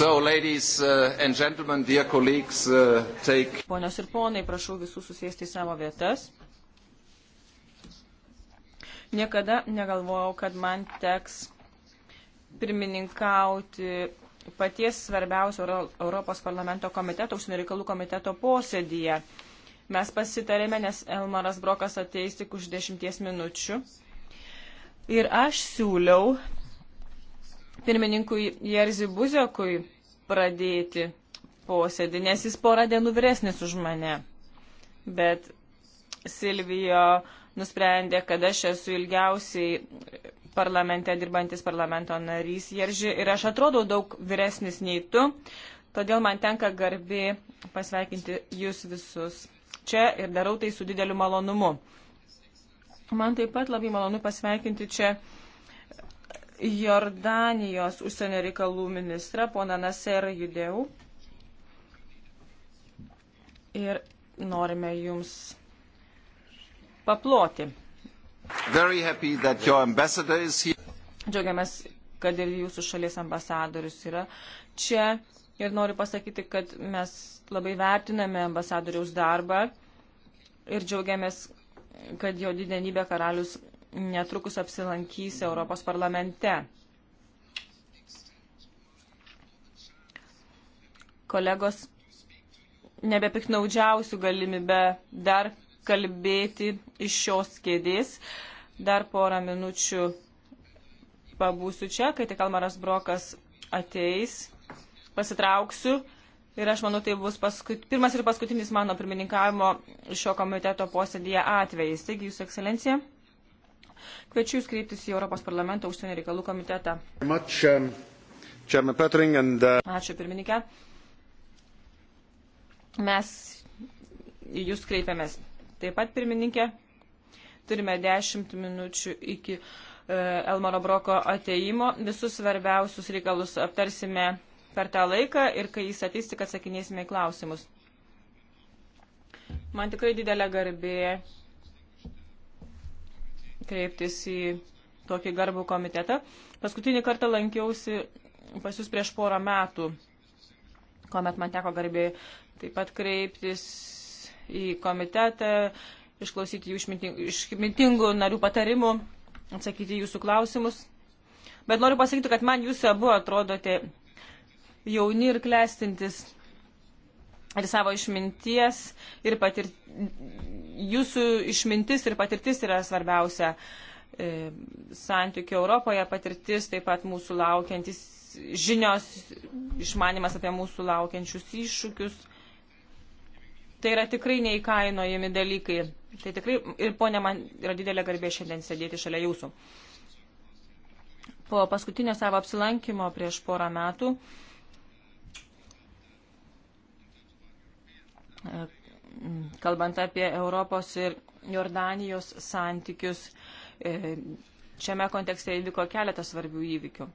So, ladies uh, and gentlemen, dear colleagues, uh, take... Ponios ir ponai, prašau visus susėsti į savo vietas. Niekada negalvojau, kad man teks pirmininkauti paties svarbiausio Europos parlamento komiteto, užsienio reikalų komiteto posėdyje. Mes pasitarėme, nes Elmaras Brokas ateis tik už dešimties minučių. Ir aš siūliau pirmininkui Jerzi Buziokui pradėti posėdį, nes jis porą dienų vyresnis už mane. Bet Silvijo nusprendė, kad aš esu ilgiausiai parlamente dirbantis parlamento narys Jerži ir aš atrodau daug vyresnis nei tu, todėl man tenka garbi pasveikinti jūs visus čia ir darau tai su dideliu malonumu. Man taip pat labai malonu pasveikinti čia uh, Jordanijos užsienio reikalų ministrą, poną Naserą Judeu. Ir norime jums paploti. Džiaugiamės, kad ir jūsų šalies ambasadorius yra čia. Ir noriu pasakyti, kad mes labai vertiname ambasadoriaus darbą ir džiaugiamės, kad jo didenybė karalius netrukus apsilankys Europos parlamente. Kolegos, nebepiknaudžiausių galimybę dar kalbėti iš šios kėdės. Dar porą minučių pabūsiu čia, kai tik Almaras Brokas ateis, pasitrauksiu. Ir aš manau, tai bus paskut... pirmas ir paskutinis mano pirmininkavimo šio komiteto posėdėje atvejais. Taigi, Jūsų ekscelencija. Kviečiu Jūs kreiptis į Europos parlamento užsienio reikalų komitetą. Um, uh, Ačiū pirmininkė. Mes į Jūs kreipiamės. Taip pat pirmininkė, turime 10 minučių iki e, Elmaro Broko ateimo. Visus svarbiausius reikalus aptarsime per tą laiką ir kai jis ateis, tik atsakinėsime į klausimus. Man tikrai didelė garbė kreiptis į tokį garbų komitetą. Paskutinį kartą lankiausi pas jūs prieš porą metų, kuomet man teko garbė taip pat kreiptis į komitetą, išklausyti jų išmintingų, išmintingų narių patarimų, atsakyti jūsų klausimus. Bet noriu pasakyti, kad man jūs abu atrodote jauni ir klestintis ir savo išminties ir patir... jūsų išmintis ir patirtis yra svarbiausia e, santykių Europoje patirtis, taip pat mūsų laukiantis žinios, išmanimas apie mūsų laukiančius iššūkius. Tai yra tikrai neįkainojami dalykai. Tai tikrai ir ponė man yra didelė garbė šiandien sėdėti šalia jūsų. Po paskutinio savo apsilankimo prieš porą metų E, kalbant apie Europos ir Jordanijos santykius, e, šiame kontekste įvyko keletas svarbių įvykių.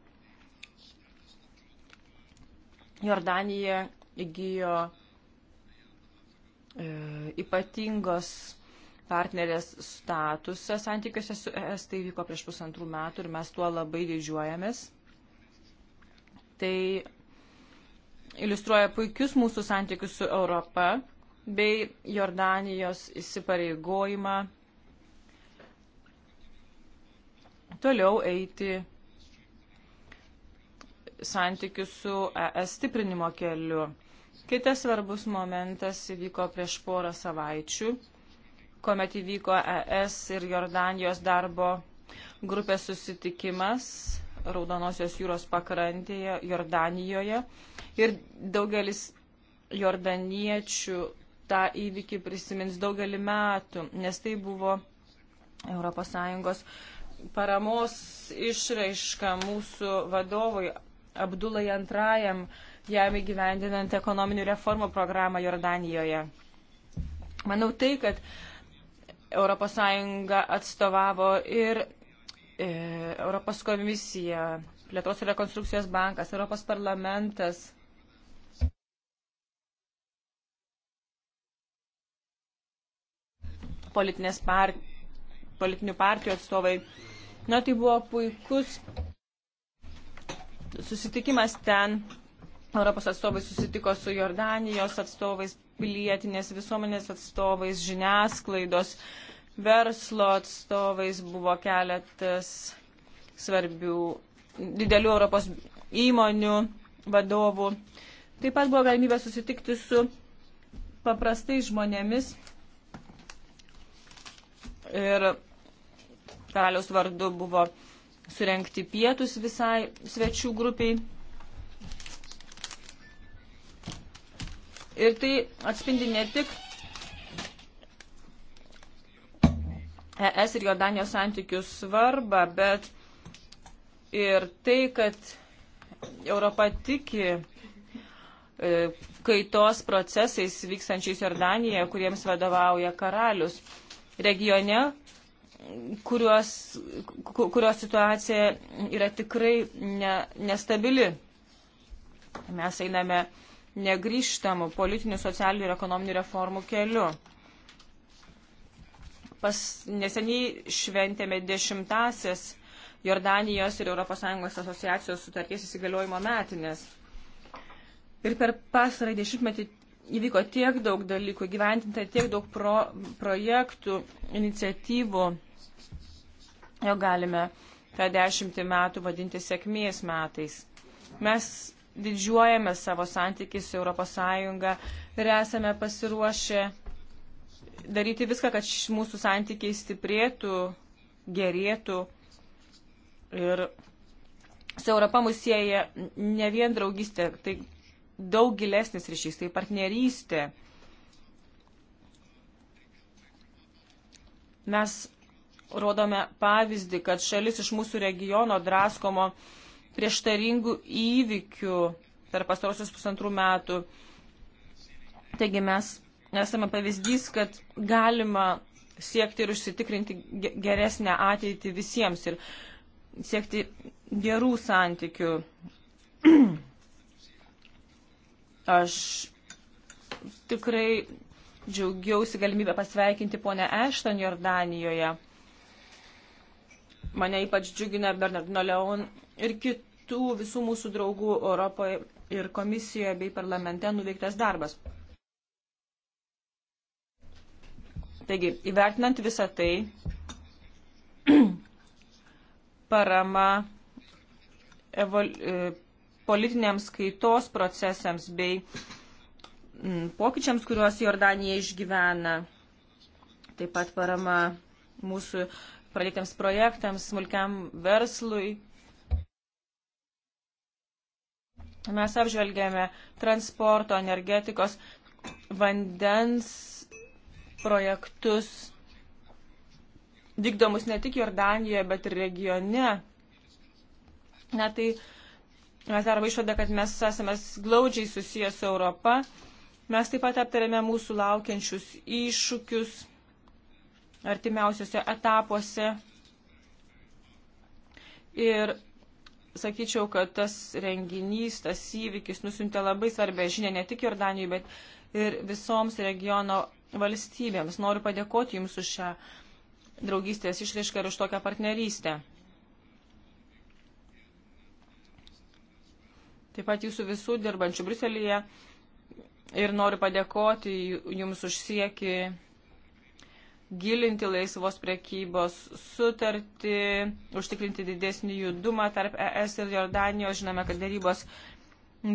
Jordanija įgyjo e, ypatingos partnerės statusą santykiuose su ES, tai vyko prieš pusantrų metų ir mes tuo labai didžiuojamės. Tai iliustruoja puikius mūsų santykius su Europa bei Jordanijos įsipareigojimą toliau eiti santykių su ES stiprinimo keliu. Kitas svarbus momentas įvyko prieš porą savaičių, kuomet įvyko ES ir Jordanijos darbo grupės susitikimas Raudonosios jūros pakrantėje Jordanijoje ir daugelis jordaniečių tą įvykį prisimins daugelį metų, nes tai buvo ES paramos išraiška mūsų vadovui Abdulai II, jam įgyvendinant ekonominių reformų programą Jordanijoje. Manau tai, kad ES atstovavo ir e, Europos komisija, Plėtros ir rekonstrukcijos bankas, Europos parlamentas par, politinių partijų atstovai. Na, tai buvo puikus susitikimas ten. Europos atstovai susitiko su Jordanijos atstovais, pilietinės visuomenės atstovais, žiniasklaidos, verslo atstovais buvo keletas svarbių didelių Europos įmonių vadovų. Taip pat buvo galimybė susitikti su paprastais žmonėmis Ir karaliaus vardu buvo surenkti pietus visai svečių grupiai. Ir tai atspindi ne tik ES ir Jordanijos santykių svarbą, bet ir tai, kad Europa tiki e, kaitos procesais vykstančiais Jordanijoje, kuriems vadovauja karalius regione, kurios, kurios situacija yra tikrai ne, nestabili. Mes einame negryžtamų politinių, socialinių ir ekonominių reformų keliu. Pas neseniai šventėme dešimtasias Jordanijos ir ES asociacijos sutarties įsigaliojimo metinės. Ir per pasarą dešimtmetį įvyko tiek daug dalykų, gyventinta tiek daug pro, projektų, iniciatyvų, jo galime tą dešimtį metų vadinti sėkmės metais. Mes didžiuojame savo santykiais su ES ir esame pasiruošę daryti viską, kad mūsų santykiai stiprėtų, gerėtų. Ir su Europa mus sieja ne vien draugystė, tai daug gilesnis ryšys, tai partnerystė. Mes rodome pavyzdį, kad šalis iš mūsų regiono draskomo prieštaringų įvykių per pastarosius pusantrų metų. Taigi mes esame pavyzdys, kad galima siekti ir užsitikrinti geresnę ateitį visiems ir siekti gerų santykių Aš tikrai džiaugiausi galimybę pasveikinti ponę Ešton Jordanijoje. Mane ypač džiugina Bernardino Leon ir kitų visų mūsų draugų Europoje ir komisijoje bei parlamente nuveiktas darbas. Taigi, įvertinant visą tai, parama evol, e, politiniams kaitos procesams bei mm, pokyčiams, kuriuos Jordanija išgyvena. Taip pat parama mūsų pradėtiems projektams, smulkiam verslui. Mes apžvelgėme transporto, energetikos, vandens projektus vykdomus ne tik Jordanijoje, bet ir regione. Na tai mes darome išvadą, kad mes esame glaudžiai susijęs su Europa. Mes taip pat aptarėme mūsų laukiančius iššūkius artimiausiose etapuose. Ir sakyčiau, kad tas renginys, tas įvykis nusintė labai svarbę žinę ne tik Jordanijai, bet ir visoms regiono valstybėms. Noriu padėkoti Jums už šią draugystės išraišką ir už tokią partnerystę. taip pat jūsų visų dirbančių Briuselėje ir noriu padėkoti jums už sieki gilinti laisvos prekybos sutartį, užtikrinti didesnį judumą tarp ES ir Jordanijos. Žinome, kad darybos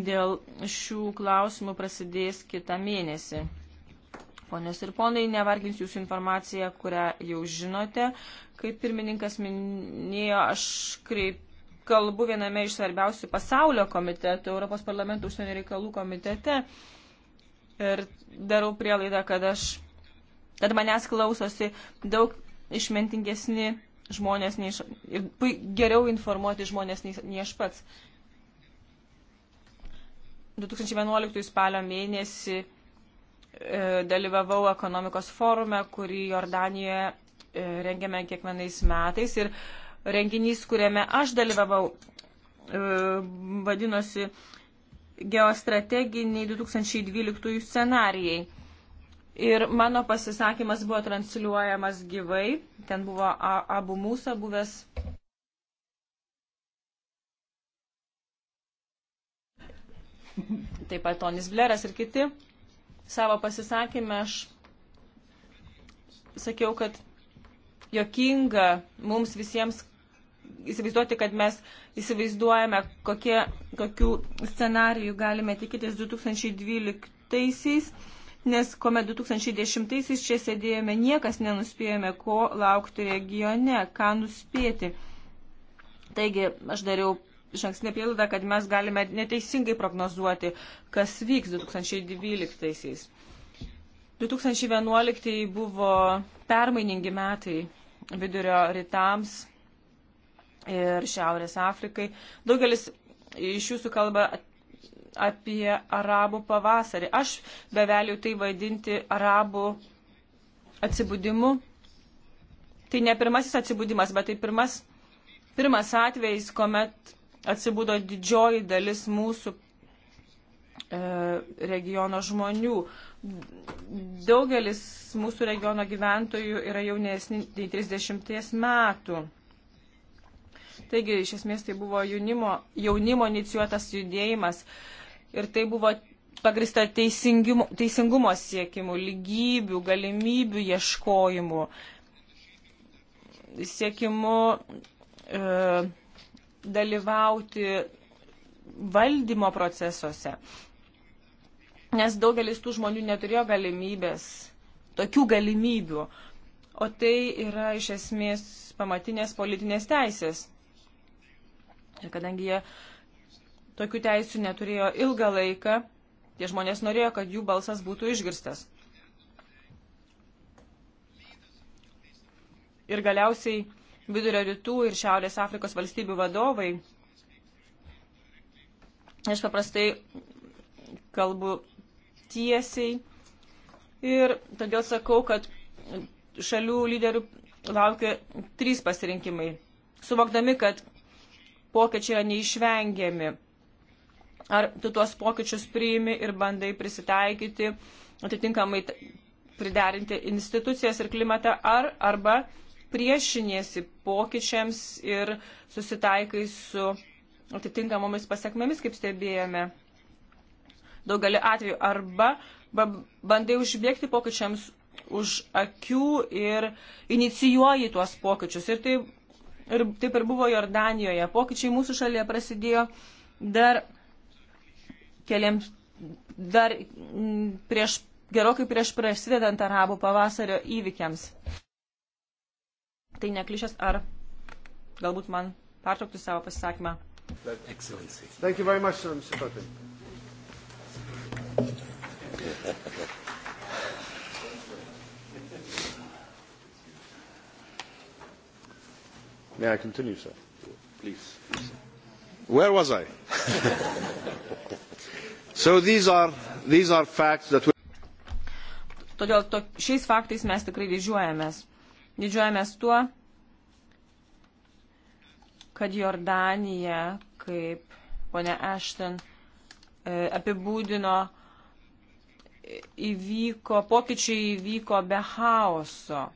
dėl šių klausimų prasidės kitą mėnesį. Ponios ir ponai, nevargins jūsų informaciją, kurią jau žinote. Kaip pirmininkas minėjo, aš kreipiu kalbu viename iš svarbiausių pasaulio komitetų, Europos parlamento užsienio reikalų komitete. Ir darau prielaidą, kad aš, kad manęs klausosi daug išmintingesni žmonės nei, ir geriau informuoti žmonės nei, nei aš pats. 2011 spalio mėnesį e, dalyvavau ekonomikos forume, kurį Jordanijoje e, rengiame kiekvienais metais. Ir e, renginys, kuriame aš dalyvavau, e, vadinosi geostrateginiai 2012 scenarijai. Ir mano pasisakymas buvo transliuojamas gyvai, ten buvo abu mūsų buvęs. Taip pat Tonis Bleras ir kiti. Savo pasisakymę aš sakiau, kad jokinga mums visiems įsivaizduoti, kad mes įsivaizduojame, kokie, kokių scenarijų galime tikėtis 2012-aisiais, nes kuomet 2010-aisiais čia sėdėjome, niekas nenuspėjome, ko laukti regione, ką nuspėti. Taigi aš dariau šankstinę prielaidą, kad mes galime neteisingai prognozuoti, kas vyks 2012-aisiais. 2011 buvo permainingi metai vidurio rytams ir Šiaurės Afrikai. Daugelis iš jūsų kalba apie arabų pavasarį. Aš beveliu tai vadinti arabų atsibudimu. Tai ne pirmasis atsibudimas, bet tai pirmas, pirmas atvejis, kuomet atsibudo didžioji dalis mūsų e, regiono žmonių. Daugelis mūsų regiono gyventojų yra jaunesni nei 30 metų. Taigi, iš esmės, tai buvo jaunimo, jaunimo inicijuotas judėjimas ir tai buvo pagrista teisingumo, teisingumo siekimu, lygybių, galimybių ieškojimu, siekimu e, dalyvauti valdymo procesuose. Nes daugelis tų žmonių neturėjo galimybės, tokių galimybių. O tai yra iš esmės pamatinės politinės teisės. Ir kadangi jie tokių teisų neturėjo ilgą laiką, tie žmonės norėjo, kad jų balsas būtų išgirstas. Ir galiausiai Vidurio rytų ir Šiaurės Afrikos valstybių vadovai, aš paprastai kalbu tiesiai ir todėl sakau, kad šalių lyderių laukia trys pasirinkimai. Suvokdami, kad pokyčiai yra neišvengiami. Ar tu tuos pokyčius priimi ir bandai prisitaikyti, atitinkamai priderinti institucijas ir klimatą, ar arba priešiniesi pokyčiams ir susitaikai su atitinkamomis pasiekmėmis, kaip stebėjome daugelį atvejų, arba bandai užbėgti pokyčiams už akių ir inicijuoji tuos pokyčius. Ir tai ir taip ir buvo Jordanijoje. Pokyčiai mūsų šalyje prasidėjo dar keliams, dar mm, prieš, gerokai prieš prasidedant arabų pavasario įvykiams. Tai neklišės ar galbūt man pertraukti savo pasisakymą. Excellency. Thank you very much, Mr. Putin. May I continue, sir? Please. Where was I? so these are, these are facts that we... Todėl to, šiais faktais mes tikrai didžiuojamės. Didžiuojamės tuo, kad Jordanija, kaip ponia Ashton e, apibūdino, e, įvyko, pokyčiai įvyko be chaoso.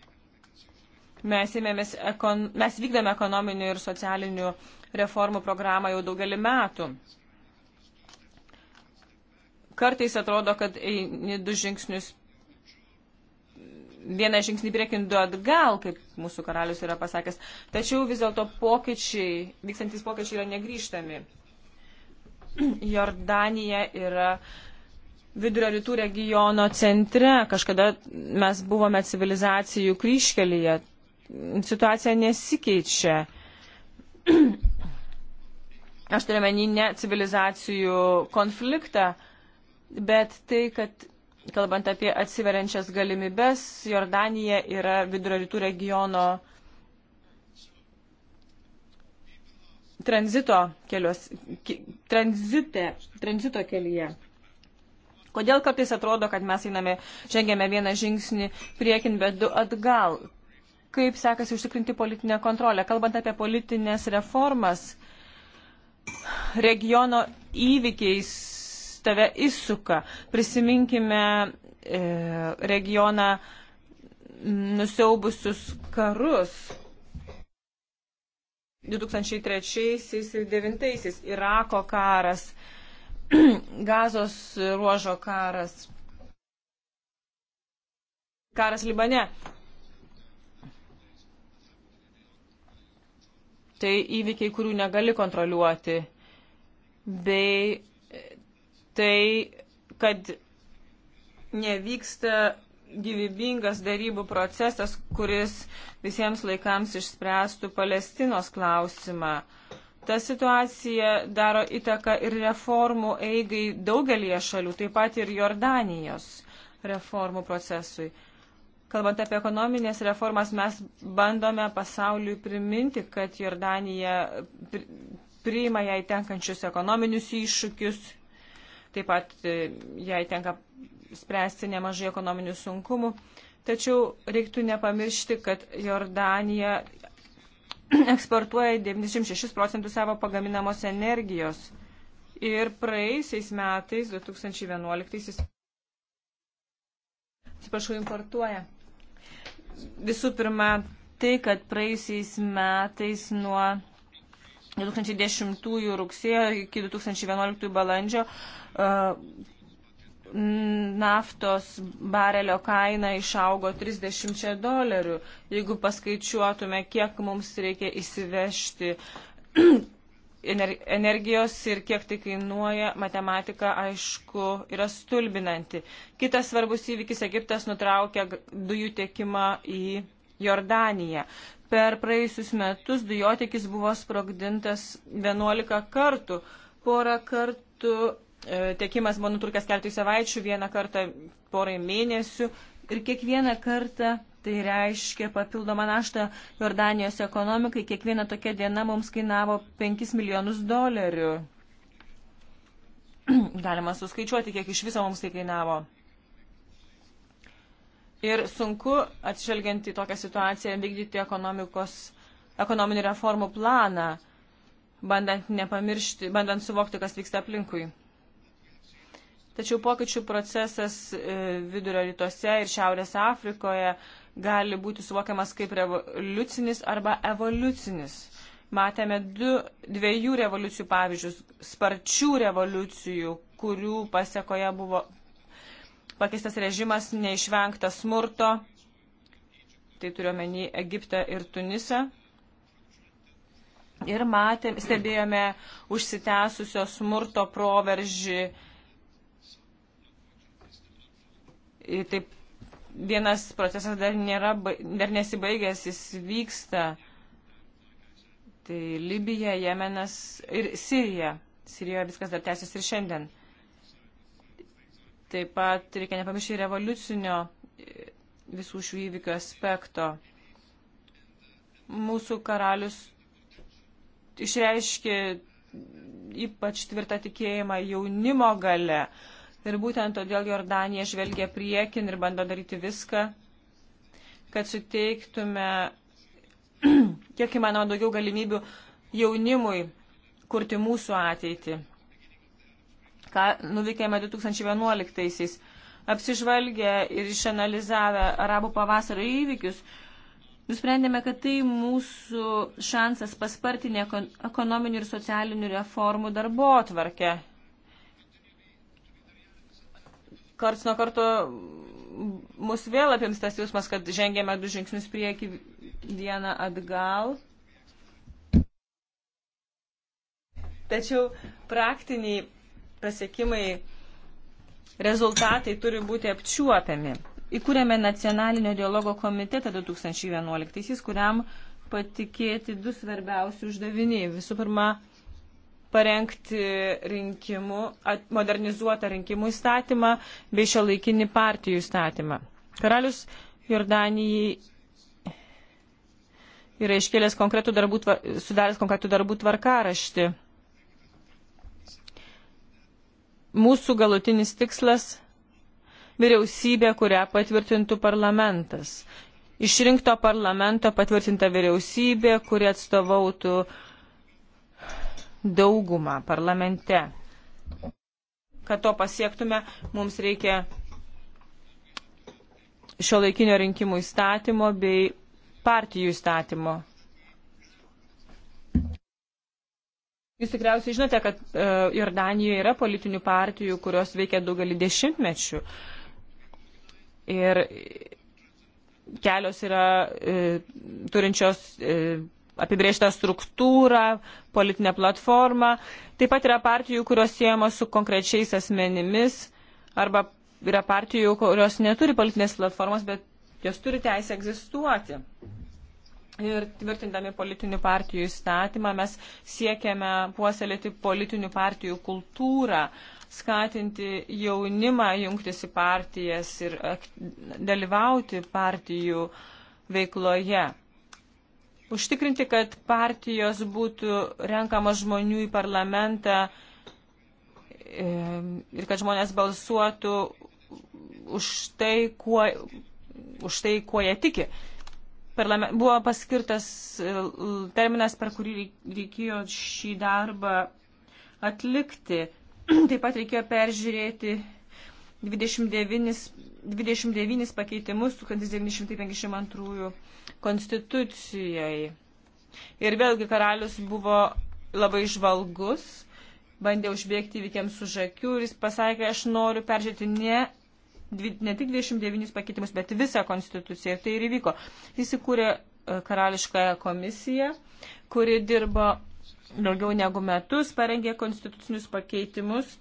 Mes, ėmėmės, ekon, mes vykdame ekonominių ir socialinių reformų programą jau daugelį metų. Kartais atrodo, kad eini du žingsnius, vieną žingsnį priekin du atgal, kaip mūsų karalius yra pasakęs. Tačiau vis dėlto pokyčiai, vykstantis pokyčiai yra negryžtami. Jordanija yra vidurio rytų regiono centre. Kažkada mes buvome civilizacijų kryškelyje situacija nesikeičia. Aš turiu menį ne civilizacijų konfliktą, bet tai, kad kalbant apie atsiveriančias galimybes, Jordanija yra vidurio rytų regiono tranzito, kelios, tranzite, tranzito kelyje. Kodėl kartais atrodo, kad mes einame, žengėme vieną žingsnį priekin, bet du atgal? kaip sekasi užtikrinti politinę kontrolę. Kalbant apie politinės reformas, regiono įvykiais tave įsuka. Prisiminkime e, regioną nusiaubusius karus. 2003 ir 2009 Irako karas, Gazos ruožo karas, karas Libane. tai įvykiai, kurių negali kontroliuoti, bei e, tai, kad nevyksta gyvybingas darybų procesas, kuris visiems laikams išspręstų Palestinos klausimą. Ta situacija daro įtaką ir reformų eigai daugelie šalių, taip pat ir Jordanijos reformų procesui. Kalbant apie ekonominės reformas, mes bandome pasauliui priminti, kad Jordanija priima jai tenkančius ekonominius iššūkius, taip pat e, jai tenka spręsti nemažai ekonominių sunkumų. Tačiau reiktų nepamiršti, kad Jordanija eksportuoja 96 procentų savo pagaminamos energijos. Ir praeisiais metais, 2011, atsiprašau, importuoja visų pirma tai, kad praėjusiais metais nuo 2010 rugsėjo iki 2011 balandžio e, naftos barelio kaina išaugo 30 dolerių. Jeigu paskaičiuotume, kiek mums reikia įsivežti energijos ir kiek tai kainuoja, matematika aišku yra stulbinanti. Kitas svarbus įvykis - Egiptas nutraukė dujų tiekimą į Jordaniją. Per praėjusius metus dujotekis buvo sprogdintas 11 kartų. Porą kartų e, tiekimas buvo nutrukęs keletui savaičių, vieną kartą porai mėnesių ir kiekvieną kartą Tai reiškia papildomą naštą Jordanijos ekonomikai. Kiekviena tokia diena mums kainavo 5 milijonus dolerių. Galima suskaičiuoti, kiek iš viso mums tai kainavo. Ir sunku, atšvelgiant į tokią situaciją, vykdyti ekonominių reformų planą, bandant nepamiršti, bandant suvokti, kas vyksta aplinkui. Tačiau pokyčių procesas e, vidurio rytuose ir Šiaurės Afrikoje gali būti suvokiamas kaip revoliucinis arba evoliucinis. Matėme du, dviejų revoliucijų pavyzdžius, sparčių revoliucijų, kurių pasiekoje buvo pakeistas režimas, neišvengta smurto, tai turiuomenį Egiptą ir Tunisą. Ir matėm, stebėjome užsitęsusio smurto proveržį taip vienas procesas dar, nėra, dar nesibaigęs, jis vyksta. Tai Libija, Jemenas ir Sirija. Sirijoje viskas dar tęsis ir šiandien. Taip pat reikia nepamiršti revoliucinio e, visų šių įvykių aspekto. Mūsų karalius išreiškė ypač tvirtą tikėjimą jaunimo gale. Uh, Ir būtent todėl Jordanija žvelgia priekin ir bando daryti viską, kad suteiktume kiek įmanoma daugiau galimybių jaunimui kurti mūsų ateitį. Ką nuveikėme 2011-aisiais. Apsižvalgę ir išanalizavę arabų pavasario įvykius, nusprendėme, kad tai mūsų šansas paspartinė ekonominių ir socialinių reformų darbo atvarkę karts nuo karto mus vėl apims tas jausmas, kad žengėme du žingsnius prieki vieną atgal. Tačiau praktiniai pasiekimai, rezultatai turi būti apčiuopiami. Įkūrėme nacionalinio dialogo komitetą 2011, kuriam patikėti du svarbiausi uždaviniai. Visų pirma, parengti rinkimų, modernizuotą rinkimų įstatymą bei šio laikinį partijų įstatymą. Karalius Jordanijai yra iškėlęs konkretų darbų, sudaręs konkretų darbų tvarkaraštį. Mūsų galutinis tikslas - vyriausybė, kurią patvirtintų parlamentas. Išrinkto parlamento patvirtinta vyriausybė, kuri atstovautų uh, daugumą parlamente. Kad to pasiektume, mums reikia šio laikinio rinkimų įstatymo bei partijų įstatymo. Jūs tikriausiai žinote, kad uh, Jordanijoje yra politinių partijų, kurios veikia daugelį dešimtmečių. Ir kelios yra e, turinčios e, apibriežtą struktūrą, politinę platformą. Taip pat yra partijų, kurios siejamos su konkrečiais asmenimis arba yra partijų, kurios neturi politinės platformos, bet jos turi teisę egzistuoti. Ir tvirtindami politinių partijų įstatymą mes siekiame puoselėti politinių partijų kultūrą, skatinti jaunimą jungtis į partijas ir dalyvauti partijų veikloje užtikrinti, kad partijos būtų renkama žmonių į parlamentą ir kad žmonės balsuotų už tai, kuo, už tai, kuo jie tiki. Parlament, buvo paskirtas e, terminas, per kurį reikėjo šį darbą atlikti. Taip pat reikėjo peržiūrėti 29, 29 pakeitimus 1952 konstitucijai. Ir vėlgi karalius buvo labai žvalgus, bandė užbėgti įvykiams už akių ir jis pasakė, aš noriu peržiūrėti ne, ne tik 29 pakeitimus, bet visą konstituciją. Ir tai ir įvyko. Jis įkūrė e, karališkąją komisiją, kuri dirbo daugiau negu metus, parengė konstitucinius pakeitimus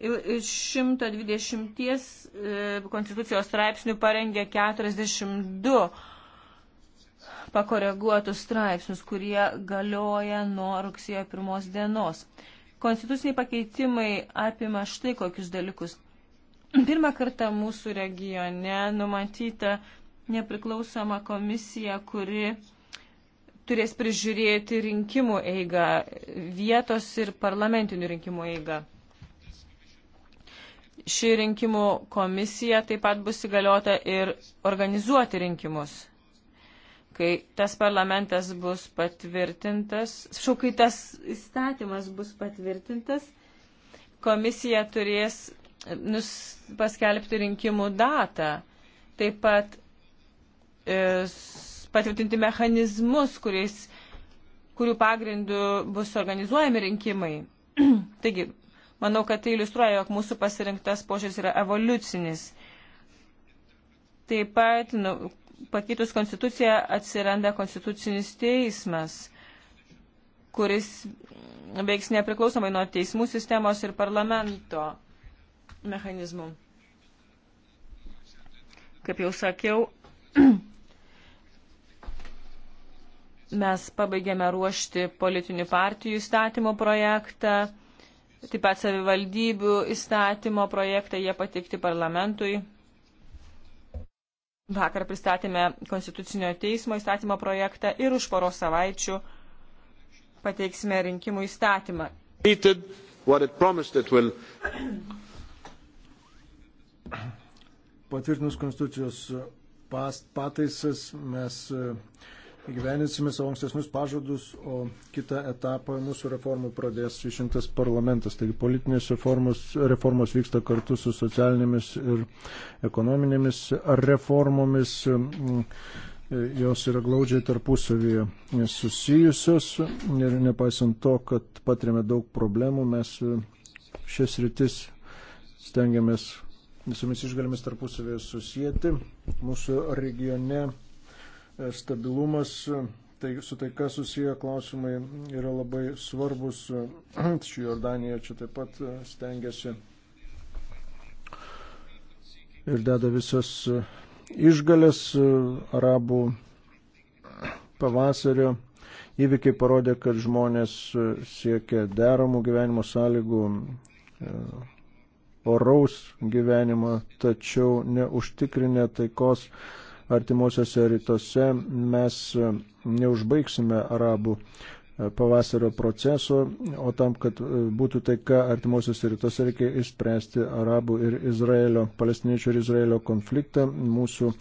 120 e, konstitucijos straipsnių parengė 42 pakoreguotus straipsnius, kurie galioja nuo rugsėjo pirmos dienos. Konstituciniai pakeitimai apima štai kokius dalykus. Pirmą kartą mūsų regione numatyta nepriklausoma komisija, kuri turės prižiūrėti rinkimų eigą, vietos ir parlamentinių rinkimų eigą. Ši rinkimų komisija taip pat bus įgaliota ir organizuoti rinkimus. Kai tas parlamentas bus patvirtintas, šau, kai tas įstatymas bus patvirtintas, komisija turės nus, paskelbti rinkimų datą. Taip pat e, patvirtinti mechanizmus, kuriais, kurių pagrindų bus organizuojami rinkimai. Taigi, Manau, kad tai iliustruoja, jog mūsų pasirinktas požiūris yra evoliucinis. Taip pat nu, pakeitus konstituciją atsiranda konstitucinis teismas, kuris veiks nepriklausomai nuo teismų sistemos ir parlamento mechanizmų. Kaip jau sakiau, mes pabaigėme ruošti politinių partijų įstatymo projektą Taip pat savivaldybių įstatymo projektai jie pateikti parlamentui. Vakar pristatėme Konstitucinio teismo įstatymo projektą ir už poros savaičių pateiksime rinkimų įstatymą. Patvirtinus Konstitucijos pataisas mes įgyvendinsime savo ankstesnius pažadus, o kitą etapą mūsų reformų pradės išrinktas parlamentas. Taigi politinės reformos, reformos vyksta kartu su socialinėmis ir ekonominėmis reformomis. Jos yra glaudžiai tarpusavyje susijusios ir nepaisant to, kad patiriame daug problemų, mes šias rytis stengiamės visomis išgalimis tarpusavėje susijęti. Mūsų regione E, stabilumas, tai su taika susiję klausimai yra labai svarbus. E, ši Jordanija čia taip pat e, stengiasi ir deda visas išgalės arabų pavasario įvykiai parodė, kad žmonės siekia deramų gyvenimo sąlygų, oraus gyvenimo, tačiau neužtikrinę taikos artimuosiuose rytuose mes e, neužbaigsime arabų e, pavasario proceso, o tam, kad e, būtų taika artimuosiuose rytuose, reikia išspręsti arabų ir Izraelio, palestiniečių ir Izraelio konfliktą. Mūsų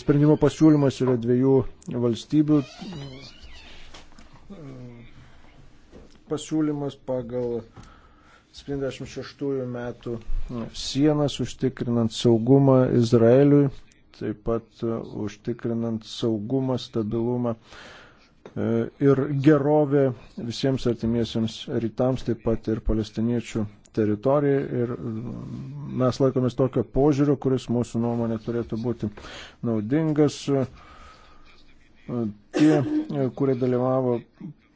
sprendimo pasiūlymas yra dviejų valstybių pasiūlymas pagal 76 metų sienas užtikrinant saugumą Izraeliui taip pat e, užtikrinant saugumą, stabilumą e, ir gerovę visiems artimiesiams rytams, taip pat ir palestiniečių teritoriją. Ir mm, mes laikomės tokio požiūrio, kuris mūsų nuomonė turėtų būti naudingas. E, tie, kurie dalyvavo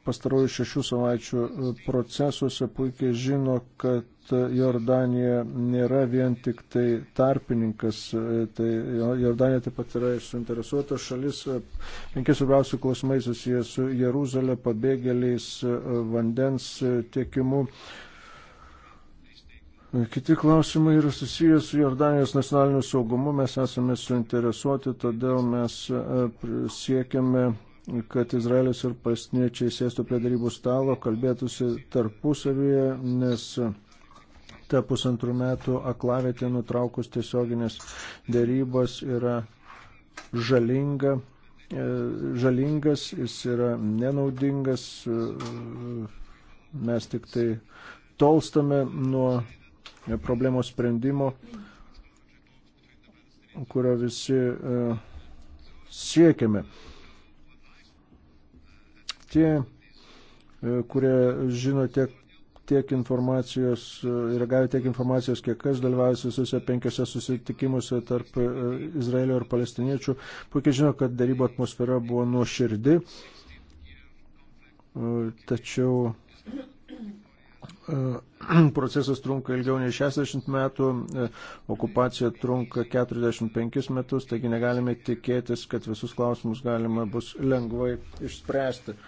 pastarojų šešių savaičių procesuose, puikiai žino, kad kad Jordanija nėra vien tik tai tarpininkas, e, tai Jordanija taip pat yra ir suinteresuota šalis. E, penki svarbiausių klausimai susijęs su Jeruzalė, pabėgėliais, e, vandens tiekimu. Kiti klausimai yra susijęs su Jordanijos nacionaliniu saugumu. Mes esame suinteresuoti, todėl mes siekiame, kad Izraelis ir palestiniečiai sėstų prie darybų stalo, kalbėtųsi tarpusavyje, nes ta pusantrų metų aklavietė nutraukus tiesioginės dėrybos yra žalinga, e, žalingas, jis yra nenaudingas, e, mes tik tai tolstame nuo problemos sprendimo, kurio visi e, siekiame. Tie, kurie žino tiek tiek informacijos ir e, gavę tiek informacijos, kiek aš dalyvauju visose penkiose susitikimuose tarp e, Izraelio ir palestiniečių. Puikiai žinau, kad darybo atmosfera buvo nuoširdi, e, tačiau procesas trunka ilgiau nei 60 metų, okupacija trunka 45 metus, taigi negalime tikėtis, kad visus klausimus galima bus lengvai išspręsti.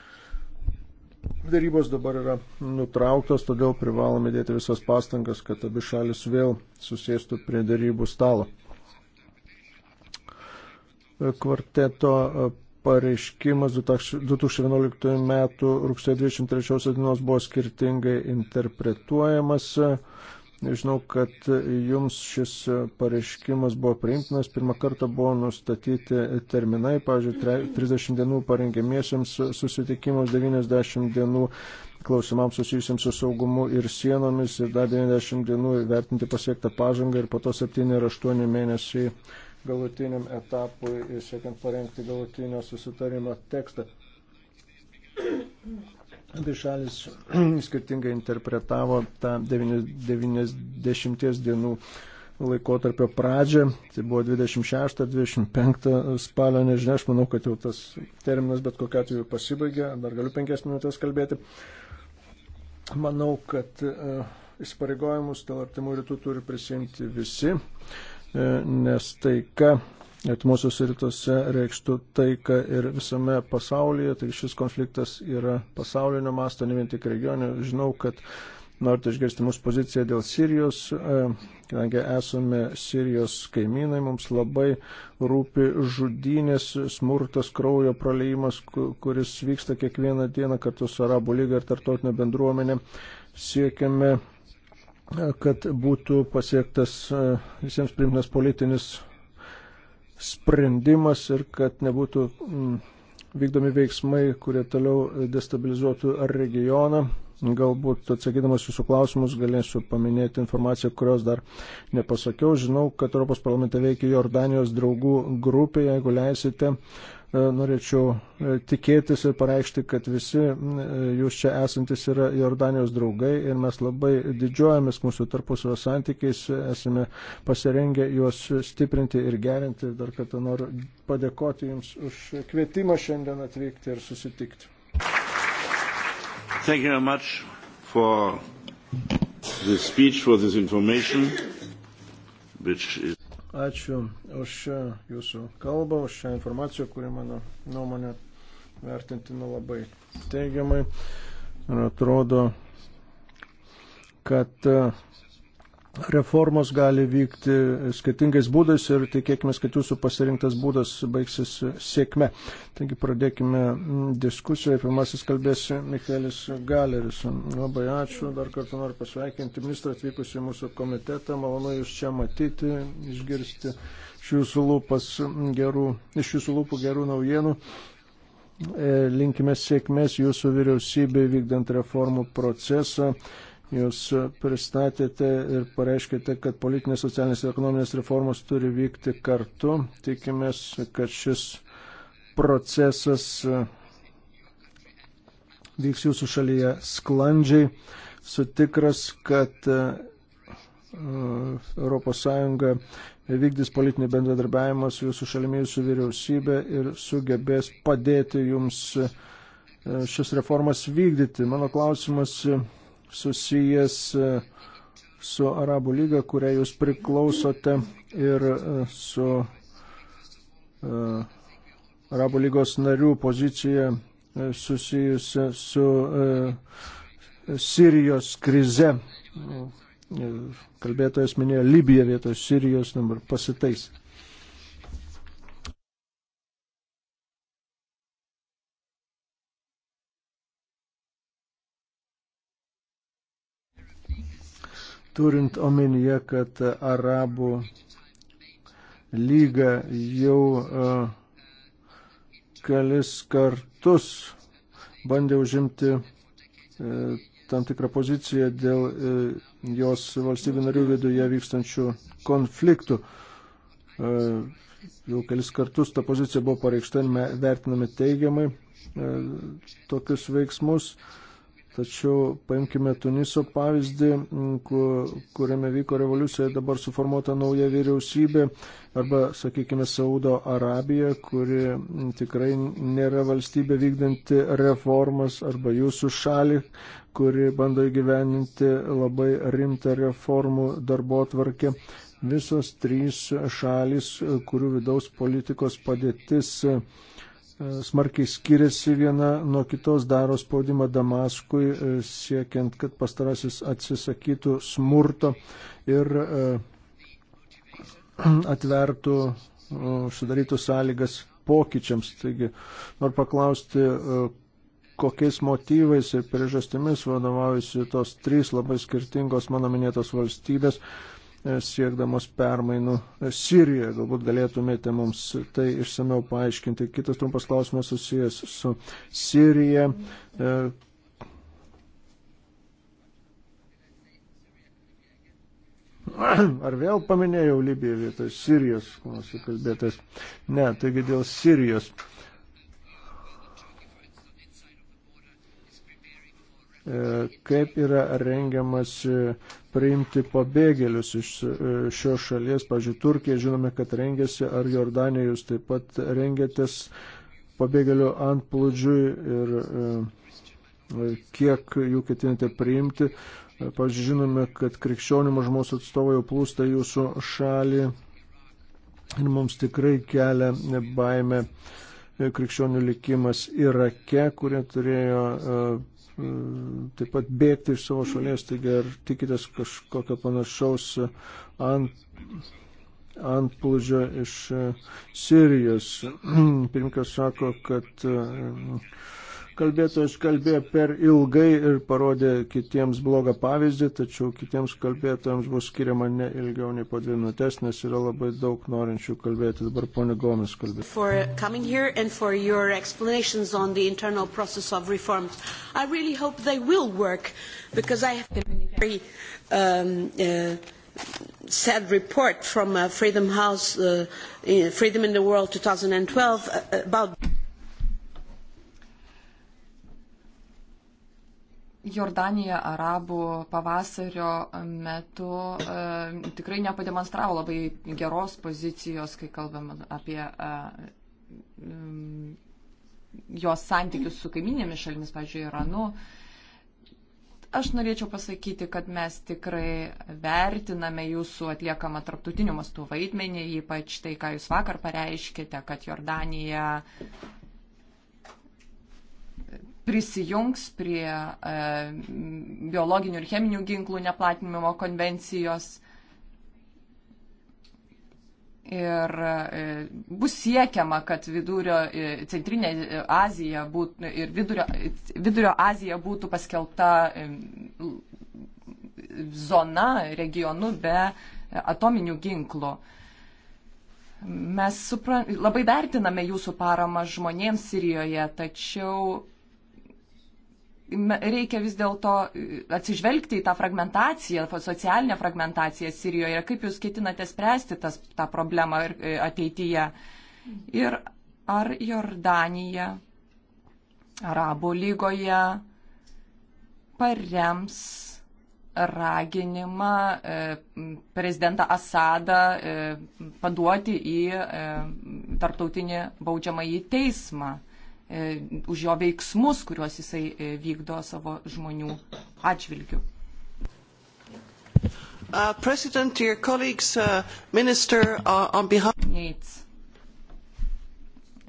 Darybos dabar yra nutrauktos, todėl privalome dėti visas pastangas, kad abi šalis vėl susėstų prie darybų stalo. Kvarteto pareiškimas 2011 m. rugsėjo 23 d. buvo skirtingai interpretuojamas. Žinau, kad jums šis pareiškimas buvo priimtinas, pirmą kartą buvo nustatyti terminai, pavyzdžiui, 30 dienų parengiamiesiams susitikimams, 90 dienų klausimams susijusiams su saugumu ir sienomis ir dar 90 dienų vertinti pasiektą pažangą ir po to 7 ar 8 mėnesiai galutiniam etapui, siekiant parengti galutinio susitarimo tekstą. Abi šalis skirtingai interpretavo tą 90 dienų laikotarpio pradžią. Tai buvo 26 ar 25 spalio, nežinia, aš manau, kad jau tas terminas bet kokiu atveju pasibaigė. Dar galiu penkias minutės kalbėti. Manau, kad e, įsipareigojimus dėl artimų rytų turi prisimti visi, e, nes taika artimuosius rytuose reikštų taiką ir visame pasaulyje. Tai šis konfliktas yra pasaulinio masto, ne vien tik regionio. Žinau, kad norite išgirsti mūsų poziciją dėl Sirijos, e, kadangi esame Sirijos kaimynai, mums labai rūpi žudynės, smurtas, kraujo praleimas, kuris vyksta kiekvieną dieną kartu su Arabų lyga ir tartotinė bendruomenė. Siekiame e, kad būtų pasiektas e, visiems primtinas politinis sprendimas ir kad nebūtų mm, vykdomi veiksmai, kurie toliau destabilizuotų ar regioną. Galbūt atsakydamas jūsų klausimus galėsiu paminėti informaciją, kurios dar nepasakiau. Žinau, kad Europos parlamente veikia Jordanijos draugų grupė, jeigu leisite E, norėčiau e, tikėtis ir pareikšti, kad visi e, jūs čia esantis yra Jordanijos draugai ir mes labai didžiuojamės mūsų tarpusavio santykiais, esame pasirengę juos stiprinti ir gerinti. Dar kartą noriu padėkoti Jums už kvietimą šiandien atvykti ir susitikti. Thank you very much for this speech, for this information, which is Ačiū už jūsų kalbą, už šią informaciją, kuri mano nuomonė vertintina labai teigiamai. Ir atrodo, kad reformos gali vykti skirtingais būdais ir tikėkime, kad jūsų pasirinktas būdas baigsis sėkme. Taigi pradėkime mm, diskusiją. Pirmasis kalbės Michaelis Galeris. Labai ačiū. Dar kartą noriu pasveikinti ministrą atvykusį į mūsų komitetą. Malonu jūs čia matyti, išgirsti iš jūsų, lūpas gerų, iš jūsų lūpų gerų naujienų. E, linkime sėkmės jūsų vyriausybė vykdant reformų procesą. Jūs pristatėte ir pareiškite, kad politinės, socialinės ir ekonominės reformos turi vykti kartu. Tikimės, kad šis procesas uh, vyks jūsų šalyje sklandžiai. Sutikras, kad uh, ES vykdys politinį bendradarbiavimą su jūsų šalimi, jūsų vyriausybė ir sugebės padėti jums uh, šias reformas vykdyti. Mano klausimas susijęs e, su Arabų lyga, kurią jūs priklausote ir e, su e, Arabų lygos narių pozicija susijusi su Sirijos krize. Kalbėtojas minėjo Libiją vietoj Sirijos, dabar pasitaisė. turint omenyje, kad Arabų lyga jau e, kelis kartus bandė užimti e, tam tikrą poziciją dėl e, jos valstybių narių viduje vykstančių konfliktų. Jau kelis kartus ta pozicija buvo pareikšta, vertiname teigiamai tokius veiksmus. Tačiau paimkime Tuniso pavyzdį, kur, kuriame vyko revoliucija, dabar suformuota nauja vyriausybė, arba, sakykime, Saudo Arabija, kuri tikrai nėra valstybė vykdanti reformas, arba jūsų šalį, kuri bando įgyveninti labai rimtą reformų darbo tvarkę. Visos trys šalis, kurių vidaus politikos padėtis smarkiai skiriasi viena nuo kitos, daro spaudimą Damaskui, e, siekiant, kad pastarasis atsisakytų smurto ir e, atvertų, sudarytų sąlygas pokyčiams. Taigi, noriu paklausti, e, kokiais motyvais ir priežastimis vadovaujasi tos trys labai skirtingos mano minėtos valstybės E, siekdamos permainų e, Sirijoje. Galbūt galėtumėte mums tai išsameu paaiškinti. Kitas trumpas klausimas susijęs su Sirija. E, Ar vėl paminėjau Libiją vietoj Sirijos, klausiu kalbėtas. Ne, taigi dėl Sirijos. Kaip yra rengiamasi priimti pabėgėlius iš e, šios šalies, pažiūrėjau, Turkija, žinome, kad rengiasi, ar Jordanija jūs taip pat rengiatės pabėgėlių antplūdžiui ir e, kiek jų ketinate priimti. E, pavyzdžiui, žinome, kad krikščionių mažumos atstovai jau plūsta jūsų šalį ir mums tikrai kelia baime krikščionių likimas Irake, kurie turėjo E, taip pat bėgti iš savo šalies, taigi ar tikitės kažkokio panašaus ant, antplūdžio iš Sirijos. Pirmkas sako, kad e, kalbėtojas kalbėjo per ilgai ir parodė kitiems blogą pavyzdį, tačiau kitiems kalbėtojams bus skiriama ne ilgiau nei po dvi minutės, nes yra labai daug norinčių kalbėti. Dabar ponė Gomis kalbėjo um, uh, sad report from uh, Freedom House, uh, Freedom in the World 2012 uh, about Jordanija arabų pavasario metu e, tikrai nepademonstravo labai geros pozicijos, kai kalbam apie e, e, jos santykius su kaiminėmis šalimis, pavyzdžiui, Iranu. Aš norėčiau pasakyti, kad mes tikrai vertiname jūsų atliekamą tarptautinių mastų vaidmenį, ypač tai, ką jūs vakar pareiškite, kad Jordanija prisijungs prie e, biologinių ir cheminių ginklų neplatinimo konvencijos ir e, bus siekiama, kad vidurio, e, centrinė Azija būtų ir vidurio, vidurio Azija būtų paskelbta zona, regionu be atominių ginklų. Mes supran, labai vertiname jūsų paramą žmonėms Sirijoje, tačiau reikia vis dėlto e, atsižvelgti į tą fragmentaciją, socialinę fragmentaciją Sirijoje, kaip jūs ketinate spręsti tas, tą problemą e, ateityje. Ir ar Jordanija Arabų lygoje parems raginimą e, prezidentą Asadą paduoti į tarptautinį baudžiamąjį teismą. E, už jo veiksmus, kuriuos jisai e, vykdo savo žmonių atžvilgių. Uh, President, dear colleagues, uh, Minister, uh, on behalf. Neits.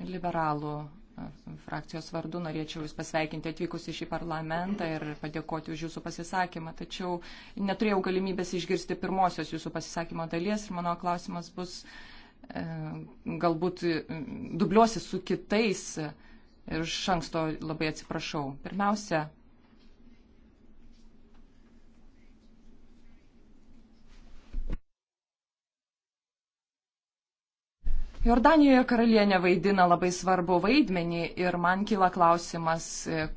Liberalų uh, frakcijos vardu norėčiau Jūs pasveikinti atvykus į šį parlamentą ir padėkoti už Jūsų pasisakymą. Tačiau neturėjau galimybės išgirsti pirmosios Jūsų pasisakymo dalies ir mano klausimas bus e, galbūt dubliuosi su kitais uh, ir iš anksto labai atsiprašau. Pirmiausia, Jordanijoje karalienė vaidina labai svarbu vaidmenį ir man kyla klausimas,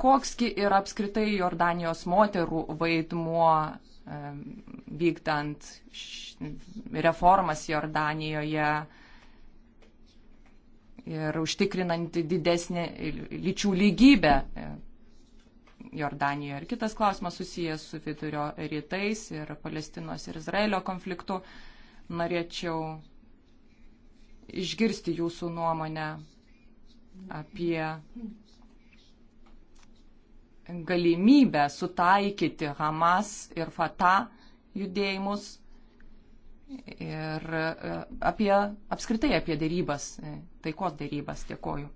koksgi yra apskritai Jordanijos moterų vaidmuo vykdant reformas Jordanijoje ir užtikrinanti didesnį lyčių lygybę e, Jordanijoje. Ir kitas klausimas susijęs su Vidurio rytais ir Palestinos ir Izraelio konfliktu. Norėčiau išgirsti jūsų nuomonę apie galimybę sutaikyti Hamas ir Fatah judėjimus ir e, apie, apskritai apie dėrybas, e, taikos dėrybas. Dėkoju.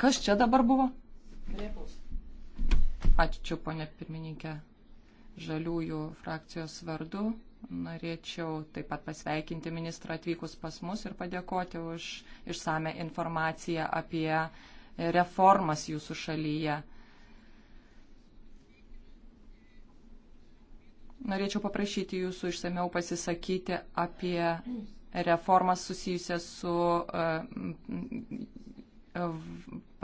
Kas čia dabar buvo? Grėpus. Ačiū, ponė pirmininkė. Žaliųjų frakcijos vardu norėčiau taip pat pasveikinti ministrą atvykus pas mus ir padėkoti už išsame informaciją apie reformas jūsų šalyje. Norėčiau paprašyti jūsų išsameu pasisakyti apie reformas susijusias su e,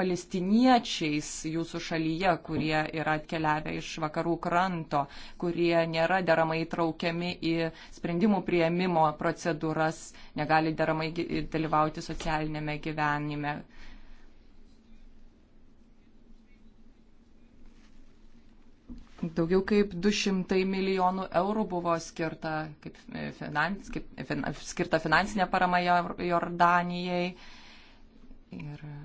palestiniečiais jūsų šalyje, kurie yra atkeliavę iš vakarų kranto, kurie nėra deramai įtraukiami į sprendimų prieimimo procedūras, negali deramai dalyvauti socialinėme gyvenime. Daugiau kaip 200 milijonų eurų buvo skirta, kaip e, finans, kaip, e, fin, skirta finansinė parama Jordanijai. Ir e,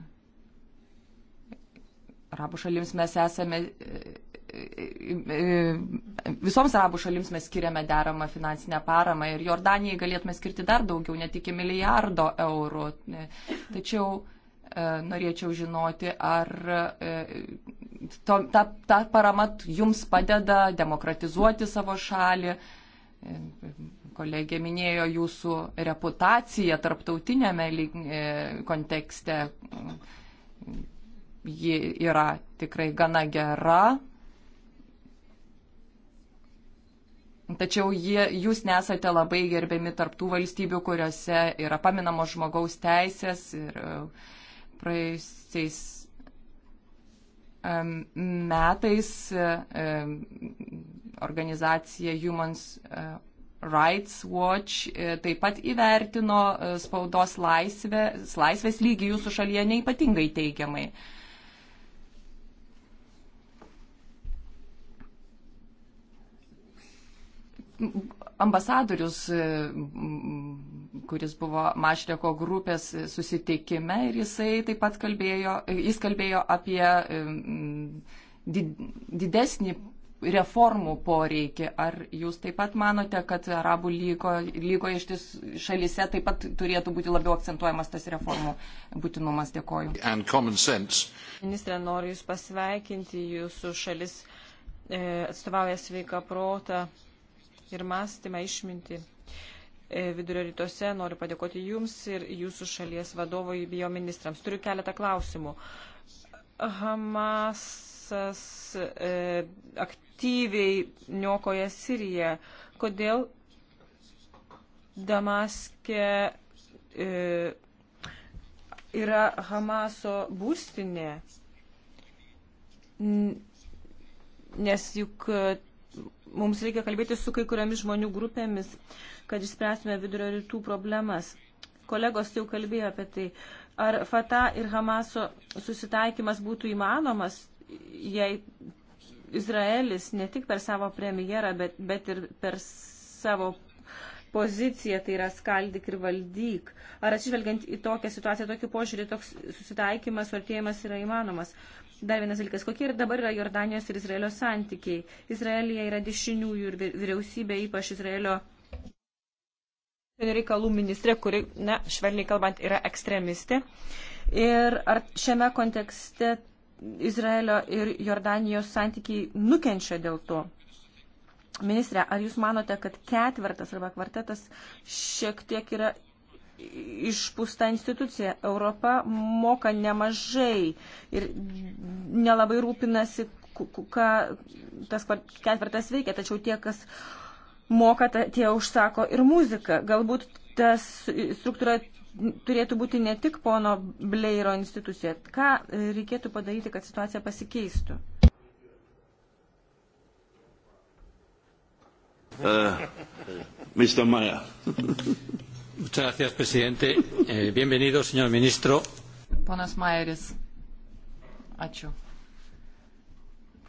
arabų šalims mes esame, visoms arabų šalims mes skiriame deramą finansinę paramą ir Jordanijai galėtume skirti dar daugiau, net iki milijardo eurų. Tačiau E, norėčiau žinoti, ar e, to, ta, ta parama jums padeda demokratizuoti savo šalį. E, kolegė minėjo jūsų reputaciją tarptautinėme kontekste. Ji yra tikrai gana gera. Tačiau jie, jūs nesate labai gerbiami tarptų valstybių, kuriuose yra paminamos žmogaus teisės ir uh, praėjusiais metais organizacija Human eh, Rights Watch eh, taip pat įvertino eh, spaudos laisvę, laisvės lygį jūsų šalyje neipatingai teigiamai. Ambasadorius kuris buvo Mašreko grupės susitikime ir jisai taip pat kalbėjo, jis kalbėjo apie didesnį reformų poreikį. Ar jūs taip pat manote, kad Arabų lygo, lygoje iš ties šalyse taip pat turėtų būti labiau akcentuojamas tas reformų būtinumas? Dėkoju. Ministrė, noriu Jūs pasveikinti, Jūsų šalis e, atstovauja sveiką protą ir mąstymą išminti. E, vidurio rytuose. Noriu padėkoti Jums ir Jūsų šalies vadovui bio ministrams. Turiu keletą klausimų. Hamasas e, aktyviai niokoja Siriją. Kodėl Damaske e, yra Hamaso būstinė? Nes juk mums reikia kalbėti su kai kuriomis žmonių grupėmis, kad išspręsime vidurio rytų problemas. Kolegos jau kalbėjo apie tai. Ar Fatah ir Hamaso susitaikymas būtų įmanomas, jei Izraelis ne tik per savo premjerą, bet, bet ir per savo poziciją, tai yra skaldyk ir valdyk. Ar atsižvelgiant į tokią situaciją, tokį požiūrį, toks susitaikymas, suartėjimas yra įmanomas? Dar vienas dalykas, kokie ir dabar yra Jordanijos ir Izraelio santykiai? Izraelija yra dešiniųjų ir vyriausybė, ypač Izraelio reikalų ministrė, kuri, na, švelniai kalbant, yra ekstremistė. Ir ar šiame kontekste Izraelio ir Jordanijos santykiai nukenčia dėl to? Ministre, ar jūs manote, kad ketvertas arba kvartetas šiek tiek yra išpūsta institucija? Europa moka nemažai ir nelabai rūpinasi, ką tas ketvertas veikia, tačiau tie, kas moka, tie užsako ir muziką. Galbūt tas struktūra turėtų būti ne tik pono Bleiro institucija. Ką reikėtų padaryti, kad situacija pasikeistų? Uh, Mr. Maya. Muchas gracias, presidente. Eh, bienvenido, señor ministro. Ponas Mayeris. Ačiū.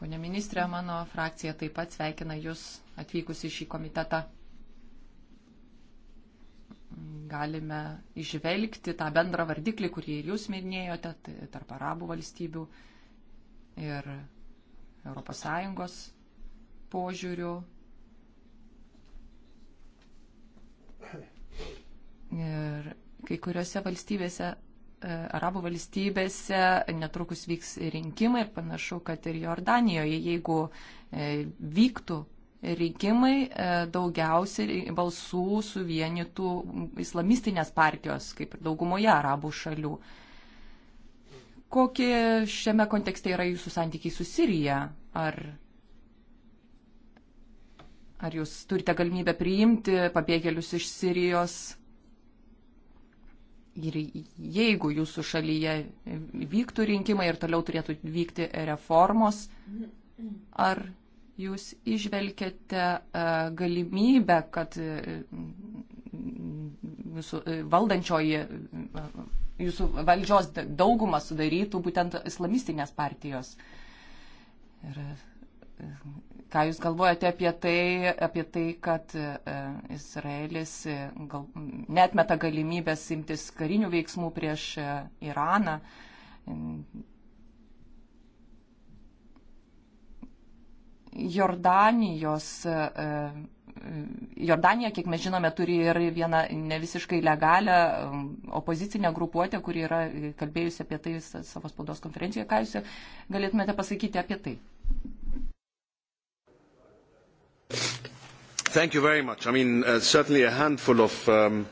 Pone ministrė, mano frakcija taip pat sveikina Jūs atvykus į šį komitetą. Galime išvelgti tą bendrą vardiklį, kurį ir Jūs minėjote, tai tarp arabų valstybių ir ES požiūrių Ir kai kuriuose valstybėse, e, arabų valstybėse netrukus vyks rinkimai ir panašu, kad ir Jordanijoje, jeigu e, vyktų rinkimai, e, daugiausiai balsų suvienytų islamistinės partijos, kaip ir daugumoje arabų šalių. Kokie šiame kontekste yra jūsų santykiai su Sirija? Ar Ar jūs turite galimybę priimti pabėgėlius iš Sirijos? Ir jeigu jūsų šalyje vyktų rinkimai ir toliau turėtų vykti reformos, ar jūs išvelgiate e, galimybę, kad e, jūsų e, valdančioji, jūsų valdžios daugumą sudarytų būtent islamistinės partijos. Ir Ką Jūs galvojate apie tai, apie tai kad e, Izraelis e, gal, netmeta galimybės imtis karinių veiksmų prieš e, Iraną? Jordanijos, Jordanija, kiek mes žinome, turi ir vieną ne visiškai legalią opozicinę grupuotę, kuri yra kalbėjusi apie tai savo spaudos konferencijoje. Ką jūs galėtumėte pasakyti apie tai? Thank you very much. I mean, uh, certainly a handful of. Um...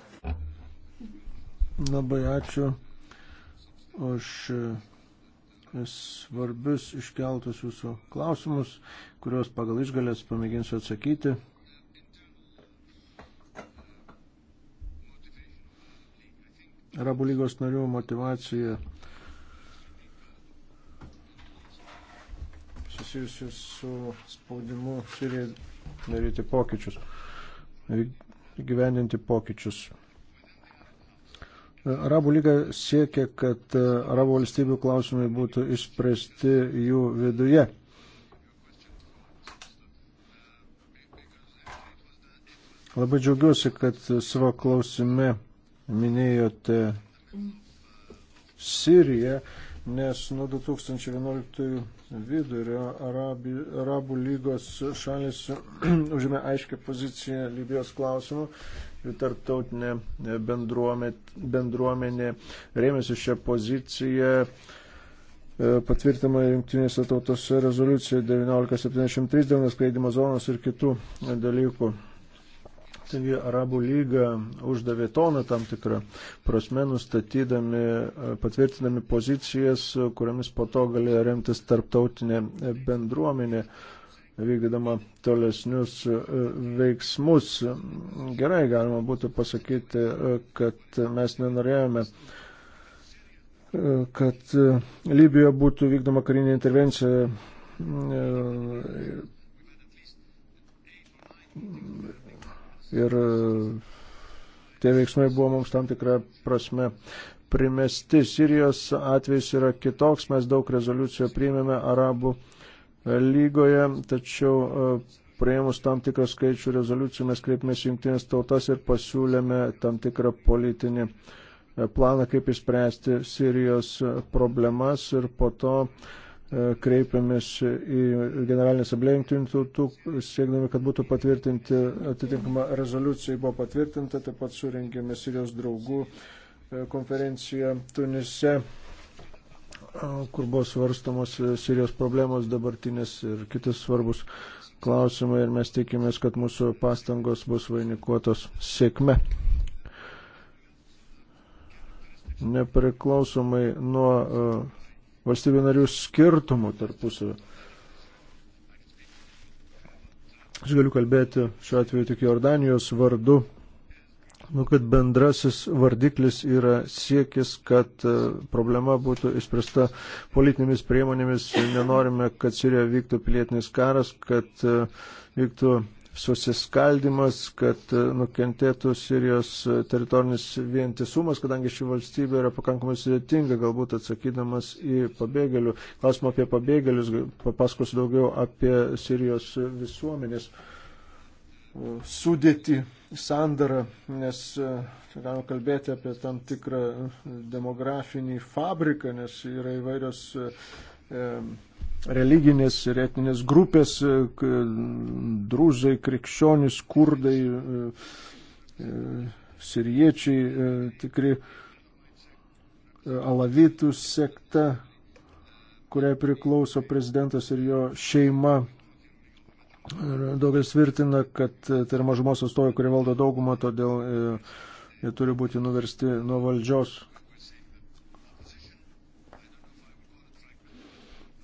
Labai ačiū už uh, svarbius iškeltus jūsų klausimus, kuriuos pagal išgalės pamėginsiu atsakyti. Arabų lygos narių motivacija susijusius su spaudimu Sirijai daryti pokyčius, gyvendinti pokyčius. Arabų lyga siekia, kad arabų valstybių klausimai būtų išspręsti jų viduje. Labai džiaugiuosi, kad savo klausime minėjote Siriją nes nuo 2011 vidurio Arabi, Arabų lygos šalis užėmė aiškę poziciją Libijos klausimu ir tarptautinė bendruomenė, bendruomenė rėmėsi šią poziciją e, patvirtama jungtinėse tautose rezoliucija 1973 dėl neskleidimo zonos ir kitų dalykų taigi Arabų lyga uždavė toną tam tikrą prasme, nustatydami, patvirtinami pozicijas, kuriamis po to galėjo remtis tarptautinė bendruomenė vykdydama tolesnius e, veiksmus. Gerai galima būtų pasakyti, e, kad mes nenorėjome e, kad Libijoje būtų vykdoma karinė intervencija Ir e, tie veiksmai buvo mums tam tikrą prasme primesti. Sirijos atvejs yra kitoks, mes daug rezoliucijų priėmėme Arabų e, lygoje, tačiau e, prieimus tam tikrą skaičių rezoliucijų mes kreipėmės jungtinės tautas ir pasiūlėme tam tikrą politinį planą, kaip įspręsti Sirijos problemas ir po to E, kreipiamės į Generalinę asamblėją jungtinių tautų, siekdami, kad būtų patvirtinti atitinkama rezoliucija, buvo patvirtinta, taip pat surinkėme Sirijos draugų e, konferenciją Tunise, e, kur buvo svarstamos Sirijos problemos dabartinės ir kitas svarbus klausimai ir mes tikimės, kad mūsų pastangos bus vainikuotos sėkme nepriklausomai nuo valstybių narių skirtumų tarpusavio. Aš galiu kalbėti šiuo atveju tik Jordanijos vardu. Nu, kad bendrasis vardiklis yra siekis, kad e, problema būtų išspręsta politinėmis priemonėmis. Nenorime, kad Sirijoje vyktų pilietinis karas, kad e, vyktų susiskaldimas, kad e, nukentėtų Sirijos e, teritorinis vientisumas, kadangi ši valstybė yra pakankamai sudėtinga, galbūt atsakydamas į pabėgėlių. Klausimą apie pabėgėlius papasakos daugiau apie Sirijos visuomenės e, sudėti, sandarą, nes galima kalbėti apie tam tikrą demografinį fabriką, nes yra įvairios religinės ir etinės grupės, e, drūzai, krikščionys, kurdai, e, e, siriečiai, tikri alavitų sekta, kuriai priklauso prezidentas ir jo šeima. Ir daugelis tvirtina, kad tai yra mažumos atstovai, kurie valdo daugumą, todėl jie turi būti nuversti nuo valdžios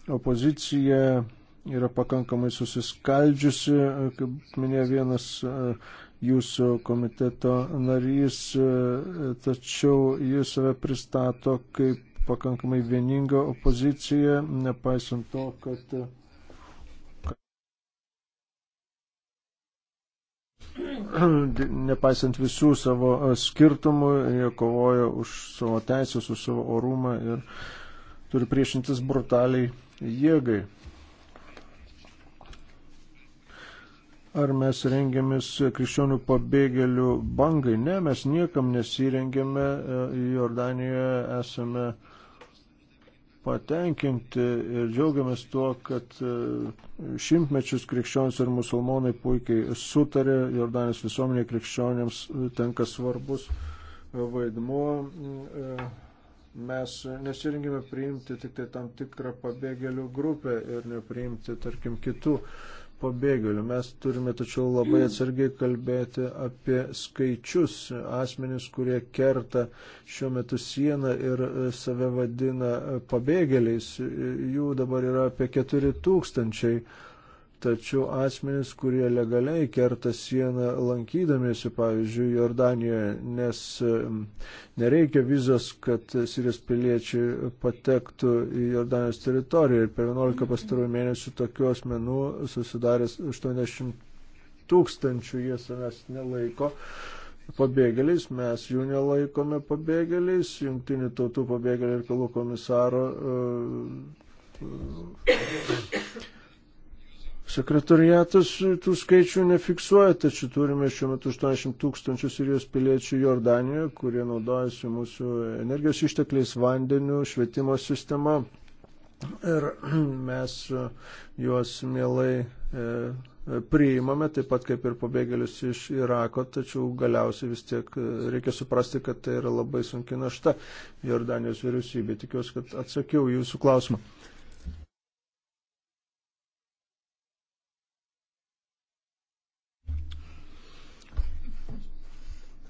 Opozicija yra pakankamai susiskaldžiusi, kaip minėjo vienas e, jūsų komiteto narys, e, tačiau jis save pristato kaip pakankamai vieninga opozicija, nepaisant to, kad e, nepaisant visų savo skirtumų, jie kovoja už savo teisės, už savo orumą ir turi priešintis brutaliai jėgai. Ar mes rengiamės krikščionių pabėgėlių bangai? Ne, mes niekam nesirengėme. E, Jordanijoje esame patenkinti ir džiaugiamės tuo, kad e, šimtmečius krikščionis ir musulmonai puikiai sutarė, Jordanijos visuomenė krikščionėms tenka svarbus vaidmuo e, mes nesirinkime priimti tik tai tam tikrą pabėgėlių grupę ir nepriimti, tarkim, kitų pabėgėlių. Mes turime tačiau labai atsargiai kalbėti apie skaičius asmenys, kurie kerta šiuo metu sieną ir e, save vadina pabėgėliais. Jų dabar yra apie 4 tūkstančiai. Tačiau asmenys, kurie legaliai kerta sieną lankydamėsi, pavyzdžiui, Jordanijoje, nes nereikia vizos, kad Sirijos piliečiai patektų į Jordanijos teritoriją. Ir per 11 pastarųjų mėnesių tokių asmenų susidaręs 80 tūkstančių, jie savęs nelaiko pabėgėliais, mes jų nelaikome pabėgėliais, jungtinių tautų pabėgėlių ir kalų komisaro uh, uh, Sekretariatas tų skaičių nefiksuoja, tačiau turime šiuo metu 80 tūkstančių Sirijos piliečių Jordanijoje, kurie naudojasi mūsų energijos ištekliais, vandeniu, švietimo sistema. Ir mes juos mielai e, priimame, taip pat kaip ir pabėgėlius iš Irako, tačiau galiausiai vis tiek e, reikia suprasti, kad tai yra labai sunki našta Jordanijos vyriausybė. Tikiuosi, kad atsakiau jūsų klausimą.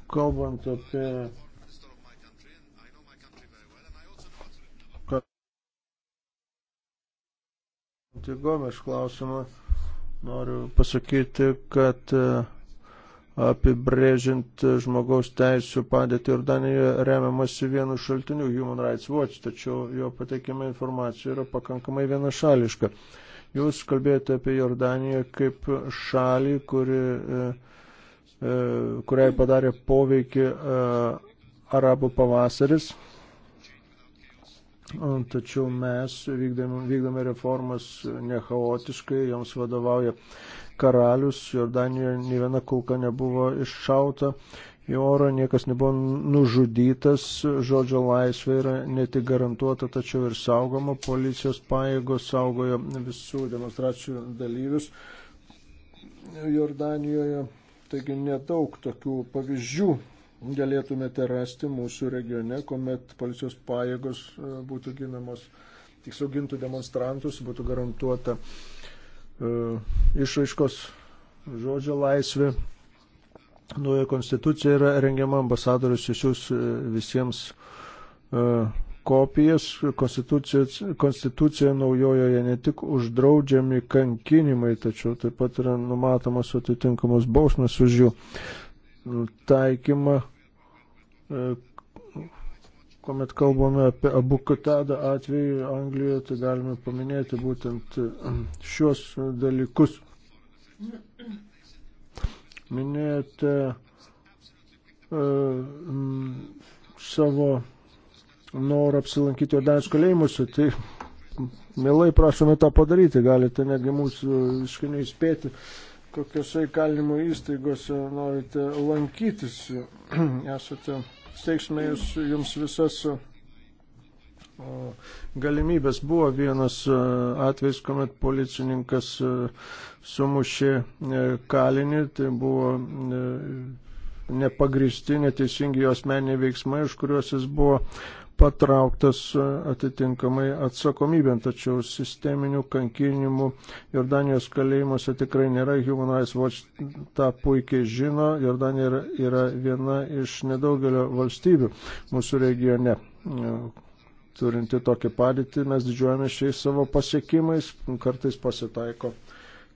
kalbant apie Gomeš klausimą, noriu pasakyti, kad e, apibrėžint žmogaus teisų padėtį Jordanijoje remiamasi vienu šaltiniu Human Rights Watch, tačiau jo pateikima informacija yra pakankamai vienašališka. Jūs kalbėjote apie Jordaniją kaip šalį, kuri e, E, kuriai padarė poveikį e, arabų pavasaris. Tačiau mes vykdame, vykdame reformas nechaotiškai, joms vadovauja karalius, Jordanijoje nei viena kulka nebuvo iššauta į orą, niekas nebuvo nužudytas, žodžio laisvė yra ne tik garantuota, tačiau ir saugoma, policijos pajėgos saugojo visų demonstracijų dalyvius Jordanijoje Taigi nedaug tokių pavyzdžių galėtumėte rasti mūsų regione, kuomet policijos pajėgos e, būtų ginamos, tiksliau gintų demonstrantus, būtų garantuota e, išraiškos žodžio laisvė. Nauja konstitucija yra rengiama, ambasadorius išsiūs e, visiems e, kopijas. Konstitucijoje, konstitucijoje naujojoje ne tik uždraudžiami kankinimai, tačiau taip pat yra numatomas atitinkamos bausmės už jų taikymą. E, Komet kalbame apie abu katadą atvejį Anglijoje, tai galime paminėti būtent e, šios dalykus. Minėjote e, savo norą apsilankyti Jordanijos kalėjimuose, tai mielai prašome tą padaryti, galite netgi mūsų visiškai neįspėti, kokiuose įkalinimo įstaigose norite lankytis. Esate, steiksime jūs, jums visas galimybės. Buvo vienas atvejs, kuomet policininkas sumušė e, kalinį, tai buvo e, nepagristi, neteisingi jos meniai veiksmai, už kuriuos jis buvo patrauktas e, atitinkamai atsakomybėn, tačiau sisteminių kankinimų Jordanijos kalėjimuose tikrai nėra. Human Rights Watch tą puikiai žino. Jordanija yra, yra viena iš nedaugelio valstybių mūsų regione. E, turinti tokią padėtį, mes didžiuojame šiais savo pasiekimais, kartais pasitaiko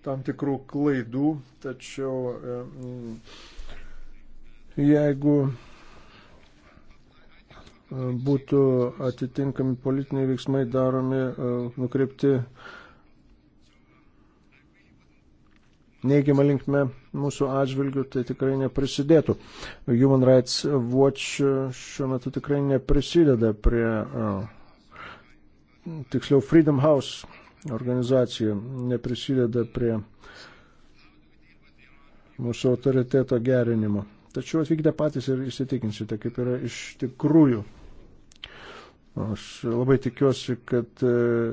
tam tikrų klaidų, tačiau e, jeigu būtų atitinkami politiniai veiksmai daromi, e, nukreipti neigiamą linkmę mūsų atžvilgių, tai tikrai neprisidėtų. Human Rights Watch šiuo metu tikrai neprisideda prie, e, tiksliau, Freedom House organizacija neprisideda prie mūsų autoriteto gerinimo. Tačiau atvykę patys ir įsitikinsite, kaip yra iš tikrųjų. Aš labai tikiuosi, kad e,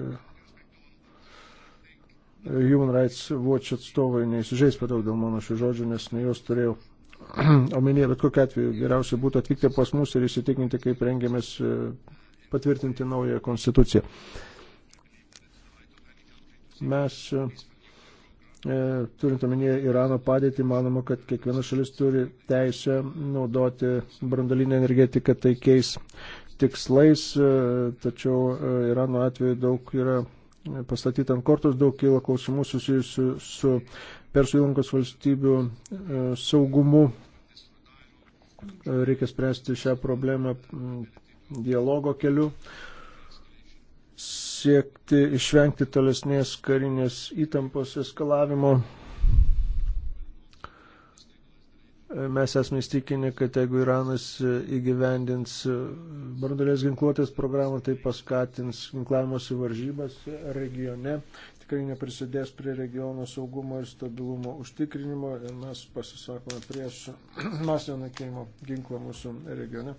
Human Rights Watch atstovai neįsižeis per daug dėl mano šių žodžių, nes ne juos turėjau omenyje, bet kokiu atveju geriausia būtų atvykti pas mus ir įsitikinti, kaip rengiamės e, patvirtinti naują konstituciją. Mes e, turint omenyje Irano padėtį, manoma, kad kiekviena šalis turi teisę naudoti brandalinę energetiką taikiais tikslais, e, tačiau e, Irano atveju daug yra pastatyta ant kortos, daug kyla klausimų susijusių su Persų įlankos valstybių e, saugumu. Reikia spręsti šią problemą dialogo keliu, siekti išvengti tolesnės karinės įtampos eskalavimo Mes esame įstikinę, kad jeigu Iranas įgyvendins brandolės ginkluotės programą, tai paskatins ginklavimosi varžybas regione, tikrai neprisidės prie regiono saugumo ir stabilumo užtikrinimo ir mes pasisakome prieš masinio naikėjimo ginklą mūsų regione.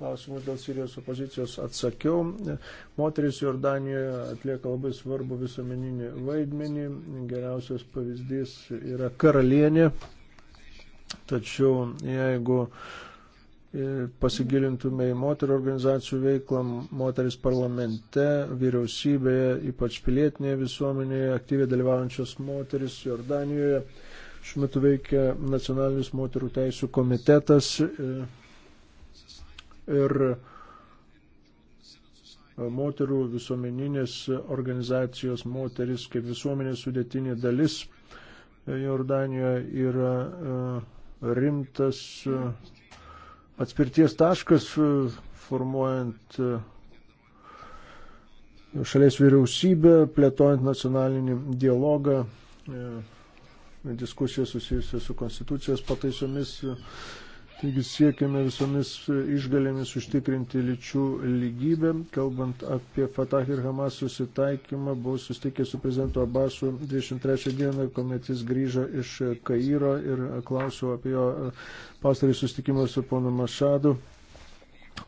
Klausimus dėl Sirijos opozicijos atsakiau. Moteris Jordanijoje atlieka labai svarbu visuomeninį vaidmenį. Geriausias pavyzdys yra karalienė Tačiau jeigu e, pasigilintume į moterų organizacijų veiklą, moteris parlamente, vyriausybėje, ypač pilietinėje visuomenėje, aktyviai dalyvaujančios moteris Jordanijoje. Šiuo metu veikia nacionalinis moterų teisų komitetas e, ir e, moterų visuomeninės organizacijos moteris kaip visuomenės sudėtinė dalis Jordanijoje yra rimtas e, atspirties taškas e, formuojant e, šalies vyriausybę, plėtojant nacionalinį dialogą, diskusiją susijusią su konstitucijos pataisomis Taigi siekiame visomis išgalėmis užtikrinti lyčių lygybę. Kalbant apie Fatah ir Hamas susitaikymą, buvau susitikęs su prezidentu Abbasu 23 dieną, kuomet jis grįžo iš Kairo ir klausiau apie jo pastarį susitikimą su ponu Mašadu.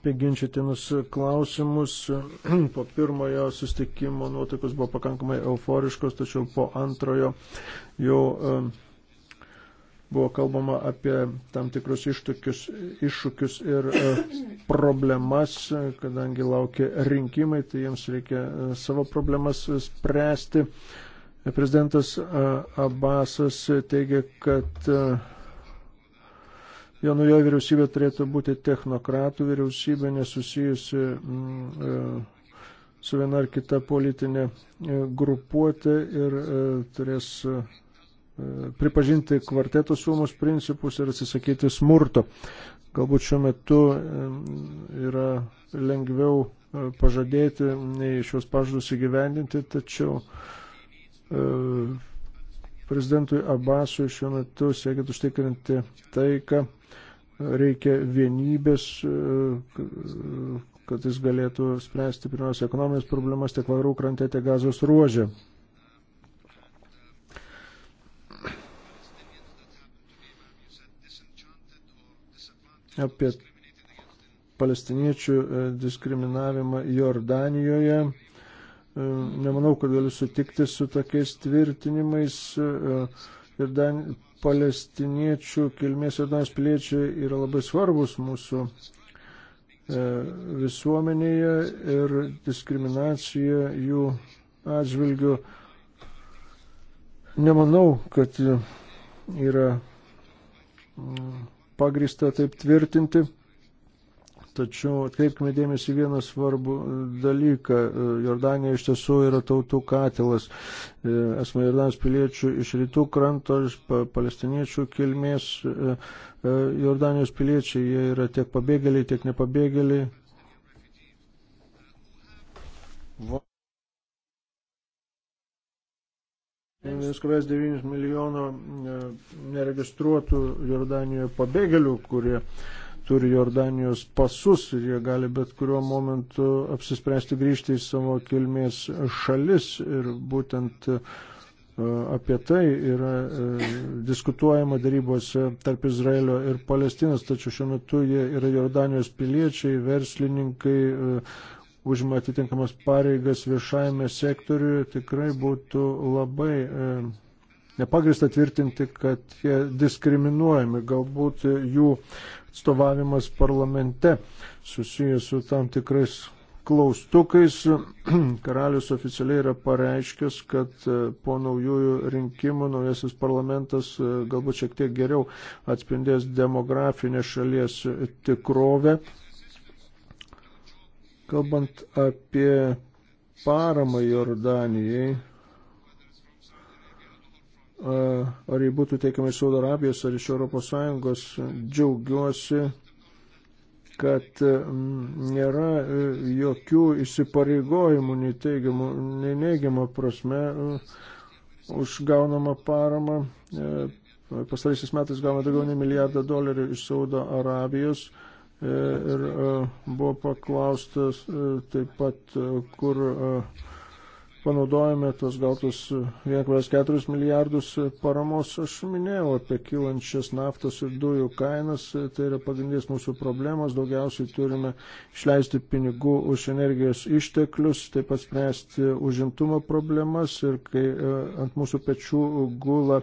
Apie ginčytinus klausimus po pirmojo sustikimo nuotaikos buvo pakankamai euforiškos, tačiau po antrojo jau buvo kalbama apie tam tikrus iššūkius, iššūkius ir e, problemas, kadangi laukia rinkimai, tai jiems reikia e, savo problemas spręsti. Prezidentas e, Abbasas teigia, kad jo naujoji vyriausybė turėtų būti technokratų vyriausybė, nesusijusi mm, su viena ar kita politinė grupuotė ir turės pripažinti kvarteto siūlomus principus ir atsisakyti smurto. Galbūt šiuo metu yra lengviau e, pažadėti, nei šios pažadus įgyvendinti, tačiau e, prezidentui Abasui šiuo metu siekiant užtikrinti taiką, reikia vienybės, e, kad jis galėtų spręsti pirmiausia ekonominės problemas tiek vakarų krantė, tiek gazos ruožė. apie palestiniečių e, diskriminavimą Jordanijoje. E, nemanau, kad galiu sutikti su tokiais tvirtinimais. Jordan, e, palestiniečių kilmės Jordanijos piliečiai yra labai svarbus mūsų visuomenėje ir diskriminacija jų atžvilgių. Nemanau, kad yra mm, pagrįsta taip tvirtinti. Tačiau atkreipkime dėmesį vieną svarbų dalyką. Jordanija iš tiesų yra tautų katilas. E, esame Jordanijos piliečių iš rytų kranto, iš palestiniečių kilmės. E, e, Jordanijos piliečiai jie yra tiek pabėgėliai, tiek nepabėgėliai. Va. 1,9 milijono e, neregistruotų Jordanijoje pabėgėlių, kurie turi Jordanijos pasus ir jie gali bet kuriuo momentu apsispręsti grįžti į savo kilmės šalis. Ir būtent e, apie tai yra e, diskutuojama darybose tarp Izraelio ir Palestinos, tačiau šiuo metu jie yra Jordanijos piliečiai, verslininkai, užima atitinkamas pareigas viešajame sektoriuje, tikrai būtų labai e, nepagrįsta tvirtinti, kad jie diskriminuojami, galbūt jų atstovavimas parlamente susijęs su tam tikrais klaustukais. Karalius oficialiai yra pareiškęs, kad e, po naujųjų rinkimų naujasis parlamentas e, galbūt šiek tiek geriau atspindės demografinę šalies tikrovę Kalbant apie paramą Jordanijai, ar jį būtų teikiama iš Saudo Arabijos ar iš Europos Sąjungos, džiaugiuosi, kad nėra jokių įsipareigojimų nei teigiamų, nei neigiamą prasme užgaunama parama. Pastarysis metais gavome daugiau nei milijardą dolerių iš Saudo Arabijos ir e, buvo paklaustas e, taip pat, e, kur panaudojame tos gautus 1,4 milijardus paramos. Aš minėjau apie kylančias naftos ir dujų kainas, tai yra pagrindinės mūsų problemos, daugiausiai turime išleisti pinigų už energijos išteklius, taip pat spręsti užimtumo problemas ir kai ant mūsų pečių gula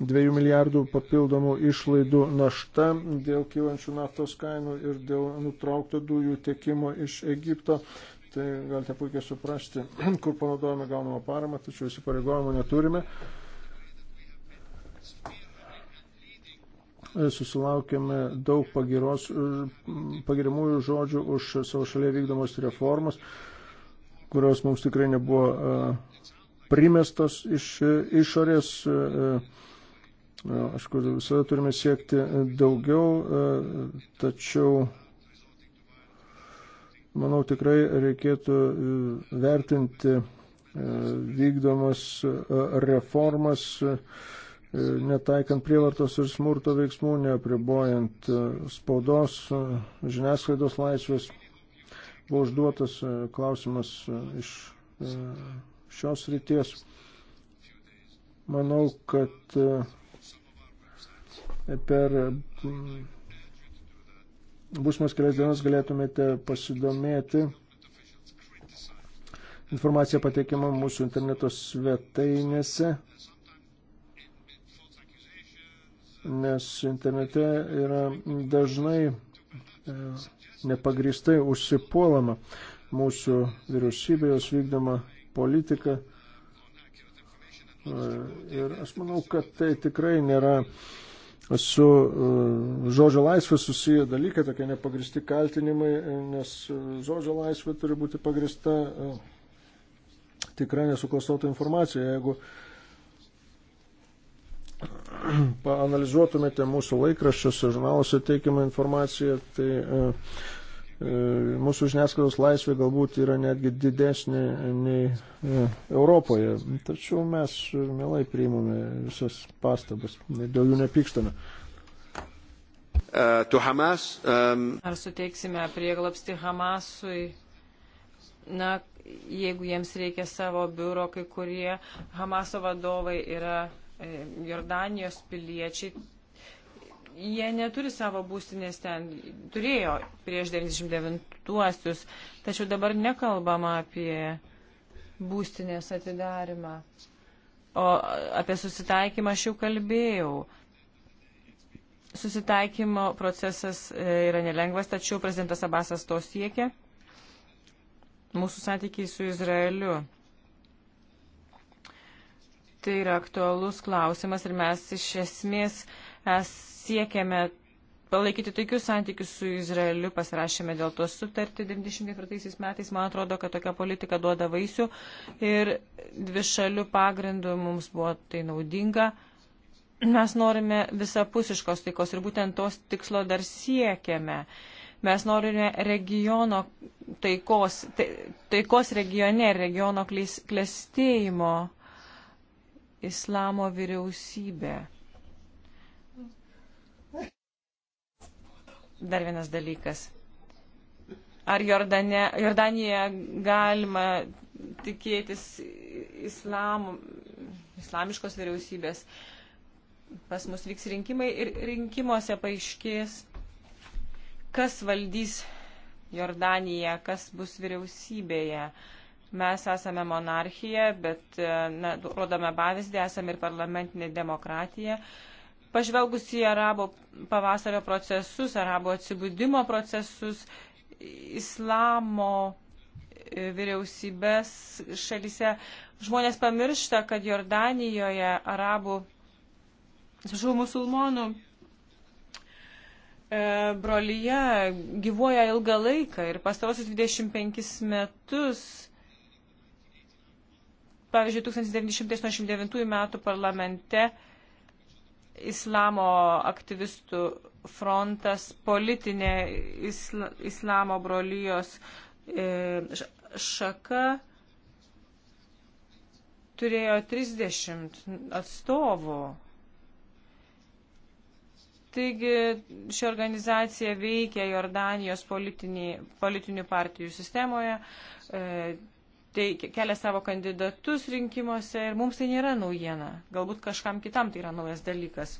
2 milijardų papildomų išlaidų našta dėl kylančių naftos kainų ir dėl nutraukto dujų tiekimo iš Egipto. Tai galite puikiai suprasti, kur panaudojame gaunamą paramą, tačiau įsipareigojimų neturime. Susilaukėme daug pagiros, pagirimųjų žodžių už savo šalia vykdomos reformas, kurios mums tikrai nebuvo e, primestos iš e, išorės. Uh, Aš kur visada turime siekti e, daugiau, e, tačiau manau tikrai reikėtų e, vertinti vykdomas reformas, netaikant prievartos ir smurto veiksmų, neapribojant spaudos, žiniasklaidos laisvės. Buvo užduotas klausimas iš šios ryties. Manau, kad per mm, būsimas kelias dienas galėtumėte pasidomėti informacija pateikiama mūsų interneto svetainėse, nes internete yra dažnai e, nepagristai užsipuolama mūsų vyriausybė, jos vykdoma politika. E, ir aš manau, kad tai tikrai nėra uh, su e, žodžio laisvė susiję dalykai, tokie nepagristi kaltinimai, e, nes e, žodžio laisvė turi būti pagrista tikra nesuklastota informacija. Jeigu paanalizuotumėte mūsų laikraščiuose, žurnaluose teikiamą informaciją, tai uh, E, mūsų žiniasklaidos laisvė galbūt yra netgi didesnė nei e, Europoje. Tačiau mes mielai priimame visas pastabas, dėl jų nepykstame. Uh, Hamas, um... Ar suteiksime prieglapsti Hamasui? Na, jeigu jiems reikia savo biuro, kai kurie Hamaso vadovai yra Jordanijos piliečiai, jie neturi savo būstinės ten, turėjo prieš 99-uosius, tačiau dabar nekalbama apie būstinės atidarimą. O apie susitaikymą aš jau kalbėjau. Susitaikymo procesas e, yra nelengvas, tačiau prezidentas Abasas to siekia. Mūsų santykiai su Izraeliu tai yra aktualus klausimas ir mes iš esmės Mes siekėme palaikyti taikius santykius su Izraeliu, pasirašėme dėl to sutartį 94 metais. Man atrodo, kad tokia politika duoda vaisių ir dvišalių pagrindų mums buvo tai naudinga. Mes norime visapusiškos taikos ir būtent tos tikslo dar siekiame. Mes norime regiono taikos, taikos regione, regiono klėstėjimo, islamo vyriausybė. Dar vienas dalykas. Ar Jordane, Jordanijoje galima tikėtis islam, islamiškos vyriausybės? Pas mus vyks rinkimai ir rinkimuose paaiškės, kas valdys Jordaniją, kas bus vyriausybėje. Mes esame monarchija, bet na, rodome pavyzdį, esame ir parlamentinė demokratija. Uh, Pažvelgus į arabo pavasario procesus, arabo atsibudimo procesus, islamo e, vyriausybės šalyse, žmonės pamiršta, kad Jordanijoje arabų, atsiprašau, musulmonų e, brolyje gyvuoja ilgą laiką ir pastarosius 25 metus pavyzdžiui, 1989 metų parlamente islamo aktyvistų frontas, politinė isla, islamo brolyjos e, šaka turėjo 30 atstovų. Taigi ši organizacija veikia Jordanijos politinių partijų sistemoje, e, teikia, tai kelia savo kandidatus rinkimuose ir mums tai nėra naujiena. Galbūt kažkam kitam tai yra naujas dalykas.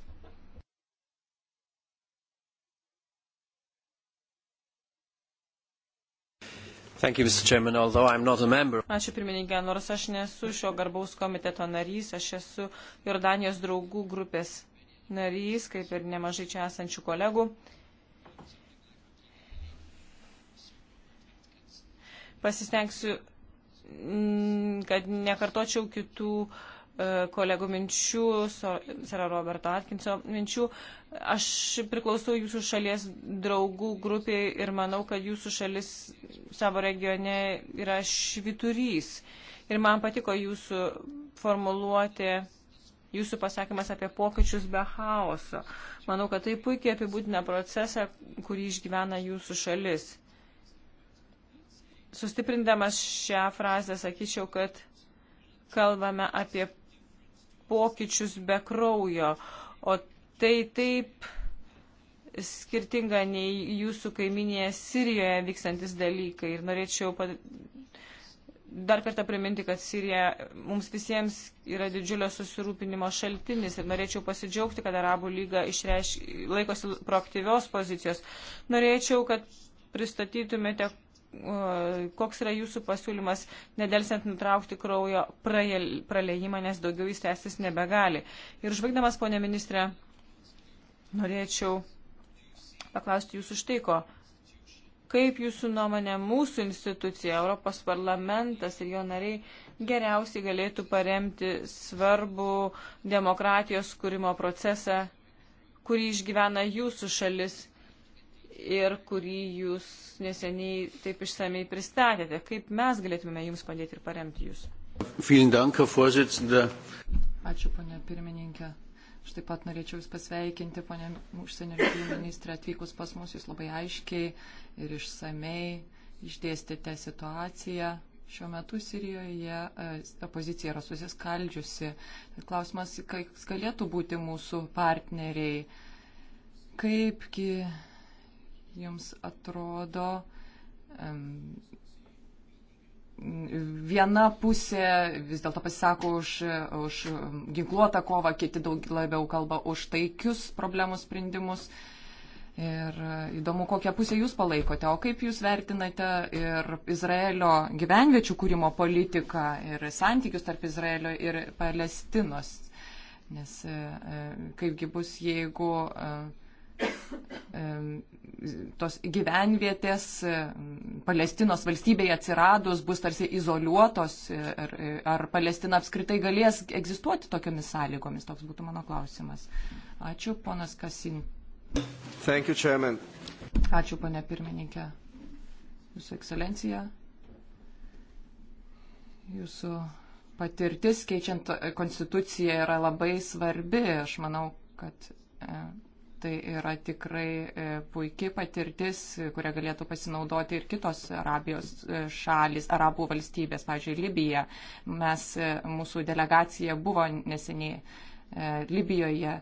You, Ačiū pirmininkė, nors aš nesu šio garbaus komiteto narys, aš esu Jordanijos draugų grupės narys, kaip ir nemažai čia esančių kolegų. Pasistengsiu Mm, kad nekartočiau kitų e, kolegų minčių, Sara Roberto Atkinso minčių. Aš priklausau jūsų šalies draugų grupiai ir manau, kad jūsų šalis savo regione yra šviturys. Ir man patiko jūsų formuluoti, jūsų pasakymas apie pokyčius be chaoso. Manau, kad tai puikiai apibūdina procesą, kurį išgyvena jūsų šalis sustiprindamas šią frazę sakyčiau, kad kalbame apie pokyčius be kraujo, o tai taip skirtinga nei jūsų kaiminėje Sirijoje vykstantis dalykai. Ir norėčiau pad... dar kartą priminti, kad Sirija mums visiems yra didžiulio susirūpinimo šaltinis ir norėčiau pasidžiaugti, kad Arabų lyga išreiš... laikosi proaktyvios pozicijos. Norėčiau, kad pristatytumėte, koks yra jūsų pasiūlymas nedelsiant nutraukti kraujo praleimą, nes daugiau jis tęstis nebegali. Ir žvaigdamas, ponė ministrė, norėčiau paklausti jūsų štai ko. Kaip jūsų nuomonė mūsų institucija, Europos parlamentas ir jo nariai geriausiai galėtų paremti svarbų demokratijos kūrimo procesą, kurį išgyvena jūsų šalis ir kurį jūs neseniai taip išsamei pristatėte. Kaip mes galėtume jums padėti ir paremti jūs? Ačiū, ponė pirmininkė. Aš taip pat norėčiau Jūs pasveikinti, ponė užsienio reikalų ministrė, atvykus pas mus Jūs labai aiškiai ir išsamei išdėstėte situaciją. Šiuo metu Sirijoje e, opozicija yra susiskaldžiusi. Klausimas, kas galėtų būti mūsų partneriai, kaipgi jums atrodo viena pusė vis dėlto pasisako už, už ginkluotą kovą, kiti daug labiau kalba už taikius problemų sprendimus. Ir e, įdomu, kokią pusę jūs palaikote, o kaip jūs vertinate ir Izraelio gyvenviečių kūrimo politiką ir santykius tarp Izraelio ir Palestinos. Nes e, e, kaipgi bus, jeigu. Uh, tos gyvenvietės Palestinos valstybėje atsiradus bus tarsi izoliuotos, e, ar, e, ar Palestina apskritai galės egzistuoti tokiamis sąlygomis? Toks būtų mano klausimas. Ačiū, ponas Kasin. Thank you, chairman. Ačiū, ponė pirmininkė. Jūsų ekscelencija. Jūsų patirtis keičiant e, konstituciją yra labai svarbi. Aš manau, kad Tai yra tikrai e, puikia patirtis, kurią galėtų pasinaudoti ir kitos Arabijos e, šalis, Arabų valstybės, pavyzdžiui, Libija. Mes, e, mūsų delegacija buvo neseniai Libijoje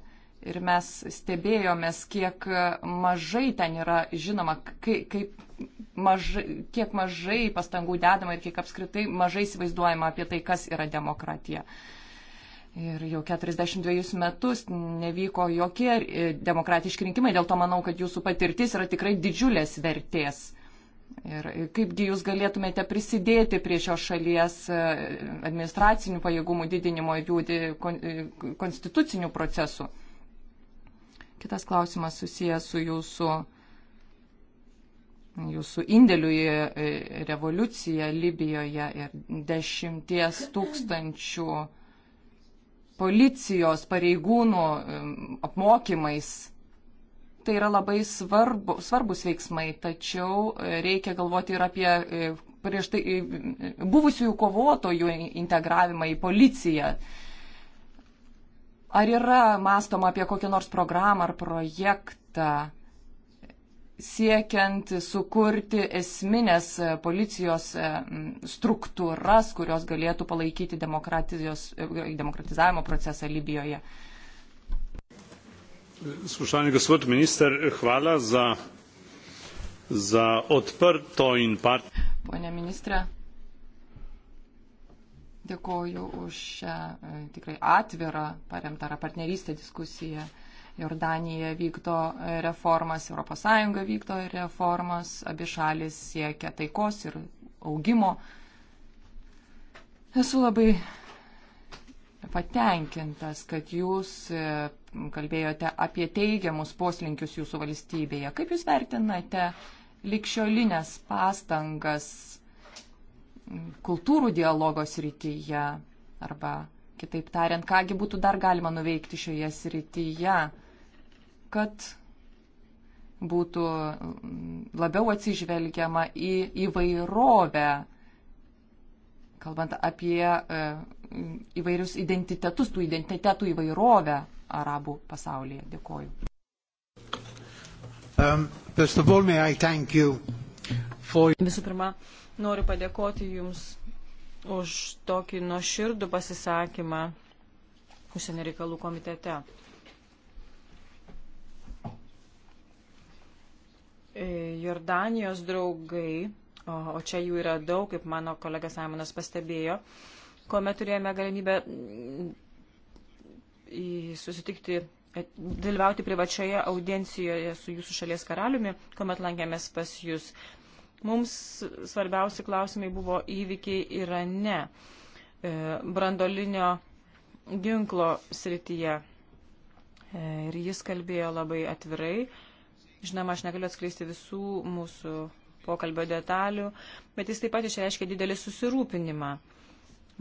ir mes stebėjomės, kiek mažai ten yra žinoma, kaip, kaip mažai, kiek mažai pastangų dedama ir kiek apskritai mažai įsivaizduojama apie tai, kas yra demokratija. Uh, Ir jau 42 metus nevyko jokie e, demokratiški rinkimai, dėl to manau, kad jūsų patirtis yra tikrai didžiulės vertės. Ir e, kaipgi jūs galėtumėte prisidėti prie šios šalies e, administracinių pajėgumų didinimo ir jų konstitucinių procesų? Kitas klausimas susijęs su jūsų, jūsų indėliu į revoliuciją Libijoje ir dešimties tūkstančių 000 policijos pareigūnų apmokymais. Tai yra labai svarbu, svarbus veiksmai, tačiau e, reikia galvoti ir apie e, prieš tai e, buvusiųjų kovotojų integravimą į policiją. Ar yra mąstoma apie kokią nors programą ar projektą? siekiant sukurti esminės policijos e, struktūras, kurios galėtų palaikyti e, demokratizavimo procesą Libijoje. Spoštovani gospod minister, hvala za, za odprto in part. Pone ministre, dėkoju už šią e, tikrai atvirą, paremtą partnerystę diskusiją. Jordanija vykdo reformas, ES vykdo reformas, abi šalis siekia taikos ir augimo. Esu labai patenkintas, kad jūs e, kalbėjote apie teigiamus poslinkius jūsų valstybėje. Kaip jūs vertinate likščiolinės pastangas kultūrų dialogo srityje arba, kitaip tariant, kągi būtų dar galima nuveikti šioje srityje? kad būtų labiau atsižvelgiama į įvairovę, kalbant apie e, įvairius identitetus, tų identitetų įvairovę arabų pasaulyje. Dėkoju. Um, all, for... Visų pirma, noriu padėkoti Jums už tokį nuoširdų pasisakymą užsienio reikalų komitete. E, Jordanijos draugai, o, o čia jų yra daug, kaip mano kolega Simonas pastebėjo, kuomet turėjome galimybę mm, susitikti, e, dalyvauti privačioje audiencijoje su jūsų šalies karaliumi, kuomet lankėmės pas jūs. Mums svarbiausi klausimai buvo įvykiai Irane, e, brandolinio ginklo srityje. Ir jis kalbėjo labai atvirai Žinoma, aš negaliu atskleisti visų mūsų pokalbio detalių, bet jis taip pat išreiškia didelį susirūpinimą.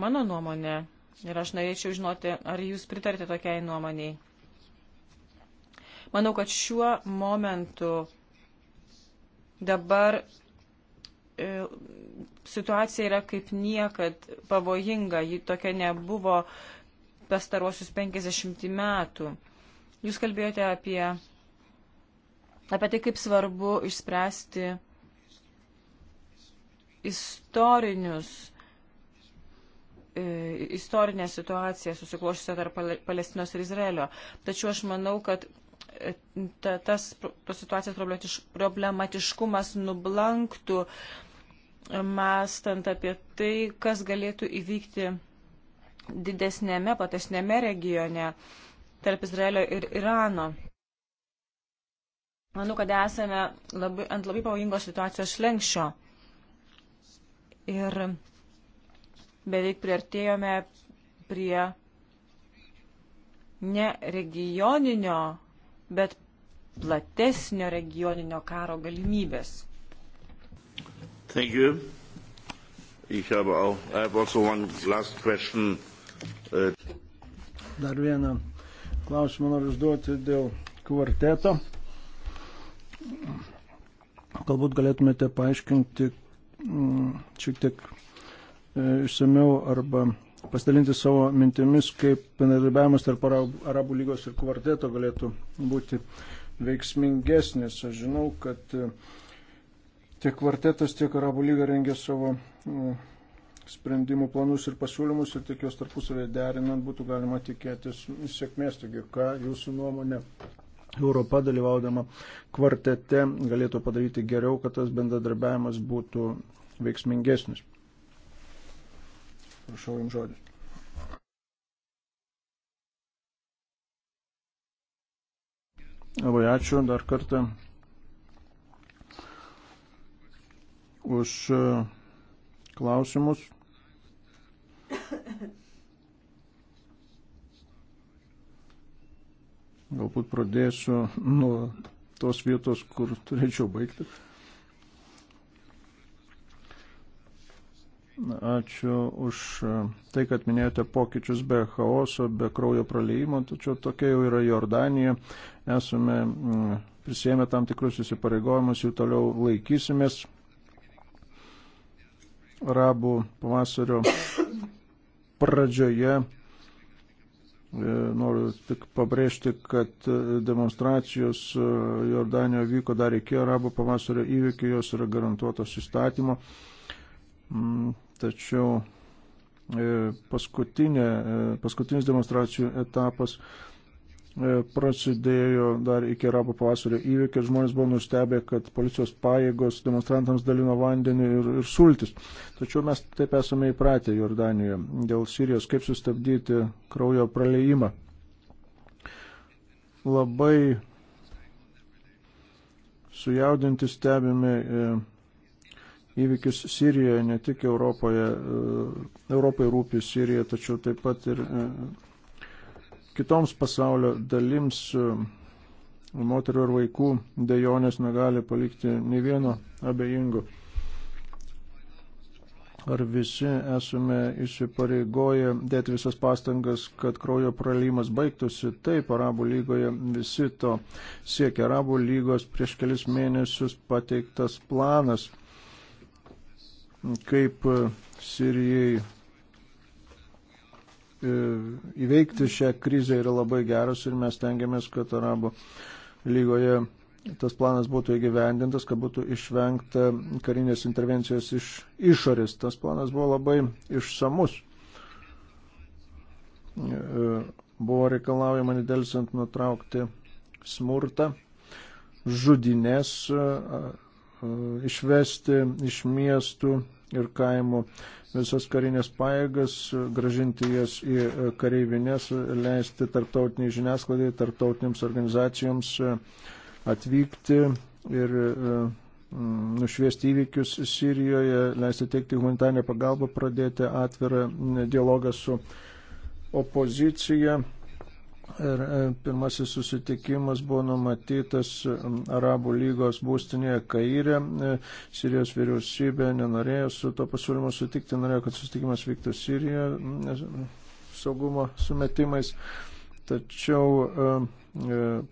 Mano nuomonė, ir aš norėčiau žinoti, ar jūs pritarite tokiai nuomoniai. Manau, kad šiuo momentu dabar e, situacija yra kaip niekad pavojinga, ji tokia nebuvo pastaruosius 50 metų. Jūs kalbėjote apie apie tai, kaip svarbu išspręsti istorinius, e, istorinę situaciją susiklošusią tarp Palestinos ir Izraelio. Tačiau aš manau, kad e, ta, tas tos situacijos problematiškumas nublanktų, e, mąstant apie tai, kas galėtų įvykti didesnėme, patesnėme regione tarp Izraelio ir Irano. Manau, kad esame labai, ant labai pavojingos situacijos šlenkščio. Ir beveik priartėjome prie ne regioninio, bet platesnio regioninio karo galimybės. Thank you. Ich habe auch, I have also one last question. Äh, Dar vieną klausimą noriu užduoti dėl kvarteto. Galbūt galėtumėte paaiškinti mm, šiek tiek e, išsameu arba pasidalinti savo mintimis, kaip bendradarbiavimas tarp Arabų lygos ir kvarteto galėtų būti veiksmingesnis. Aš žinau, kad e, tiek kvartetas, tiek Arabų lyga rengia savo mm, sprendimų planus ir pasiūlymus ir tik juos tarpusavėje derinant būtų galima tikėtis sėkmės. Taigi, ką jūsų nuomonė Europa dalyvaudama kvartete galėtų padaryti geriau, kad tas bendradarbiavimas būtų veiksmingesnis. Prašau jums žodį. Labai ačiū dar kartą už klausimus. Galbūt pradėsiu nuo tos vietos, kur turėčiau baigti. Ačiū už e, tai, kad minėjote pokyčius be chaoso, be kraujo praleimo, tačiau tokia jau yra Jordanija. Esame mm, prisėmę tam tikrus įsipareigojimus, jų toliau laikysimės. Arabų pavasario pradžioje E, noriu tik pabrėžti, kad e, demonstracijos e, Jordanijoje vyko dar iki arabo pavasario įvykių, jos yra garantuotos įstatymo. Mm, tačiau paskutinis demonstracijų etapas E, prasidėjo dar iki arabo pavasario įvykio. Žmonės buvo nustebę, kad policijos pajėgos demonstrantams dalino vandenį ir, ir sultis. Tačiau mes taip esame įpratę Jordanijoje dėl Sirijos, kaip sustabdyti kraujo praleimą. Labai sujaudinti stebime e, įvykius Sirijoje, ne tik Europoje. E, Europai rūpi Sirija, tačiau taip pat ir kitoms pasaulio dalims e, moterų ir vaikų dejonės negali palikti nei vieno abejingo. Ar visi esame įsipareigoję dėti visas pastangas, kad kraujo pralymas baigtųsi? Taip, Arabų lygoje visi to siekia. Arabų lygos prieš kelis mėnesius pateiktas planas, kaip e, Sirijai įveikti šią krizę yra labai geras ir mes tengiamės, kad Arabų lygoje tas planas būtų įgyvendintas, kad būtų išvengta karinės intervencijos iš išorės. Tas planas buvo labai išsamus. E, buvo reikalaujama nedelsiant nutraukti smurtą, žudinės, e, e, išvesti iš miestų ir kaimų visas karinės paėgas, gražinti jas į kareivinės, leisti tarptautiniai žiniasklaidai, tarptautinėms organizacijoms e, atvykti ir e, nušviesti įvykius Sirijoje, leisti teikti humanitarnę pagalbą, pradėti atvirą dialogą su opozicija. Ir e, pirmasis susitikimas buvo numatytas Arabų lygos būstinėje Kairė. E, Sirijos vyriausybė nenorėjo su to pasiūlymu sutikti, norėjo, kad susitikimas vyktų Sirijoje saugumo sumetimais. Tačiau e,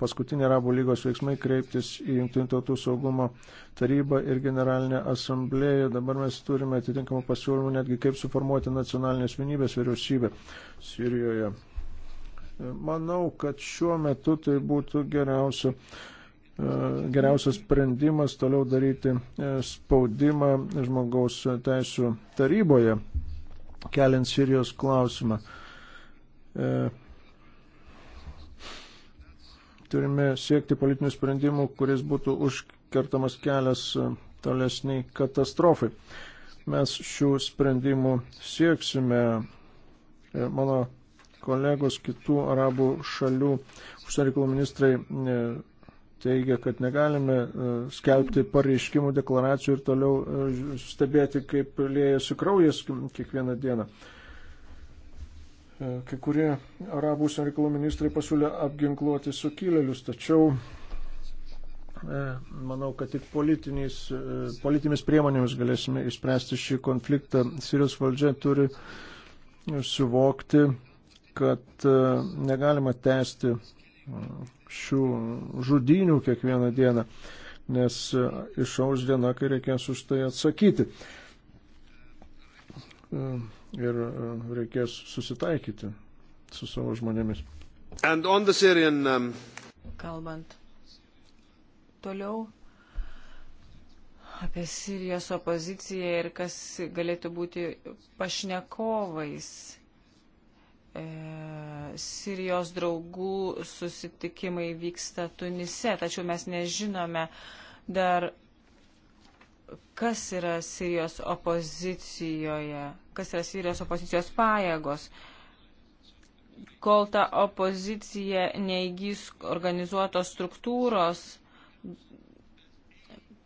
paskutinė Arabų lygos veiksmai kreiptis į Junktinių tautų saugumo tarybą ir generalinę asamblėją. Dabar mes turime atitinkamų pasiūlymų netgi kaip suformuoti nacionalinės vienybės vyriausybę Sirijoje. Manau, kad šiuo metu tai būtų geriausia e, geriausias sprendimas toliau daryti e, spaudimą žmogaus teisų taryboje, keliant Sirijos klausimą. E, turime siekti politinių sprendimų, kuris būtų užkertamas kelias tolesniai katastrofai. Mes šių sprendimų sieksime. Mano kolegos kitų arabų šalių užsienio reikalų ministrai e, teigia, kad negalime e, skelbti pareiškimų, deklaracijų ir toliau e, stebėti, kaip liejasi kraujas kiekvieną dieną. Kai kurie arabų užsienio reikalų ministrai pasiūlė apginkluoti sukilėlius, tačiau manau, kad tik politinėmis priemonėmis galėsime išspręsti šį konfliktą. Sirijos valdžia turi suvokti, kad e, negalima tęsti šių žudynių kiekvieną dieną, nes e, išaus diena, kai reikės už tai atsakyti. E, ir reikės susitaikyti su savo žmonėmis. Syrian, um... Kalbant toliau apie Sirijos opoziciją ir kas galėtų būti pašnekovais E, Sirijos draugų susitikimai vyksta Tunise, tačiau mes nežinome dar, kas yra Sirijos opozicijoje, kas yra Sirijos opozicijos pajėgos. Kol ta opozicija neįgys organizuotos struktūros,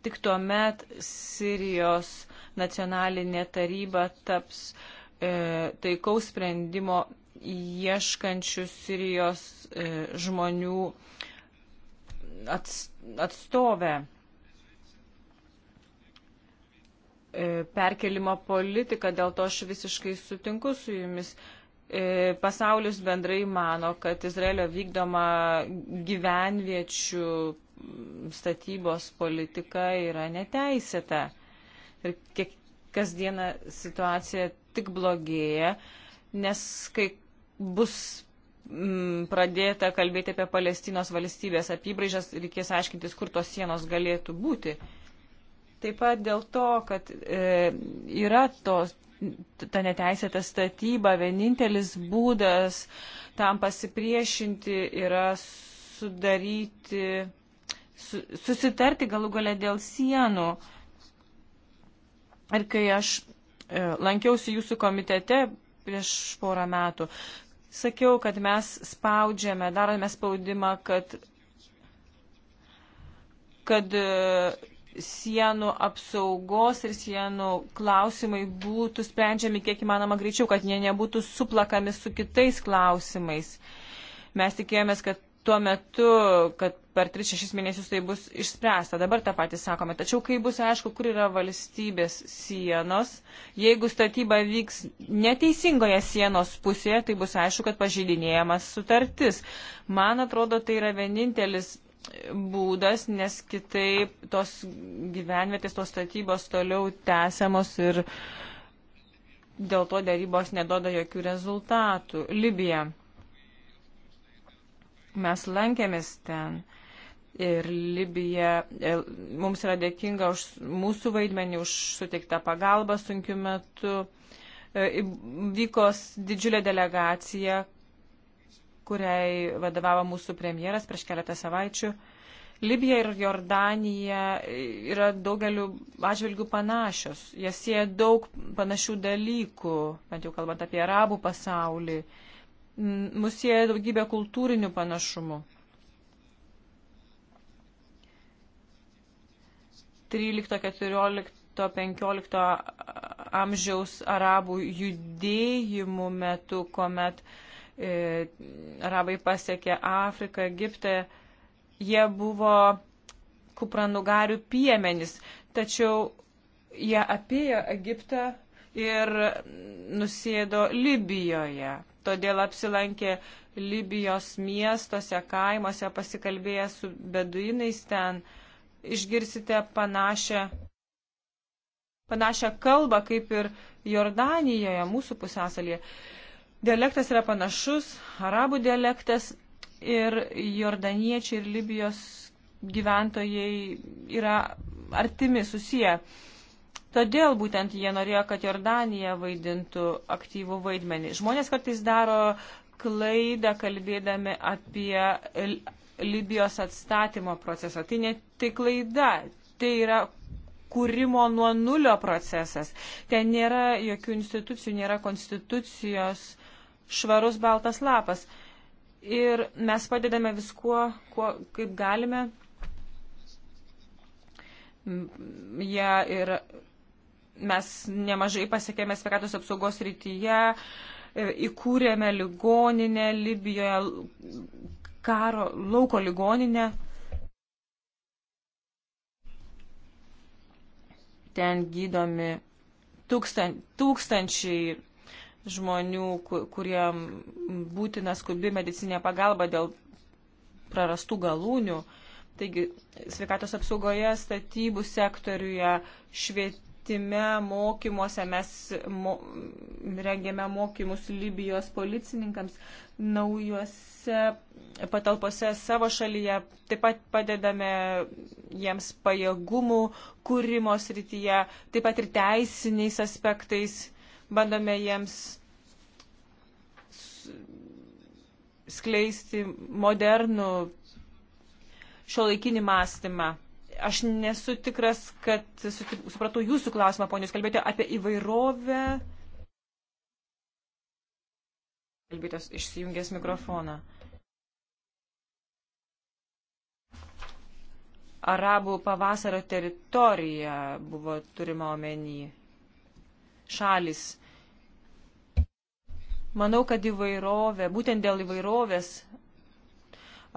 tik tuo met Sirijos nacionalinė taryba taps e, taikaus sprendimo ieškančių Sirijos e, žmonių atstovę. E, perkelimo politika, dėl to aš visiškai sutinku su jumis. E, pasaulis bendrai mano, kad Izraelio vykdoma gyvenviečių statybos politika yra neteisėta. Ir kiek kasdieną situacija tik blogėja, nes kai bus mm, pradėta kalbėti apie Palestinos valstybės apibraižas, reikės aiškintis, kur tos sienos galėtų būti. Taip pat dėl to, kad e, yra tos, ta neteisėta statyba, vienintelis būdas tam pasipriešinti yra sudaryti, su, susitarti galų gale dėl sienų. Ir kai aš e, lankiausi jūsų komitete prieš porą metų, Sakiau, kad mes spaudžiame, darome spaudimą, kad, kad e, sienų apsaugos ir sienų klausimai būtų sprendžiami kiek įmanoma greičiau, kad jie nebūtų suplakami su kitais klausimais. Mes tikėjomės, kad tuo metu, kad per 3-6 mėnesius tai bus išspręsta. Dabar tą patį sakome. Tačiau kai bus aišku, kur yra valstybės sienos, jeigu statyba vyks neteisingoje sienos pusėje, tai bus aišku, kad pažydinėjamas sutartis. Man atrodo, tai yra vienintelis būdas, nes kitaip tos gyvenvietės, tos statybos toliau tęsiamos ir dėl to dėrybos nedoda jokių rezultatų. Libija. Mes lankėmės ten ir Libija e, mums yra dėkinga už mūsų vaidmenį, už suteiktą pagalbą sunkiu metu. E, vyko didžiulė delegacija, kuriai vadovavo mūsų premjeras prieš keletą savaičių. Libija ir Jordanija e, yra daugeliu atžvilgių panašios. Jie sieja daug panašių dalykų, bent jau kalbant apie arabų pasaulį. Uh, mus sieja daugybė kultūrinių panašumų. 13, 14, 15 amžiaus arabų judėjimų metu, kuomet e, arabai pasiekė Afriką, Egiptą, jie buvo kupranugarių piemenys, tačiau jie apėjo Egiptą ir nusėdo Libijoje todėl apsilankė Libijos miestuose, kaimuose, pasikalbėję su beduinais ten. Išgirsite panašią, panašią kalbą kaip ir Jordanijoje, mūsų pusėsalyje. Dialektas yra panašus, arabų dialektas ir jordaniečiai ir Libijos gyventojai yra artimi susiję. Todėl būtent jie norėjo, kad Jordanija vaidintų aktyvų vaidmenį. Žmonės kartais daro klaidą kalbėdami apie Libijos atstatymo procesą. Tai ne tai klaida, tai yra kūrimo nuo nulio procesas. Ten nėra jokių institucijų, nėra konstitucijos, švarus baltas lapas. Ir mes padedame viskuo, kuo, kaip galime jie ja, ir Mes nemažai pasiekėme sveikatos apsaugos rytyje, e, įkūrėme ligoninę Libijoje, karo lauko ligoninę. Ten gydomi tūkstan, tūkstančiai žmonių, kurie būtina skubi medicinė pagalba dėl prarastų galūnių. Taigi sveikatos apsaugoje, statybų sektoriuje, šviet, švietime, mokymuose. Mes mo, rengėme mokymus Libijos policininkams naujose patalpose savo šalyje. Taip pat padedame jiems pajėgumų kūrimo srityje, taip pat ir teisiniais aspektais. Bandome jiems skleisti modernų šiuolaikinį mąstymą. Aš nesu tikras, kad supratau jūsų klausimą, ponius, kalbėjote apie įvairovę. Kalbėtas išsijungęs mikrofoną. Arabų pavasario teritorija buvo turima omeny. Šalis. Manau, kad įvairovė, būtent dėl įvairovės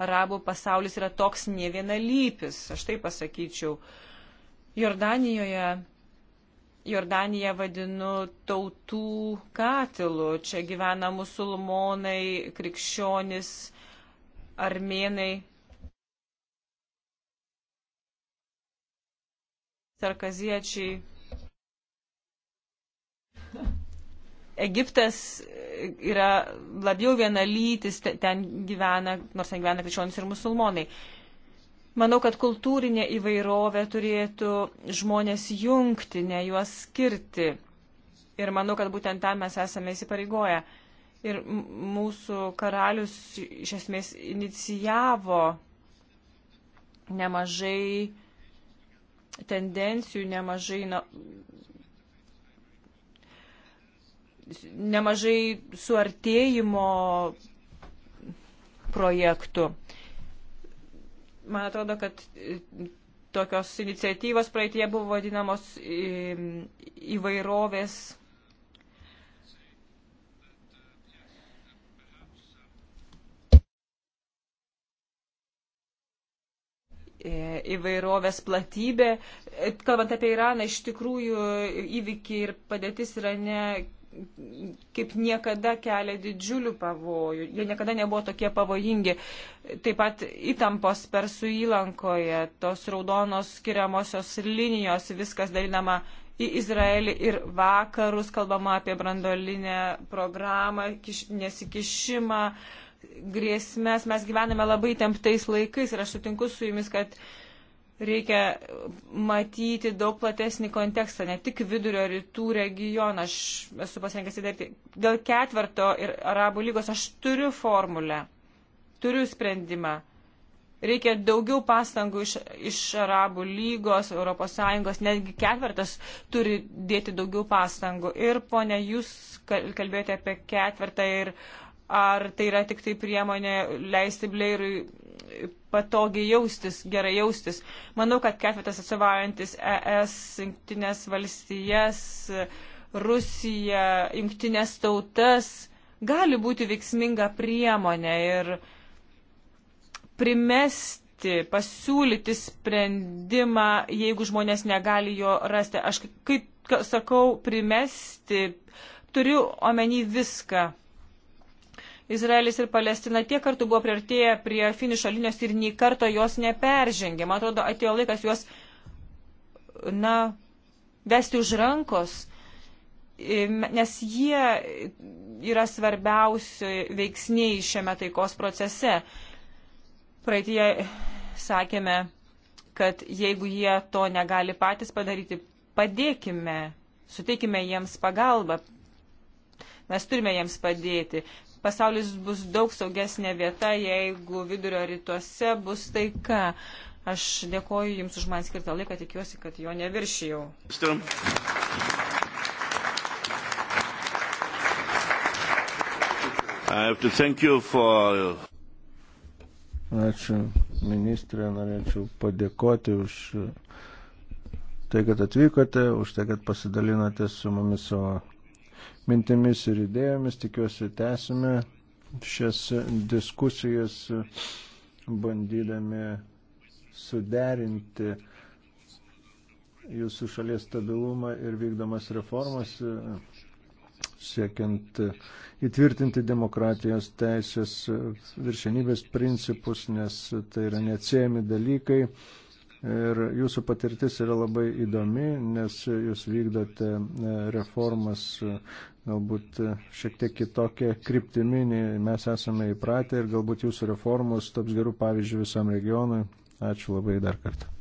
arabų pasaulis yra toks nevienalypis, aš tai pasakyčiau. Jordanijoje Jordaniją vadinu tautų katilu. Čia gyvena musulmonai, krikščionis, armenai. Sarkaziečiai. Egiptas yra labiau vienalytis, ten gyvena, nors ten gyvena krikščionis ir musulmonai. Manau, kad kultūrinė įvairovė turėtų žmonės jungti, ne juos skirti. Ir manau, kad būtent tam mes esame įsipareigoję. Ir mūsų karalius iš esmės inicijavo nemažai tendencijų, nemažai na, nemažai suartėjimo projektų. Man atrodo, kad e, tokios iniciatyvos praeitie buvo vadinamos e, įvairovės. E, įvairovės platybė. Kalbant apie Iraną, iš tikrųjų įvykiai ir padėtis Irane kaip niekada kelia didžiulių pavojų. Jie niekada nebuvo tokie pavojingi. Taip pat įtampos persų įlankoje, tos raudonos skiriamosios linijos, viskas dalinama į Izraelį ir vakarus, kalbama apie brandolinę programą, kiš, nesikišimą, grėsmės. Mes gyvename labai temptais laikais ir aš sutinku su jumis, kad uh, reikia matyti daug platesnį kontekstą, ne tik vidurio rytų regioną. Aš esu pasirinkęs įdaryti. Tai Dėl ketverto ir Arabų lygos aš turiu formulę, turiu sprendimą. Reikia daugiau pastangų iš, iš Arabų lygos, ES, netgi ketvertas turi dėti daugiau pastangų. Ir ponia, jūs kalbėjote apie ketvertą ir ar tai yra tik tai priemonė leisti Blairui patogiai jaustis, gerai jaustis. Manau, kad ketvirtas atsivaujantis ES, jungtinės valstijas, Rusija, jungtinės tautas gali būti veiksminga priemonė ir primesti, pasiūlyti sprendimą, jeigu žmonės negali jo rasti. Aš kaip sakau, primesti, turiu omeny viską Izraelis ir Palestina tiek kartų buvo priartėję prie finišo linijos ir nei karto jos neperžengė. Man atrodo, atėjo laikas juos, na, vesti už rankos, nes jie yra svarbiausi veiksniai šiame taikos procese. Praeitie sakėme, kad jeigu jie to negali patys padaryti, padėkime, suteikime jiems pagalbą, mes turime jiems padėti pasaulis bus daug saugesnė vieta, jeigu vidurio rytuose bus taika. Aš dėkoju Jums už man skirtą laiką, tikiuosi, kad jo neviršijau. Stum. For... Ačiū, ministrė, norėčiau padėkoti už tai, kad atvykote, už tai, kad pasidalinote su mumis savo mintimis ir idėjomis. Tikiuosi, tęsime šias diskusijas, bandydami suderinti jūsų šalies stabilumą ir vykdomas reformas, siekiant įtvirtinti demokratijos teisės viršenybės principus, nes tai yra neatsiejami dalykai. Ir jūsų patirtis yra labai įdomi, nes jūs vykdote reformas galbūt e, šiek tiek kitokia kryptimi, mes esame įpratę ir galbūt jūsų reformos taps gerų pavyzdžių visam regionui. Ačiū labai dar kartą.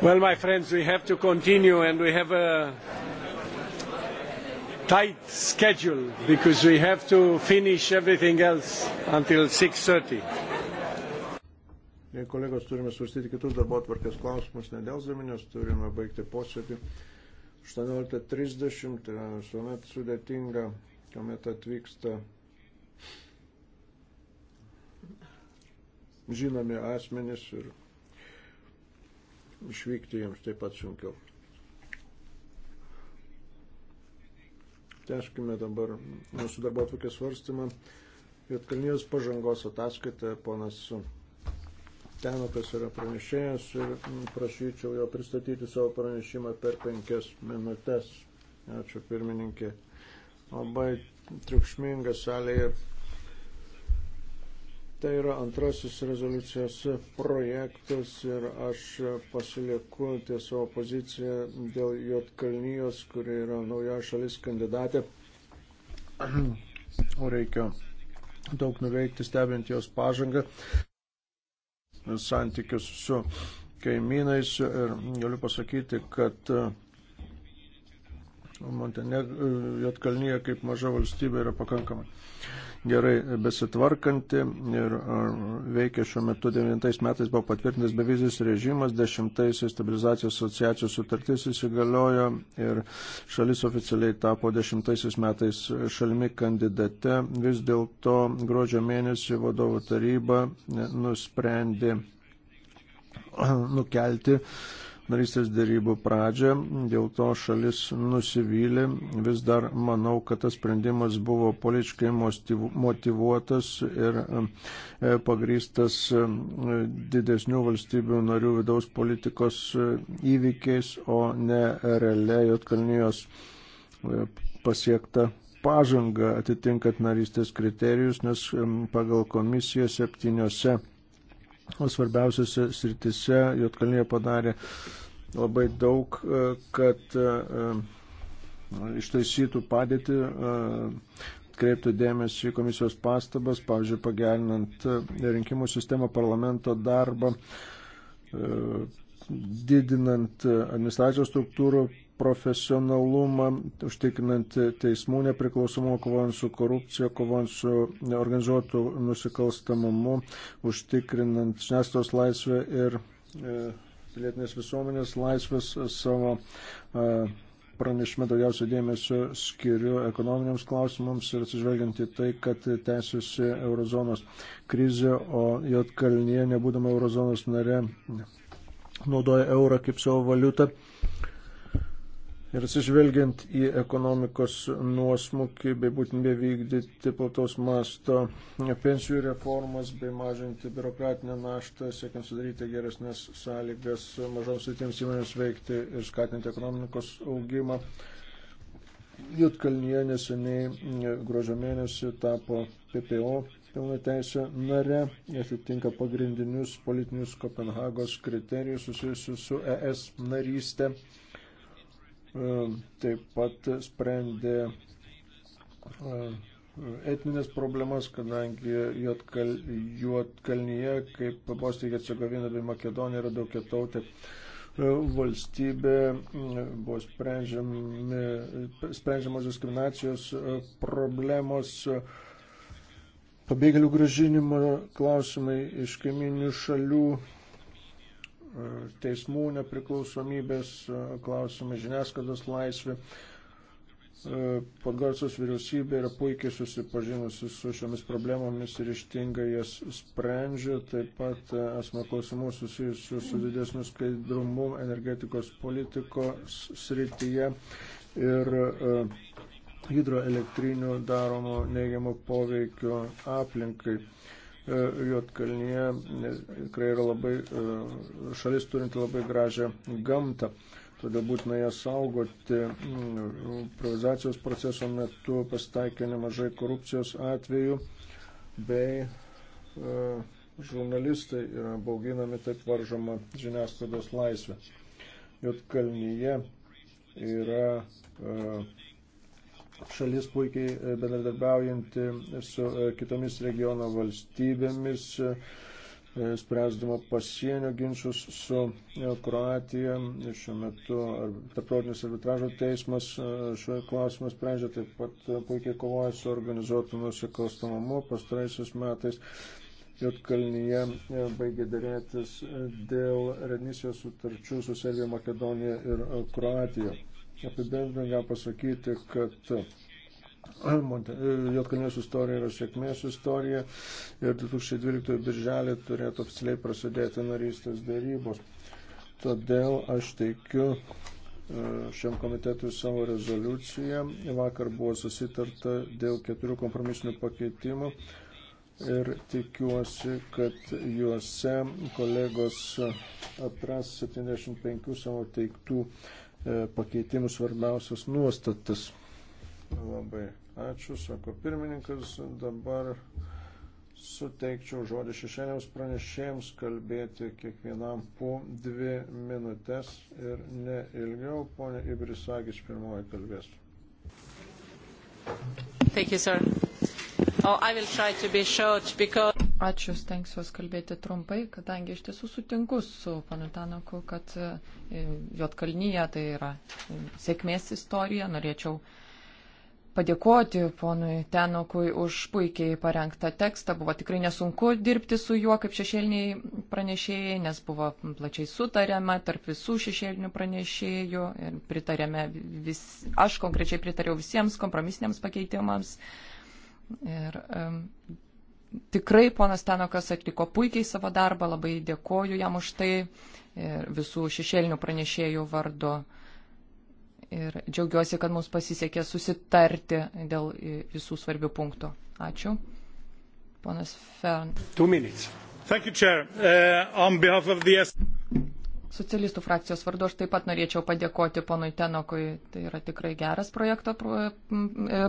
Well, my friends, we have to continue and we have a tight schedule because we have to finish everything else until 6.30. Jei kolegos turime svarstyti kitus darbo atvarkės klausimus, nedėlzami, nes turime baigti posėdį 18.30, tai visuomet sudėtinga, kuomet atvyksta žinomi asmenys ir išvykti jiems taip pat sunkiau. Teškime dabar mūsų darbo atvokės svarstymą. Jotkalnijos pažangos ataskaita, ponas Tenukas yra pranešėjas ir prašyčiau jo pristatyti savo pranešimą per penkias minutės. Ačiū pirmininkė. Labai triukšminga salėje Tai yra antrasis rezoliucijos projektas ir aš pasilieku ties savo poziciją dėl Jotkalnyjos, kuri yra nauja šalis kandidatė. Reikia daug nuveikti, stebint jos pažangą, santykius su kaimynais ir galiu pasakyti, kad Jotkalnyje kaip maža valstybė yra pakankamai gerai besitvarkanti ir e, veikia šiuo metu 9 metais buvo patvirtintas bevizijos režimas, 10 stabilizacijos asociacijos sutartis įsigaliojo ir šalis oficialiai tapo 10 metais šalimi kandidate. Vis dėlto gruodžio mėnesį vadovų taryba nusprendė nukelti narystės dėrybų pradžią, dėl to šalis nusivylė. Vis dar manau, kad tas sprendimas buvo politiškai motivuotas ir e, pagrystas e, didesnių valstybių narių vidaus politikos e, įvykiais, o ne realia Jotkalnijos pasiekta pažanga atitinkant narystės kriterijus, nes pagal komisiją septyniose o svarbiausiose sritise Jotkalnyje padarė labai daug, e, kad e, e, ištaisytų padėtį, kreiptų dėmesį į komisijos pastabas, pavyzdžiui, pagerinant rinkimų sistemą, parlamento darbą, didinant administracijos struktūrų profesionalumą, užtikrinant teismų nepriklausomumą, kovojant su korupcija, kovojant su organizuotų nusikalstamumu, užtikrinant žiniasklaidos laisvę ir e, pilietinės visuomenės laisvės savo e, pranešime daugiausia dėmesio skiriu ekonominiams klausimams ir atsižvelgiant į tai, kad tęsiasi eurozonos krizė, o Jotkalnyje, nebūdama eurozonos nare, naudoja eurą kaip savo valiutą. Ir atsižvelgiant į ekonomikos nuosmukį bei būtinybę vykdyti plataus masto pensijų reformas bei mažinti biurokratinę naštą, siekiant sudaryti geresnės sąlygas mažoms įtiems įmonėms veikti ir skatinti ekonomikos augimą. Jutkalnyje neseniai gruožio mėnesį tapo PPO pilna teisė nare, atitinka pagrindinius politinius Kopenhagos kriterijus susijusius su ES narystė taip pat sprendė etninės problemas, kadangi Juotkal, Juotkalnyje, kaip Bosnija, Cegovina bei Makedonija yra daug ketautė e, valstybė, buvo sprendžiamos diskriminacijos e, problemos, e, pabėgėlių gražinimo klausimai iš kaiminių šalių teismų nepriklausomybės e, klausimai, žiniasklaidos laisvė. E, Podgorcijos vyriausybė yra puikiai susipažinusi su šiomis problemomis ir ištingai jas sprendžia. Taip pat e, esame klausimų susijusių su didesniu skaidrumu energetikos politikos srityje ir hidroelektrinių daromų neigiamų poveikio aplinkai. E, Jotkalnyje tikrai yra labai e, šalis turinti labai gražią gamtą. Todėl būtina ją saugoti. Improvizacijos proceso metu pasitaikė nemažai korupcijos atvejų bei e, žurnalistai yra bauginami taip varžoma žiniasklaidos laisvė. Jotkalnyje yra uh, šalis puikiai e, bendradarbiaujanti su e, kitomis regiono valstybėmis, e, spręsdama pasienio ginčius su Kroatija. Šiuo metu tarptautinis arbitražo teismas šiuo klausimu sprendžia, taip pat puikiai kovoja su organizuotu nusikalstamumu pastaraisiais metais. Jotkalnyje baigė dėrėtis dėl redmisijos sutarčių su Serbija, Makedonija ir Kroatija apibendrinant gal pasakyti, kad e, e, Jotkalnijos istorija yra sėkmės istorija ir 2012 birželį turėtų oficialiai prasidėti narystės dėrybos. Todėl aš teikiu e, šiam komitetui savo rezoliuciją. Vakar buvo susitarta dėl keturių kompromisinių pakeitimų ir tikiuosi, kad juose kolegos atras 75 savo teiktų E, pakeitimų svarbiausias nuostatas. Labai ačiū, sako pirmininkas. Dabar suteikčiau žodį šešėliams pranešėjams kalbėti kiekvienam po dvi minutės ir ne ilgiau. Pone Ibrisagič pirmoji kalbės. Thank you, sir. Oh, I will try to be short because... Ačiū, stengsiuos kalbėti trumpai, kadangi iš tiesų sutinku su panu Tanaku, kad e, Jotkalnyje tai yra e, sėkmės istorija. Norėčiau padėkoti ponui Tenokui už puikiai parengtą tekstą. Buvo tikrai nesunku dirbti su juo kaip šešėliniai pranešėjai, nes buvo plačiai sutariama tarp visų šešėlinių pranešėjų ir pritarėme vis, aš konkrečiai pritariau visiems kompromisiniams pakeitimams. Ir, um, tikrai ponas Tenokas atliko puikiai savo darbą, labai dėkoju jam už tai ir visų šešėlinių pranešėjų vardu. Ir džiaugiuosi, kad mums pasisekė susitarti dėl visų svarbių punktų. Ačiū. Ponas Fern. Two minutes. Thank you, Chair. Uh, on behalf of the Socialistų frakcijos vardu aš taip pat norėčiau padėkoti ponui Tenokui. Tai yra tikrai geras projekto, e,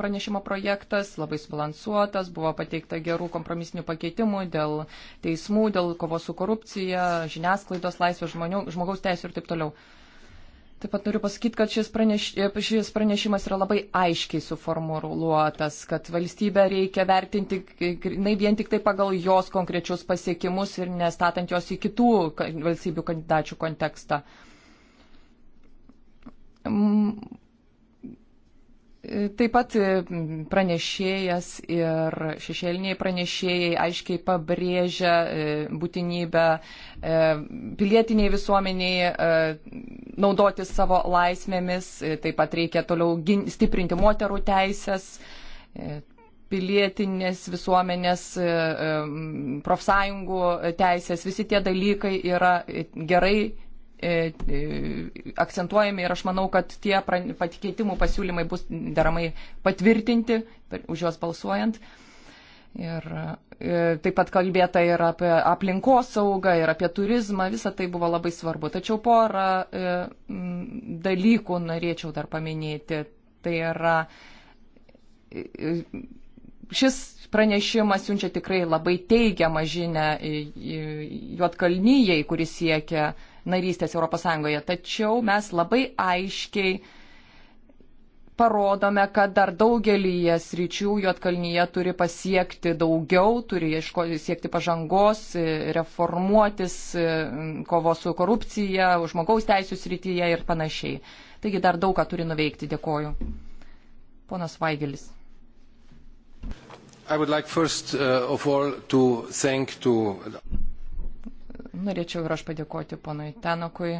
pranešimo projektas, labai subalansuotas, buvo pateikta gerų kompromisinių pakeitimų dėl teismų, dėl kovos su korupcija, žiniasklaidos laisvės, žmonių, žmogaus teisų ir taip toliau. Taip pat noriu pasakyti, kad šis, praneš, šis pranešimas yra labai aiškiai suformuluotas, kad valstybę reikia vertinti ne vien tik tai pagal jos konkrečius pasiekimus ir nestatant jos į kitų valstybių kandidačių kontekstą. Taip pat pranešėjas ir šešėliniai pranešėjai aiškiai pabrėžia e, būtinybę e, pilietiniai visuomeniai e, naudoti savo laisvėmis, taip pat reikia toliau stiprinti moterų teisės, pilietinės visuomenės, profsąjungų teisės, visi tie dalykai yra gerai E, e, akcentuojami ir aš manau, kad tie patikeitimų pasiūlymai bus deramai patvirtinti už juos balsuojant. Ir e, taip pat kalbėta ir apie aplinkos saugą, ir apie turizmą, visa tai buvo labai svarbu. Tačiau porą dalykų norėčiau dar paminėti. Tai yra šis pranešimas siunčia tikrai labai teigiamą žinę Juotkalnyjei, kuris siekia narystės ES. Tačiau mes labai aiškiai parodome, kad dar daugelį sričių Juotkalnyje turi pasiekti daugiau, turi ieško, siekti pažangos, reformuotis, kovos su korupcija, žmogaus teisų srityje ir panašiai. Taigi dar daug ką turi nuveikti. Dėkoju. Ponas Vaigelis. I would like first uh, of all to thank to. Norėčiau ir aš padėkoti ponui Tenokui,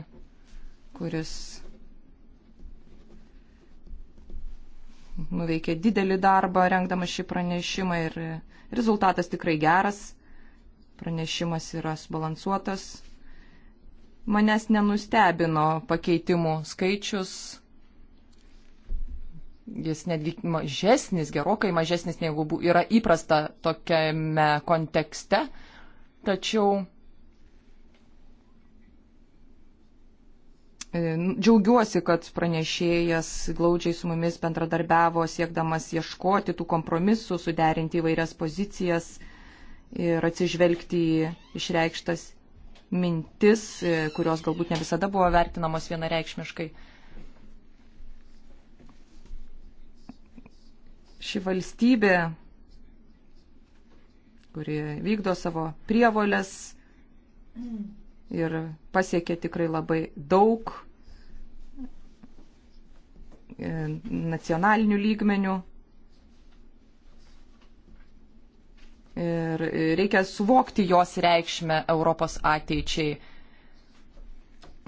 kuris nuveikė didelį darbą rengdamas šį pranešimą ir rezultatas tikrai geras. Pranešimas yra subalansuotas. Manęs nenustebino pakeitimų skaičius, jis netgi mažesnis, gerokai mažesnis, negu yra įprasta tokiame kontekste. Tačiau e, Džiaugiuosi, kad pranešėjas glaudžiai su mumis bendradarbiavo, siekdamas ieškoti tų kompromisų, suderinti įvairias pozicijas ir atsižvelgti į išreikštas mintis, e, kurios galbūt ne visada buvo vertinamos vienareikšmiškai. ši valstybė, kuri vykdo savo prievolės ir pasiekė tikrai labai daug e, nacionalinių lygmenių. Ir reikia suvokti jos reikšmę Europos ateičiai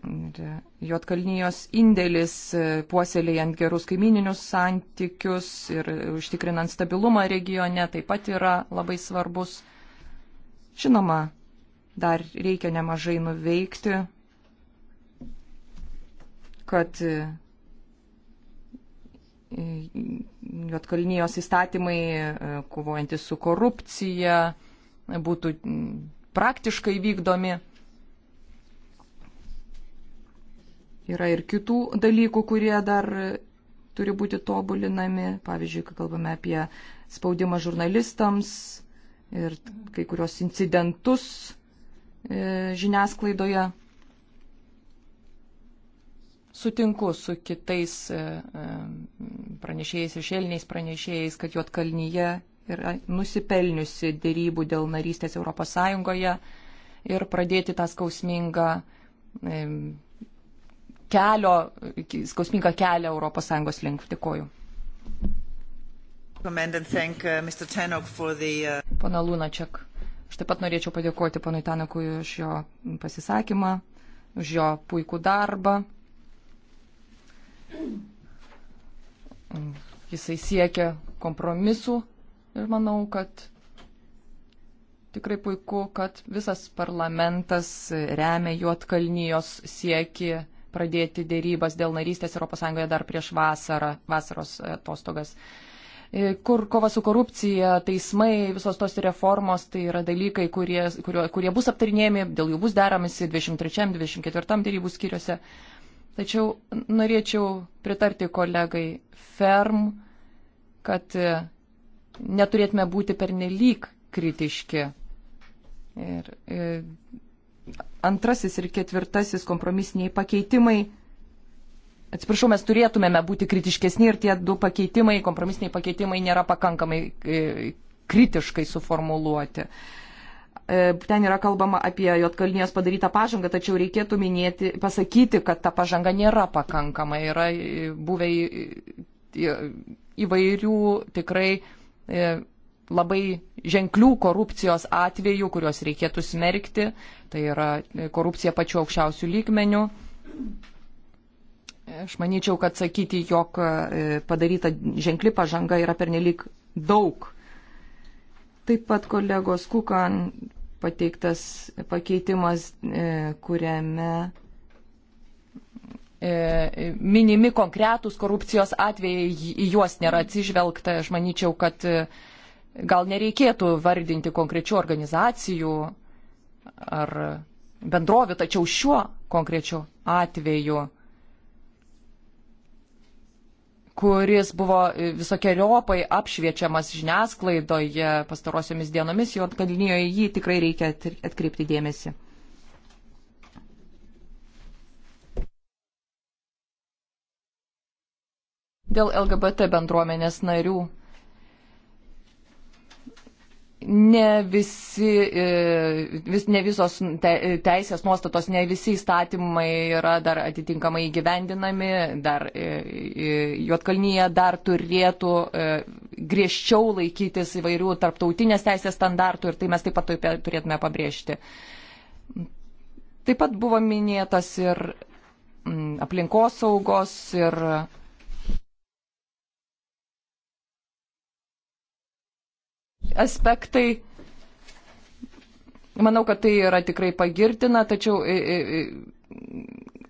E, Jotkalnyjos indėlis e, puoselėjant gerus kaimininius santykius ir užtikrinant stabilumą regione taip pat yra labai svarbus. Žinoma, dar reikia nemažai nuveikti, kad e, Jotkalnyjos įstatymai, kovojantis su korupcija, būtų praktiškai vykdomi Yra ir kitų dalykų, kurie dar turi būti tobulinami. Pavyzdžiui, kai kalbame apie spaudimą žurnalistams ir kai kurios incidentus e, žiniasklaidoje. Sutinku su kitais e, e, pranešėjais ir šėliniais pranešėjais, kad Juotkalnyje yra nusipelniusi dėrybų dėl narystės ES ir pradėti tą skausmingą kelio, skausmingą kelią ES link. Dėkoju. Uh, uh, Pana Lunačiak, aš taip pat norėčiau padėkoti panui Tanakui už jo pasisakymą, už jo puikų darbą. Jisai siekia kompromisų ir manau, kad tikrai puiku, kad visas parlamentas remia juotkalnyjos sieki pradėti dėrybas dėl narystės ES dar prieš vasarą, vasaros atostogas. E, kur kova su korupcija, teismai, visos tos reformos, tai yra dalykai, kurie, kurio, kurie bus aptarinėjami, dėl jų bus deramasi 23-24 dėrybų skyriuose. Tačiau norėčiau pritarti kolegai Ferm, kad e, neturėtume būti pernelyg kritiški. Ir, ir e, antrasis ir ketvirtasis kompromisiniai pakeitimai. Atsiprašau, mes turėtumėme būti kritiškesni ir tie du pakeitimai, kompromisiniai pakeitimai nėra pakankamai e, kritiškai suformuluoti. E, ten yra kalbama apie Jotkalnijos padarytą pažangą, tačiau reikėtų minėti, pasakyti, kad ta pažanga nėra pakankama. Yra e, buvę įvairių tikrai labai ženklių korupcijos atvejų, kuriuos reikėtų smerkti. Tai yra e, korupcija pačiu aukščiausių lygmenių. Aš manyčiau, kad sakyti, jog e, padaryta ženkli pažanga yra pernelyg daug. Taip pat kolegos Kukan pateiktas pakeitimas, e, kuriame minimi konkretūs korupcijos atvejai, į juos nėra atsižvelgta. Aš manyčiau, kad Gal nereikėtų vardinti konkrečių organizacijų ar bendrovių, tačiau šiuo konkrečiu atveju, kuris buvo visokiojopai apšviečiamas žiniasklaidoje pastarosiomis dienomis, jo atkalnyjoje jį tikrai reikia atkreipti dėmesį. Dėl LGBT bendruomenės narių ne, visi, e, vis, ne visos teisės nuostatos, ne visi įstatymai yra dar atitinkamai įgyvendinami, dar e, e, Juotkalnyje dar turėtų griežčiau laikytis įvairių tarptautinės teisės standartų ir tai mes taip pat turėtume pabrėžti. Taip pat buvo minėtas ir mm, aplinkosaugos ir aspektai. Manau, kad tai yra tikrai pagirtina, tačiau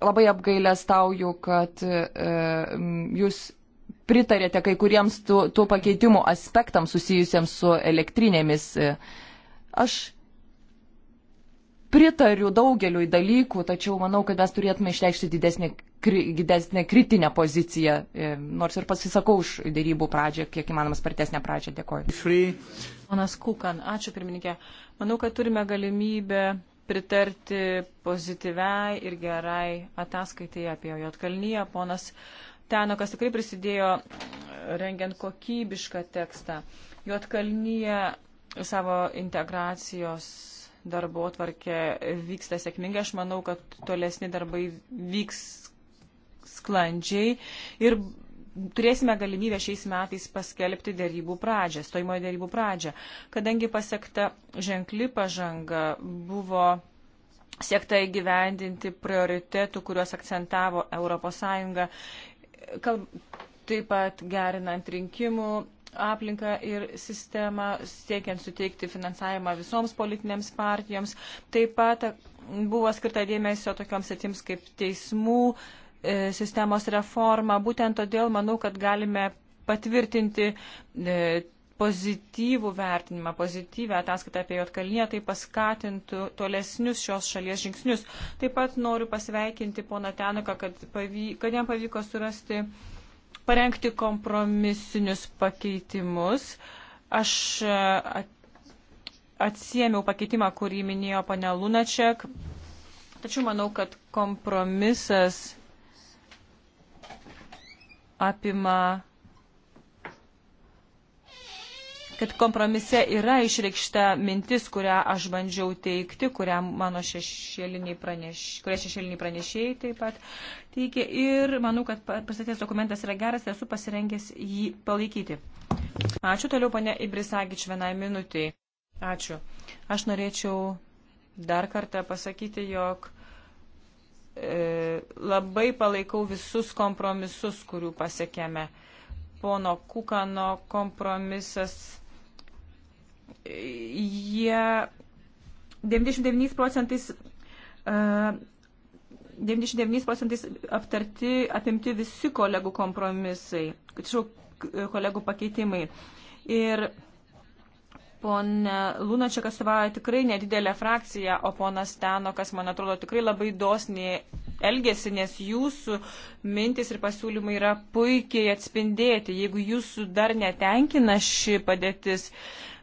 labai apgailę stauju, kad e, jūs pritarėte kai kuriems tų, tų pakeitimų aspektams susijusiems su elektrinėmis. E, aš pritariu daugeliui dalykų, tačiau manau, kad mes turėtume išreikšti didesnį kri, didesnę kritinę poziciją, e, nors ir pasisakau už dėrybų pradžią, kiek įmanomas spartesnę pradžią. Dėkoju. Ponas Kukan, ačiū pirmininkė. Manau, kad turime galimybę pritarti pozityviai ir gerai ataskaitai apie Jotkalnyje. Ponas Tenokas tikrai prisidėjo e, rengiant kokybišką tekstą. Jotkalnyje savo integracijos darbo atvarkė vyksta sėkmingai. Aš manau, kad tolesni darbai vyks sklandžiai ir turėsime galimybę šiais metais paskelbti dėrybų pradžią, stojimo dėrybų pradžią. Kadangi pasiekta ženkli pažanga buvo siekta įgyvendinti prioritetų, kuriuos akcentavo ES, kalb, taip pat gerinant rinkimų aplinką ir sistemą, siekiant suteikti finansavimą visoms politinėms partijoms. Taip pat buvo skirta dėmesio tokioms setims kaip teismų, uh, E, sistemos reformą. Būtent todėl manau, kad galime patvirtinti e, pozityvų vertinimą, pozityvę ataskaitą apie Jotkalniją, tai paskatintų tolesnius šios šalies žingsnius. Taip pat noriu pasveikinti poną Tenuką, kad, pavy, kad jam pavyko surasti, parengti kompromisinius pakeitimus. Aš e, atsiemiau pakeitimą, kurį minėjo panelūnačiak, tačiau manau, kad kompromisas apima, kad kompromise yra išreikšta mintis, kurią aš bandžiau teikti, kurią mano šešėliniai, praneš, kurie šešėliniai pranešėjai taip pat teikė. Ir manau, kad pasitės dokumentas yra geras ir esu pasirengęs jį palaikyti. Ačiū toliau, ponė Ibrisagič, vienai minutiai. Ačiū. Aš norėčiau dar kartą pasakyti, jog E, labai palaikau visus kompromisus, kurių pasiekėme. Pono Kukano kompromisas. E, jie 99 procentais, 99 e, procentais aptarti, apimti visi kolegų kompromisai, tačiau kolegų pakeitimai. Ir Pone Lunačiak atstovauja tikrai nedidelę frakciją, o ponas Tenokas, man atrodo, tikrai labai dosniai elgesi, nes jūsų mintis ir pasiūlymai yra puikiai atspindėti. Jeigu jūsų dar netenkina ši padėtis,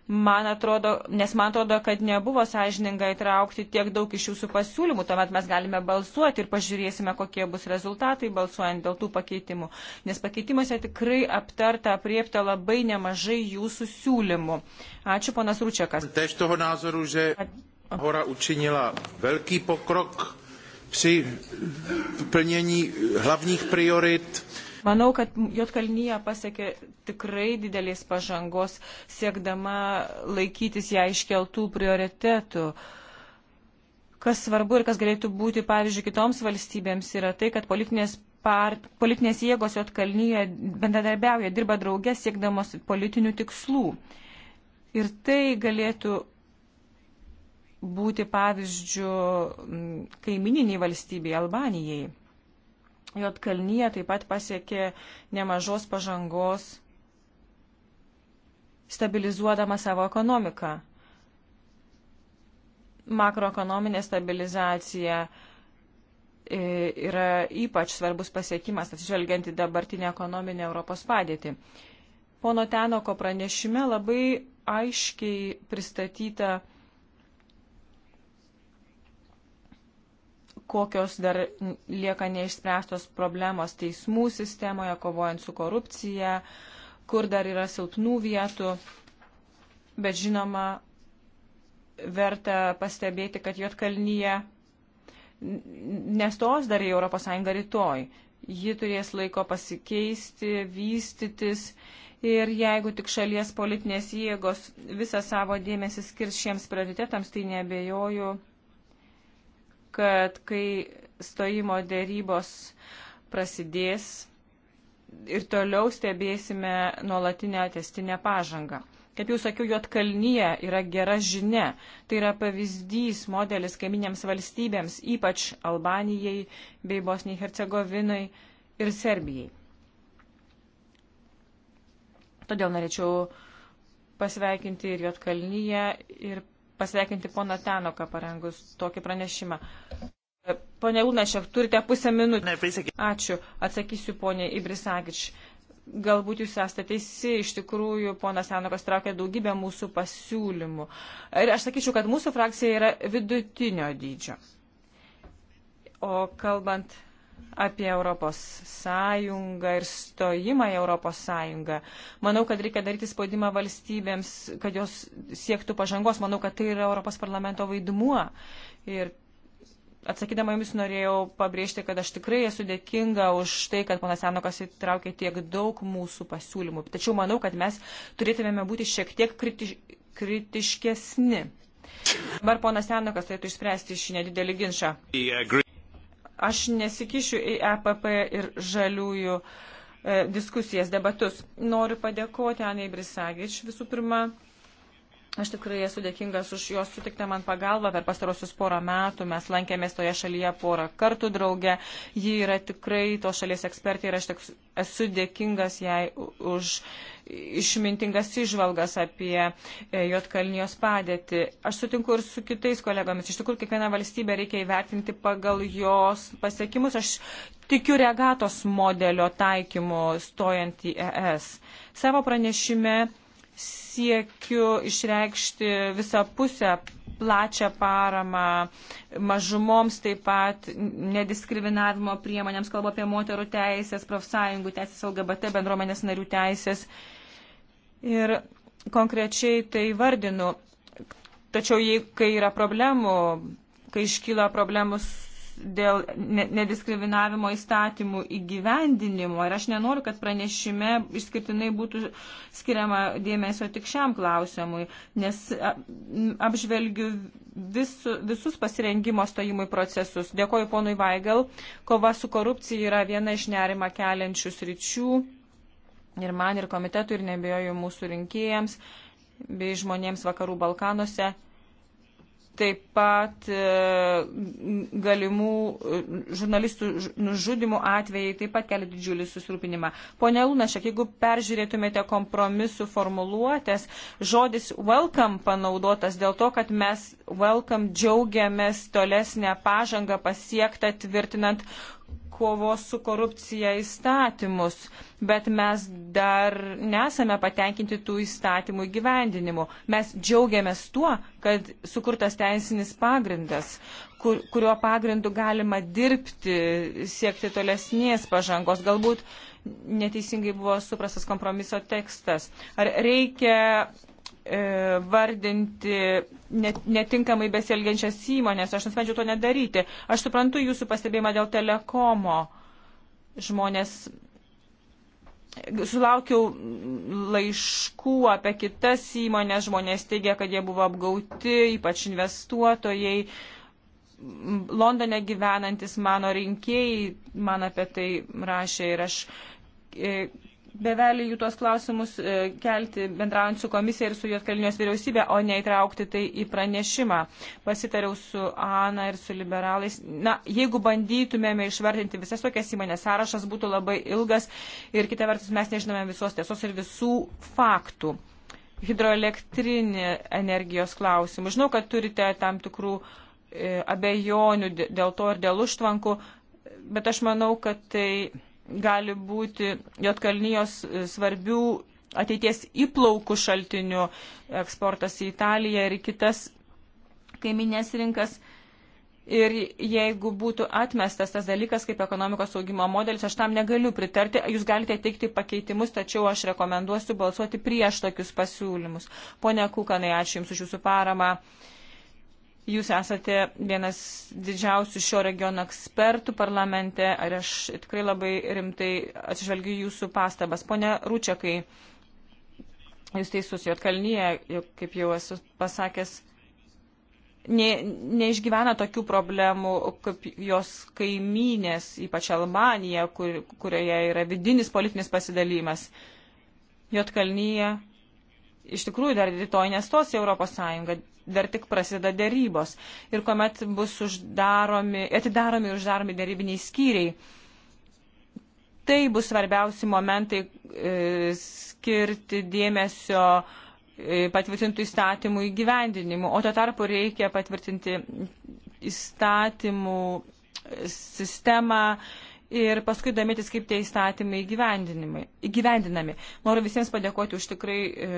Man atrodo, nes man atrodo, kad nebuvo sąžininga įtraukti tiek daug iš jūsų pasiūlymų, tuomet mes galime balsuoti ir pažiūrėsime, kokie bus rezultatai balsuojant dėl tų pakeitimų. Nes pakeitimuose tikrai aptarta, apriepta labai nemažai jūsų siūlymų. Ačiū, ponas Rūčiakas. Hora učinila velký pokrok při plnění hlavních priorit Manau, kad Jotkalnyje pasiekė tikrai didelės pažangos, siekdama laikytis ją iškeltų prioritetų. Kas svarbu ir kas galėtų būti, pavyzdžiui, kitoms valstybėms yra tai, kad politinės, part, politinės jėgos Jotkalnyje bendradarbiauja, dirba draugė siekdamos politinių tikslų. Ir tai galėtų būti pavyzdžių mm, kaimininiai valstybei Albanijai. Jotkalnyje taip pat pasiekė nemažos pažangos, stabilizuodama savo ekonomiką. Makroekonominė stabilizacija e, yra ypač svarbus pasiekimas, atsižvelgiant į dabartinę ekonominę Europos padėtį. Pono Tenoko pranešime labai aiškiai pristatyta kokios dar lieka neišspręstos problemos teismų sistemoje, kovojant su korupcija, kur dar yra silpnų vietų. Bet žinoma, verta pastebėti, kad Jotkalnyje nestos dar į ES rytoj. Ji turės laiko pasikeisti, vystytis ir jeigu tik šalies politinės jėgos visą savo dėmesį skirs šiems prioritetams, tai nebejoju, kad kai stojimo dėrybos prasidės ir toliau stebėsime nuolatinę testinę pažangą. Kaip jau sakiau, Juotkalnyje yra gera žinia. Tai yra pavyzdys, modelis kaiminėms valstybėms, ypač Albanijai bei Bosnijai Hercegovinai ir Serbijai. Todėl norėčiau pasveikinti ir Juotkalnyje ir pasveikinti poną Tenoką parengus tokį pranešimą. Pone Ulnešek, turite pusę minutės. Ačiū. Atsakysiu ponė Ibrisagič. Galbūt jūs esate teisi, iš tikrųjų, ponas Senokas traukia daugybę mūsų pasiūlymų. Ir aš sakyčiau, kad mūsų frakcija yra vidutinio dydžio. O kalbant apie Europos Sąjungą ir stojimą į Europos Sąjungą. Manau, kad reikia daryti spaudimą valstybėms, kad jos siektų pažangos. Manau, kad tai yra Europos parlamento vaidmuo. Ir atsakydama jums norėjau pabrėžti, kad aš tikrai esu dėkinga už tai, kad ponas Senokas įtraukė tiek daug mūsų pasiūlymų. Tačiau manau, kad mes turėtumėme būti šiek tiek kritiš kritiškesni. Dabar ponas Senokas turėtų išspręsti šį nedidelį ginčą. Aš nesikišiu į EPP ir žaliųjų e, diskusijas, debatus. Noriu padėkoti Anei Brisagič visų pirma Aš tikrai esu dėkingas už jos sutiktą man pagalbą. Per pastarosius porą metų mes lankėmės toje šalyje porą kartų draugę. Ji yra tikrai to šalies ekspertė ir aš tik, esu dėkingas jai už išmintingas išvalgas apie e, Jotkalnijos padėtį. Aš sutinku ir su kitais kolegomis. Iš tikrųjų, kiekvieną valstybę reikia įvertinti pagal jos pasiekimus. Aš tikiu regatos modelio taikymu stojant į ES. Savo pranešime siekiu išreikšti visą pusę plačią paramą mažumoms, taip pat nediskriminavimo priemonėms, kalbu apie moterų teisės, profsąjungų teisės, LGBT bendruomenės narių teisės. Ir konkrečiai tai vardinu. Tačiau, jei, kai yra problemų, kai iškyla problemų dėl nediskriminavimo įstatymų įgyvendinimo. Ir aš nenoriu, kad pranešime išskirtinai būtų skiriama dėmesio tik šiam klausimui, nes apžvelgiu visu, visus pasirengimo stojimui procesus. Dėkoju ponui Vaigel. Kova su korupcija yra viena iš nerima keliančių sričių. Ir man, ir komitetui, ir nebejoju mūsų rinkėjams bei žmonėms vakarų Balkanuose taip pat e, galimų e, žurnalistų nužudimų atvejai taip pat kelia didžiulį susirūpinimą. Pone Lunašek, jeigu peržiūrėtumėte kompromisų formuluotės, žodis welcome panaudotas dėl to, kad mes welcome džiaugiamės tolesnę pažangą pasiektą tvirtinant kovos su korupcija įstatymus, bet mes dar nesame patenkinti tų įstatymų įgyvendinimu. Mes džiaugiamės tuo, kad sukurtas teisinis pagrindas, kur, kurio pagrindu galima dirbti, siekti tolesnės pažangos. Galbūt neteisingai buvo suprastas kompromiso tekstas. Ar reikia E, vardinti netinkamai besielgiančias įmonės. Aš nusprendžiau to nedaryti. Aš suprantu jūsų pastebėjimą dėl telekomo. Žmonės sulaukiau laiškų apie kitas įmonės, žmonės teigia, kad jie buvo apgauti, ypač investuotojai. Londone gyvenantis mano rinkėjai man apie tai rašė ir aš e, bevelį jų tuos klausimus e, kelti bendraujant su komisija ir su Jotkalinios vyriausybė, o ne įtraukti tai į pranešimą. Pasitariau su Ana ir su liberalais. Na, jeigu bandytumėme išvardinti visas tokias įmonės, sąrašas būtų labai ilgas ir kita vertus mes nežinome visos tiesos ir visų faktų. Hidroelektrinė energijos klausimų. Žinau, kad turite tam tikrų e, abejonių dėl to ir dėl užtvankų, bet aš manau, kad tai gali būti Jotkalnyjos e, svarbių ateities įplaukų šaltinių eksportas į Italiją ir kitas kaiminės rinkas. Ir jeigu būtų atmestas tas dalykas kaip ekonomikos augimo modelis, aš tam negaliu pritarti. Jūs galite teikti pakeitimus, tačiau aš rekomenduosiu balsuoti prieš tokius pasiūlymus. Pone Kukanai, ačiū Jums už Jūsų paramą. Uh, Jūs esate vienas didžiausių šio regiono ekspertų parlamente ir aš tikrai labai rimtai atsižvelgiu jūsų pastabas. Pone Rūčiakai, jūs teisus Jotkalnyje, kaip jau esu pasakęs, ne, neišgyvena tokių problemų kaip jos kaimynės, ypač Albanija, kur, kurioje yra vidinis politinis pasidalymas. Jotkalnyje iš tikrųjų dar rytoj nestos į Europos Sąjungą, dar tik prasideda dėrybos. Ir kuomet bus uždaromi, atidaromi ir uždaromi dėrybiniai skyriai. Tai bus svarbiausi momentai e, skirti dėmesio e, patvirtintų įstatymų įgyvendinimu, o to tarpu reikia patvirtinti įstatymų e, sistemą ir paskui domėtis, kaip tie įstatymai įgyvendinami. Noriu visiems padėkoti už tikrai e,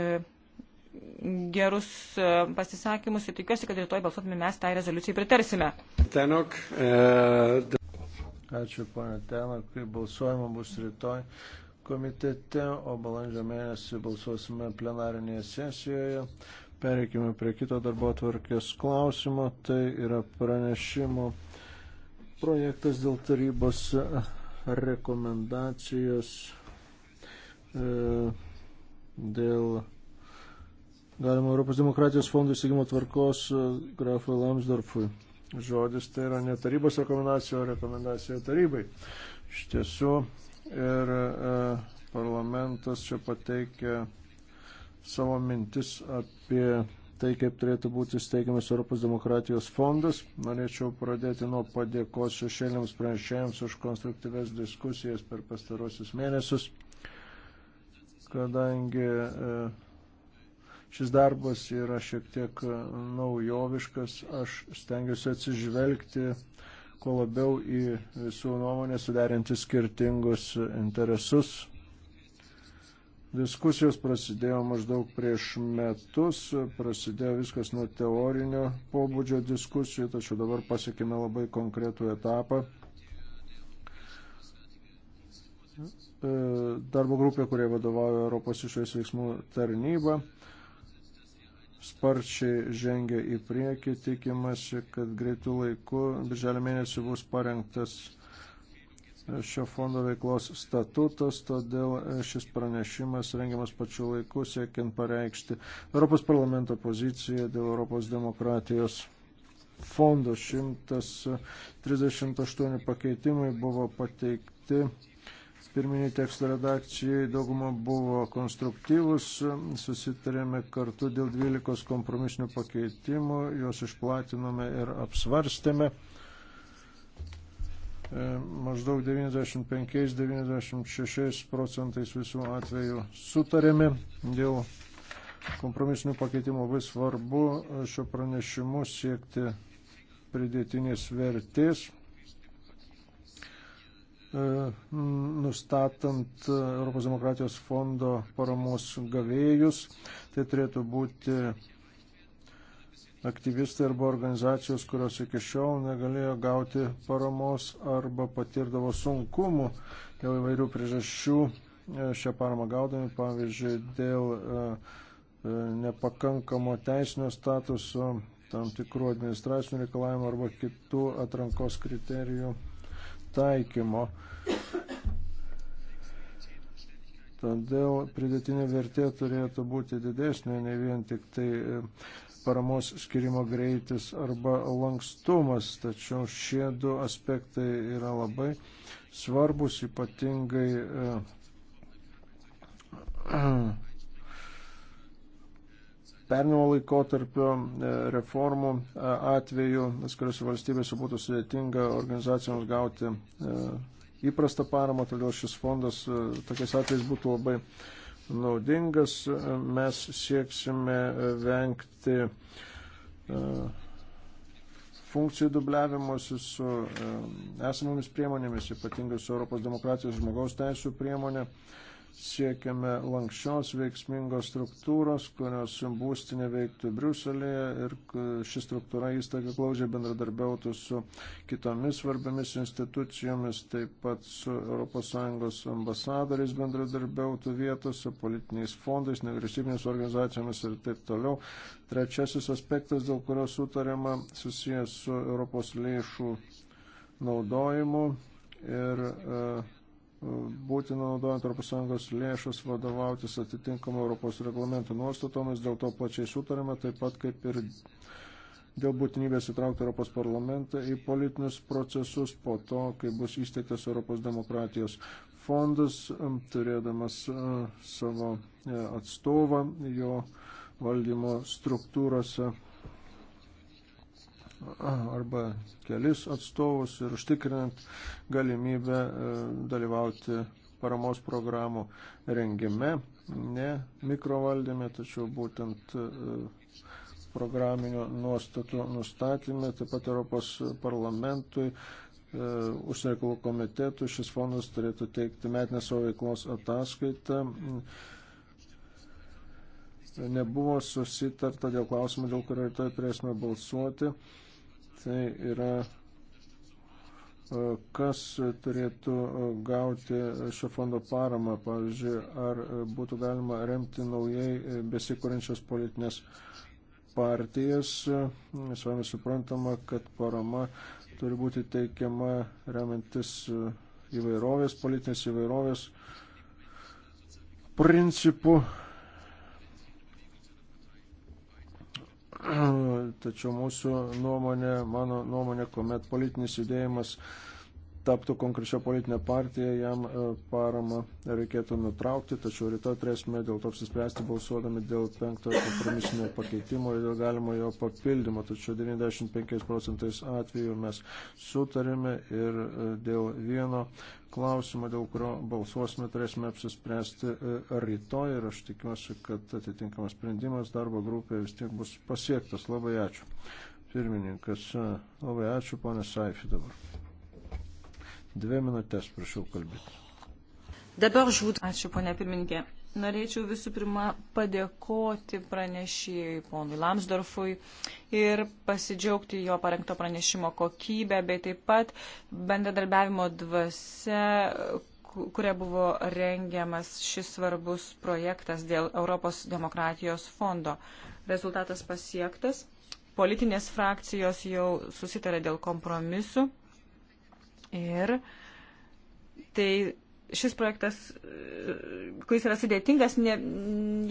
gerus e, pasisakymus ir tikiuosi, kad rytoj balsuodami mes tai rezoliucijai pritarsime. Tenok, e, Ačiū, ponė Tenok, kai balsuojama bus rytoj komitete, o balandžio mėnesį balsuosime plenarinėje sesijoje. Pereikime prie kito darbo atvarkės klausimo. Tai yra pranešimo projektas dėl tarybos rekomendacijos e, dėl Galima Europos demokratijos fondų įsigimo tvarkos e, grafui Lamsdorfui. Žodis tai yra ne tarybos rekomendacija, o rekomendacija tarybai. Iš tiesų ir e, parlamentas čia pateikė savo mintis apie tai, kaip turėtų būti steigiamas Europos demokratijos fondas. Norėčiau pradėti nuo padėkos šešėliams pranešėjams už konstruktyves diskusijas per pastarosius mėnesius, kadangi e, Šis darbas yra šiek tiek naujoviškas. Aš stengiuosi atsižvelgti kuo labiau į visų nuomonę, suderinti skirtingus interesus. Diskusijos prasidėjo maždaug prieš metus, prasidėjo viskas nuo teorinio pobūdžio diskusijų, tačiau dabar pasiekime labai konkretų etapą e, darbo grupė, kurie vadovauja Europos išorės veiksmų tarnyba, sparčiai žengia į priekį, tikimasi, kad greitų laikų, birželio mėnesį bus parengtas šio fondo veiklos statutas, todėl šis pranešimas rengiamas pačiu laiku, siekiant pareikšti Europos parlamento poziciją dėl Europos demokratijos fondo. 138 pakeitimai buvo pateikti pirminiai teksto redakcijai dauguma buvo konstruktyvus, susitarėme kartu dėl 12 kompromisinių pakeitimų, juos išplatinome ir apsvarstėme. E, maždaug 95-96 procentais visų atvejų sutarėme dėl kompromisinių pakeitimų. Labai svarbu e, šio pranešimu siekti pridėtinės vertės E, nustatant Europos demokratijos fondo paramos gavėjus. Tai turėtų būti aktyvistai arba organizacijos, kurios iki šiol negalėjo gauti paramos arba patirdavo sunkumų dėl įvairių priežasčių e, šią paramą gaudami, pavyzdžiui, dėl e, nepakankamo teisinio statuso, tam tikrų administracinių reikalavimų arba kitų atrankos kriterijų taikymo. Todėl pridėtinė vertė turėtų būti didesnė, ne vien tik tai e, paramos skirimo greitis arba lankstumas, tačiau šie du aspektai yra labai svarbus, ypatingai e, pernimo laikotarpio e, reformų e, atveju, atskiriuose valstybėse būtų sudėtinga organizacijoms gauti e, įprastą paramą, todėl šis fondas tokiais atvejais būtų labai naudingas. Mes sieksime vengti funkcijų dubliavimuose su esamomis priemonėmis, ypatingai su Europos demokratijos žmogaus teisų priemonė. E, siekiame lankščios veiksmingos struktūros, kurios būstinė veiktų Briuselėje ir ši struktūra įstaiga glaudžiai bendradarbiautų su kitomis svarbiamis institucijomis, taip pat su ES ambasadoriais bendradarbiautų vietose, politiniais fondais, nevyriausybinės organizacijomis ir taip toliau. Trečiasis aspektas, dėl kurio sutarėma, susijęs su Europos lėšų naudojimu ir uh, būtina naudojant ES lėšas vadovautis atitinkamą Europos reglamento nuostatomis, dėl to plačiai sutarėme, taip pat kaip ir dėl būtinybės įtraukti Europos parlamentą į politinius procesus po to, kai bus įsteigtas Europos demokratijos fondas, um, turėdamas uh, savo uh, atstovą jo valdymo struktūrose arba kelis atstovus ir užtikrinant galimybę e, dalyvauti paramos programų rengime, ne mikrovaldyme, tačiau būtent e, programinio nuostatų nustatymė, taip pat Europos parlamentui, e, užsienio reikalų komitetui šis fondas turėtų teikti metinę savo veiklos ataskaitą nebuvo susitarta dėl klausimų, dėl kurio rytoj turėsime balsuoti tai yra e, kas turėtų gauti šio fondo paramą, pavyzdžiui, ar būtų galima remti naujai besikūrinčias politinės partijas. Savame suprantama, kad parama turi būti teikiama remiantis įvairovės, politinės įvairovės principų Tačiau mūsų nuomonė, mano nuomonė, kuomet politinis judėjimas taptų konkrečia politinė partija, jam e, paramą reikėtų nutraukti, tačiau rytoj turėsime dėl to apsispręsti balsuodami dėl penktojo kompromisinio pakeitimo ir dėl galimo jo papildymo, tačiau 95 procentais atveju mes sutarėme ir e, dėl vieno klausimo, dėl kurio balsuosime, turėsime apsispręsti e, rytoj ir aš tikiuosi, kad atitinkamas sprendimas darbo grupėje vis tiek bus pasiektas. Labai ačiū. Pirmininkas, labai ačiū, ponė Saifi dabar. Dvi minutės, prašau kalbėti. Dabar žūt. Ačiū, ponė pirmininkė. Norėčiau visų pirma padėkoti pranešėjai ponui Lamsdorfui ir pasidžiaugti jo parengto pranešimo kokybę, bei taip pat bendradarbiavimo dvasia, kuria buvo rengiamas šis svarbus projektas dėl Europos demokratijos fondo. Rezultatas pasiektas. Politinės frakcijos jau susitarė dėl kompromisų Ir tai šis projektas, kuris yra sudėtingas, ne,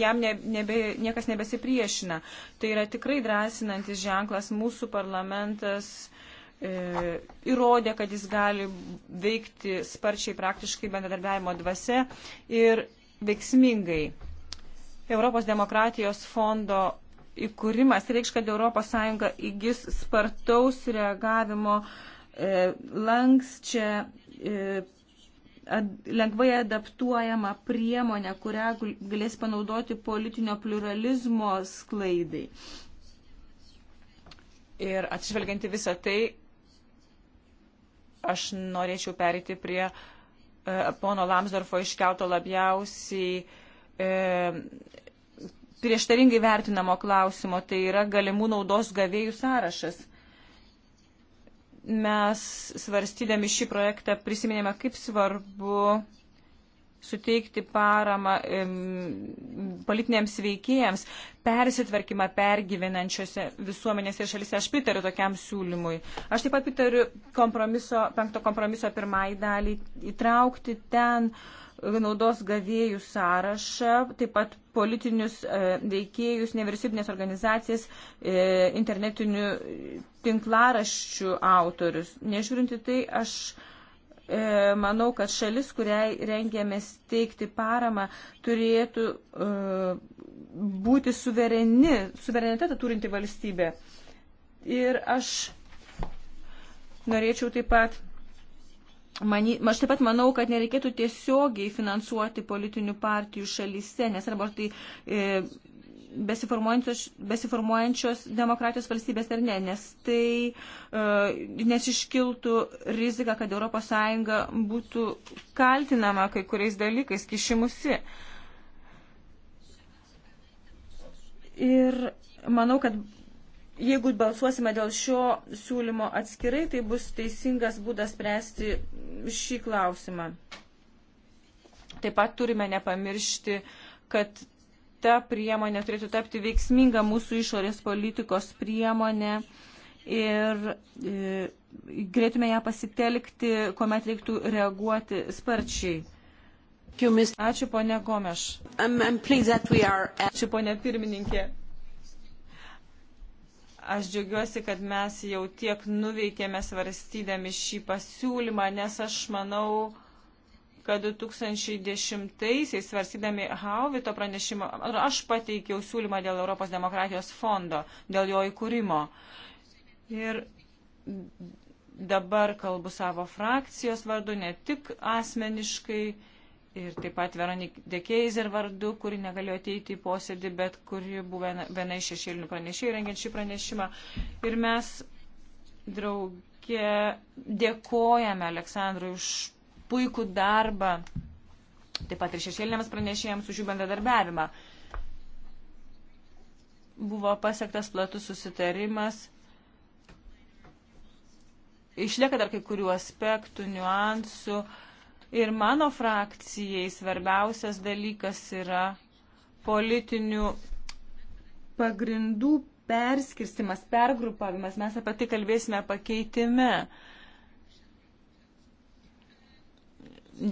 jam ne, nebe, niekas nebesipriešina. Tai yra tikrai drąsinantis ženklas. Mūsų parlamentas e, įrodė, kad jis gali veikti sparčiai praktiškai bendradarbiavimo dvasia ir veiksmingai. Europos demokratijos fondo įkūrimas reikš, kad ES įgis spartaus reagavimo e, E, lankščią e, lengvai adaptuojama priemonė, kurią galės panaudoti politinio pluralizmo sklaidai. Ir atsižvelgianti visą tai, aš norėčiau perėti prie e, pono Lamsdorfo iškelto labiausiai e, prieštaringai vertinamo klausimo, tai yra galimų naudos gavėjų sąrašas mes svarstydami šį projektą prisiminėme, kaip svarbu suteikti paramą politiniams veikėjams, persitvarkymą pergyvenančiose visuomenėse ir šalise. Aš pritariu tokiam siūlymui. Aš taip pat pritariu kompromiso, penkto kompromiso pirmai daliai įtraukti ten uh, naudos gavėjų sąrašą, taip pat politinius e, veikėjus, nevyriausybinės organizacijas, e, internetinių tinklaraščių autorius. Nežiūrinti tai, aš e, manau, kad šalis, kuriai rengiamės teikti paramą, turėtų būti suvereni, suverenitetą turinti valstybė. Ir aš norėčiau taip pat Mani, aš taip pat manau, kad nereikėtų tiesiogiai finansuoti politinių partijų šalyse, nes arba tai e, besiformuojančios, besiformuojančios demokratijos valstybės ar ne, nes tai e, nes iškiltų rizika, kad ES būtų kaltinama kai kuriais dalykais, kišimusi. Ir manau, kad jeigu balsuosime dėl šio siūlymo atskirai, tai bus teisingas būdas spręsti šį klausimą. Taip pat turime nepamiršti, kad ta priemonė turėtų tapti veiksminga mūsų išorės politikos priemonė ir e, galėtume ją pasitelkti, kuomet reiktų reaguoti sparčiai. Ačiū, ponė Gomeš. Ačiū, ponė pirmininkė. Aš džiaugiuosi, kad mes jau tiek nuveikėme svarstydami šį pasiūlymą, nes aš manau, kad 2010-aisiais svarstydami Hauvito pranešimą, aš pateikiau siūlymą dėl Europos demokratijos fondo, dėl jo įkūrimo. Ir dabar kalbu savo frakcijos vardu, ne tik asmeniškai ir taip pat Veronik Dekeizer vardu, kuri negalėjo ateiti į posėdį, bet kuri buvo viena iš šešėlinių pranešėjų rengiant šį pranešimą. Ir mes draugė dėkojame Aleksandrui už puikų darbą, taip pat ir šešėliniams pranešėjams už jų bendradarbiavimą. Buvo pasiektas platus susitarimas. Išlieka dar kai kurių aspektų, niuansų. Uh, Ir mano frakcijai svarbiausias dalykas yra politinių pagrindų perskirstimas, pergrupavimas. Mes apie tai kalbėsime pakeitime.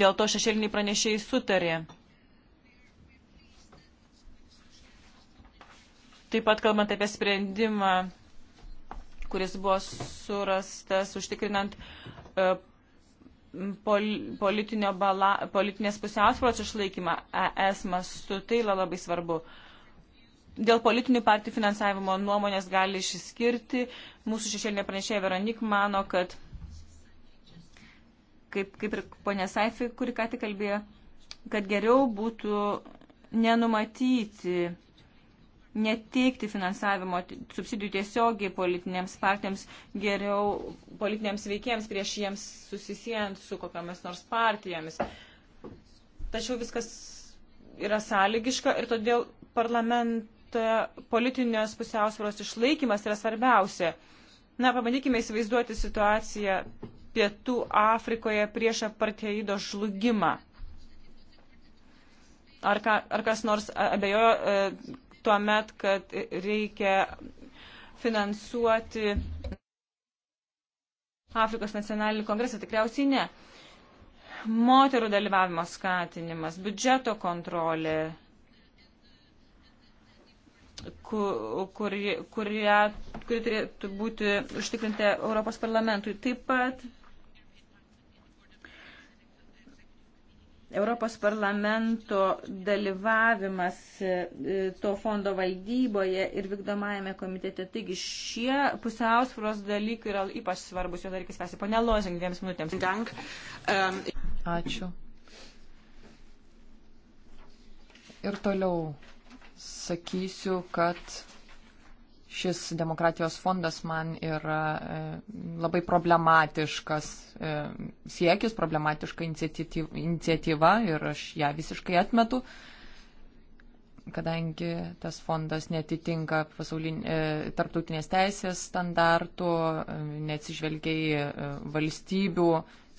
Dėl to šešėliniai pranešėjai sutarė. Taip pat kalbant apie sprendimą, kuris buvo surastas užtikrinant e, pol, bala, politinės pusiausvėros išlaikymą ES mastu, tai yra labai svarbu. Dėl politinių partijų finansavimo nuomonės gali išsiskirti. Mūsų šešėlinė pranešėja Veronik mano, kad kaip, kaip ir ponė Saifi, kuri ką tik kalbėjo, kad geriau būtų nenumatyti neteikti finansavimo subsidijų tiesiogiai politinėms partijoms, geriau politinėms veikėjams prieš jiems susisijant su kokiamis nors partijomis. Tačiau viskas yra sąlygiška ir todėl parlamentoje politinės pusiausvėros išlaikymas yra svarbiausia. Na, pabandykime įsivaizduoti situaciją Pietų Afrikoje prieš apartheido žlugimą. Ar, ka, ar kas nors abejojo, e, tuo met, kad reikia finansuoti Afrikos nacionalinį kongresą? Tikriausiai ne. Moterų dalyvavimo skatinimas, biudžeto kontrolė, kur, kur, kurie, kuri turėtų būti užtikrinti Europos parlamentui. Taip pat Europos parlamento dalyvavimas e, e, to fondo valdyboje ir vykdomajame komitete. Taigi šie pusiausvros dalykai yra ypač svarbus, jo dar reikia spręsti. Pane Lozing, dviems minutėms. Dank. Ačiū. Ir toliau sakysiu, kad šis demokratijos fondas man yra e, labai problematiškas e, siekis, problematiška iniciatyva ir aš ją visiškai atmetu, kadangi tas fondas netitinka e, tarptautinės teisės standartų, neatsižvelgia į valstybių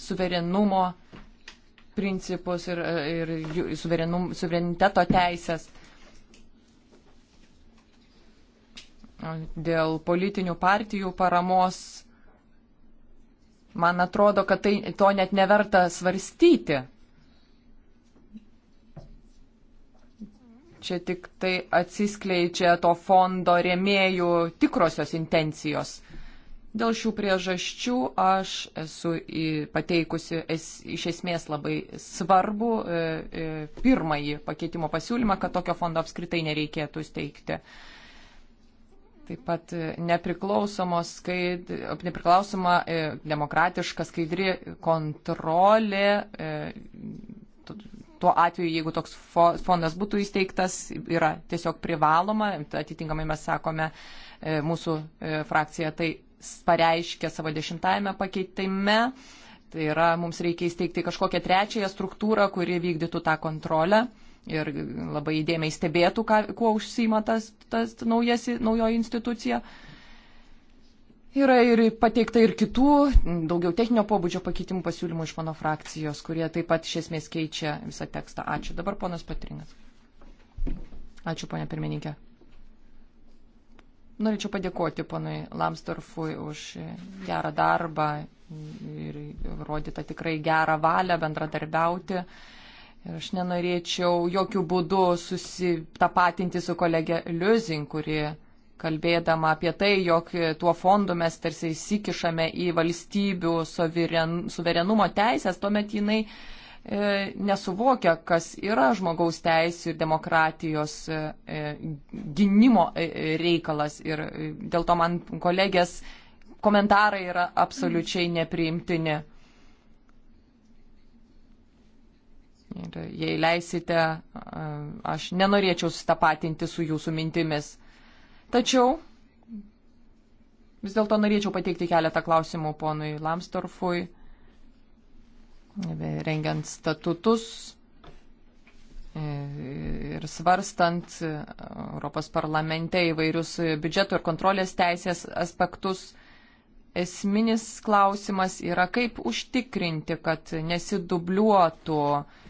suverenumo principus ir, ir suverenum, suvereniteto teisės. dėl politinių partijų paramos, man atrodo, kad tai, to net neverta svarstyti. Čia tik tai atsiskleidžia to fondo rėmėjų tikrosios intencijos. Dėl šių priežasčių aš esu pateikusi es, iš esmės labai svarbu e, e, pirmąjį pakeitimo pasiūlymą, kad tokio fondo apskritai nereikėtų steigti. E, Taip pat nepriklausomos, skaid, nepriklausoma e, demokratiška skaidri kontrolė e, tuo atveju, jeigu toks fondas būtų įsteigtas, yra tiesiog privaloma, atitinkamai mes sakome, e, mūsų frakcija tai pareiškia savo dešimtajame pakeitime. Tai yra, mums reikia įsteigti kažkokią trečiąją struktūrą, kuri vykdytų tą kontrolę ir labai įdėmiai stebėtų, ką, kuo užsima tas, tas naujasi, naujoji institucija. Yra ir pateikta ir kitų, daugiau techninio pobūdžio pakeitimų pasiūlymų iš mano frakcijos, kurie taip pat iš esmės keičia visą tekstą. Ačiū. Dabar ponas Patrinas. Ačiū, ponia pirmininkė. Norėčiau padėkoti ponui Lamstorfui už gerą darbą ir rodytą tikrai gerą valią bendradarbiauti Ir aš nenorėčiau jokių būdų susitapatinti su kolegė Liuzin, kuri kalbėdama apie tai, jog tuo fondu mes tarsi įsikišame į valstybių suveren, suverenumo teisės, tuomet jinai e, nesuvokia, kas yra žmogaus teisų ir demokratijos e, gynimo e, reikalas. Ir e, dėl to man kolegės komentarai yra absoliučiai nepriimtini. Ne. Ir jei leisite, aš nenorėčiau sustapatinti su jūsų mintimis. Tačiau vis dėlto norėčiau pateikti keletą klausimų ponui Lamstorfui, rengiant statutus e, ir svarstant Europos parlamente įvairius biudžeto ir kontrolės teisės aspektus. Esminis klausimas yra, kaip užtikrinti, kad nesidubliuotų uh,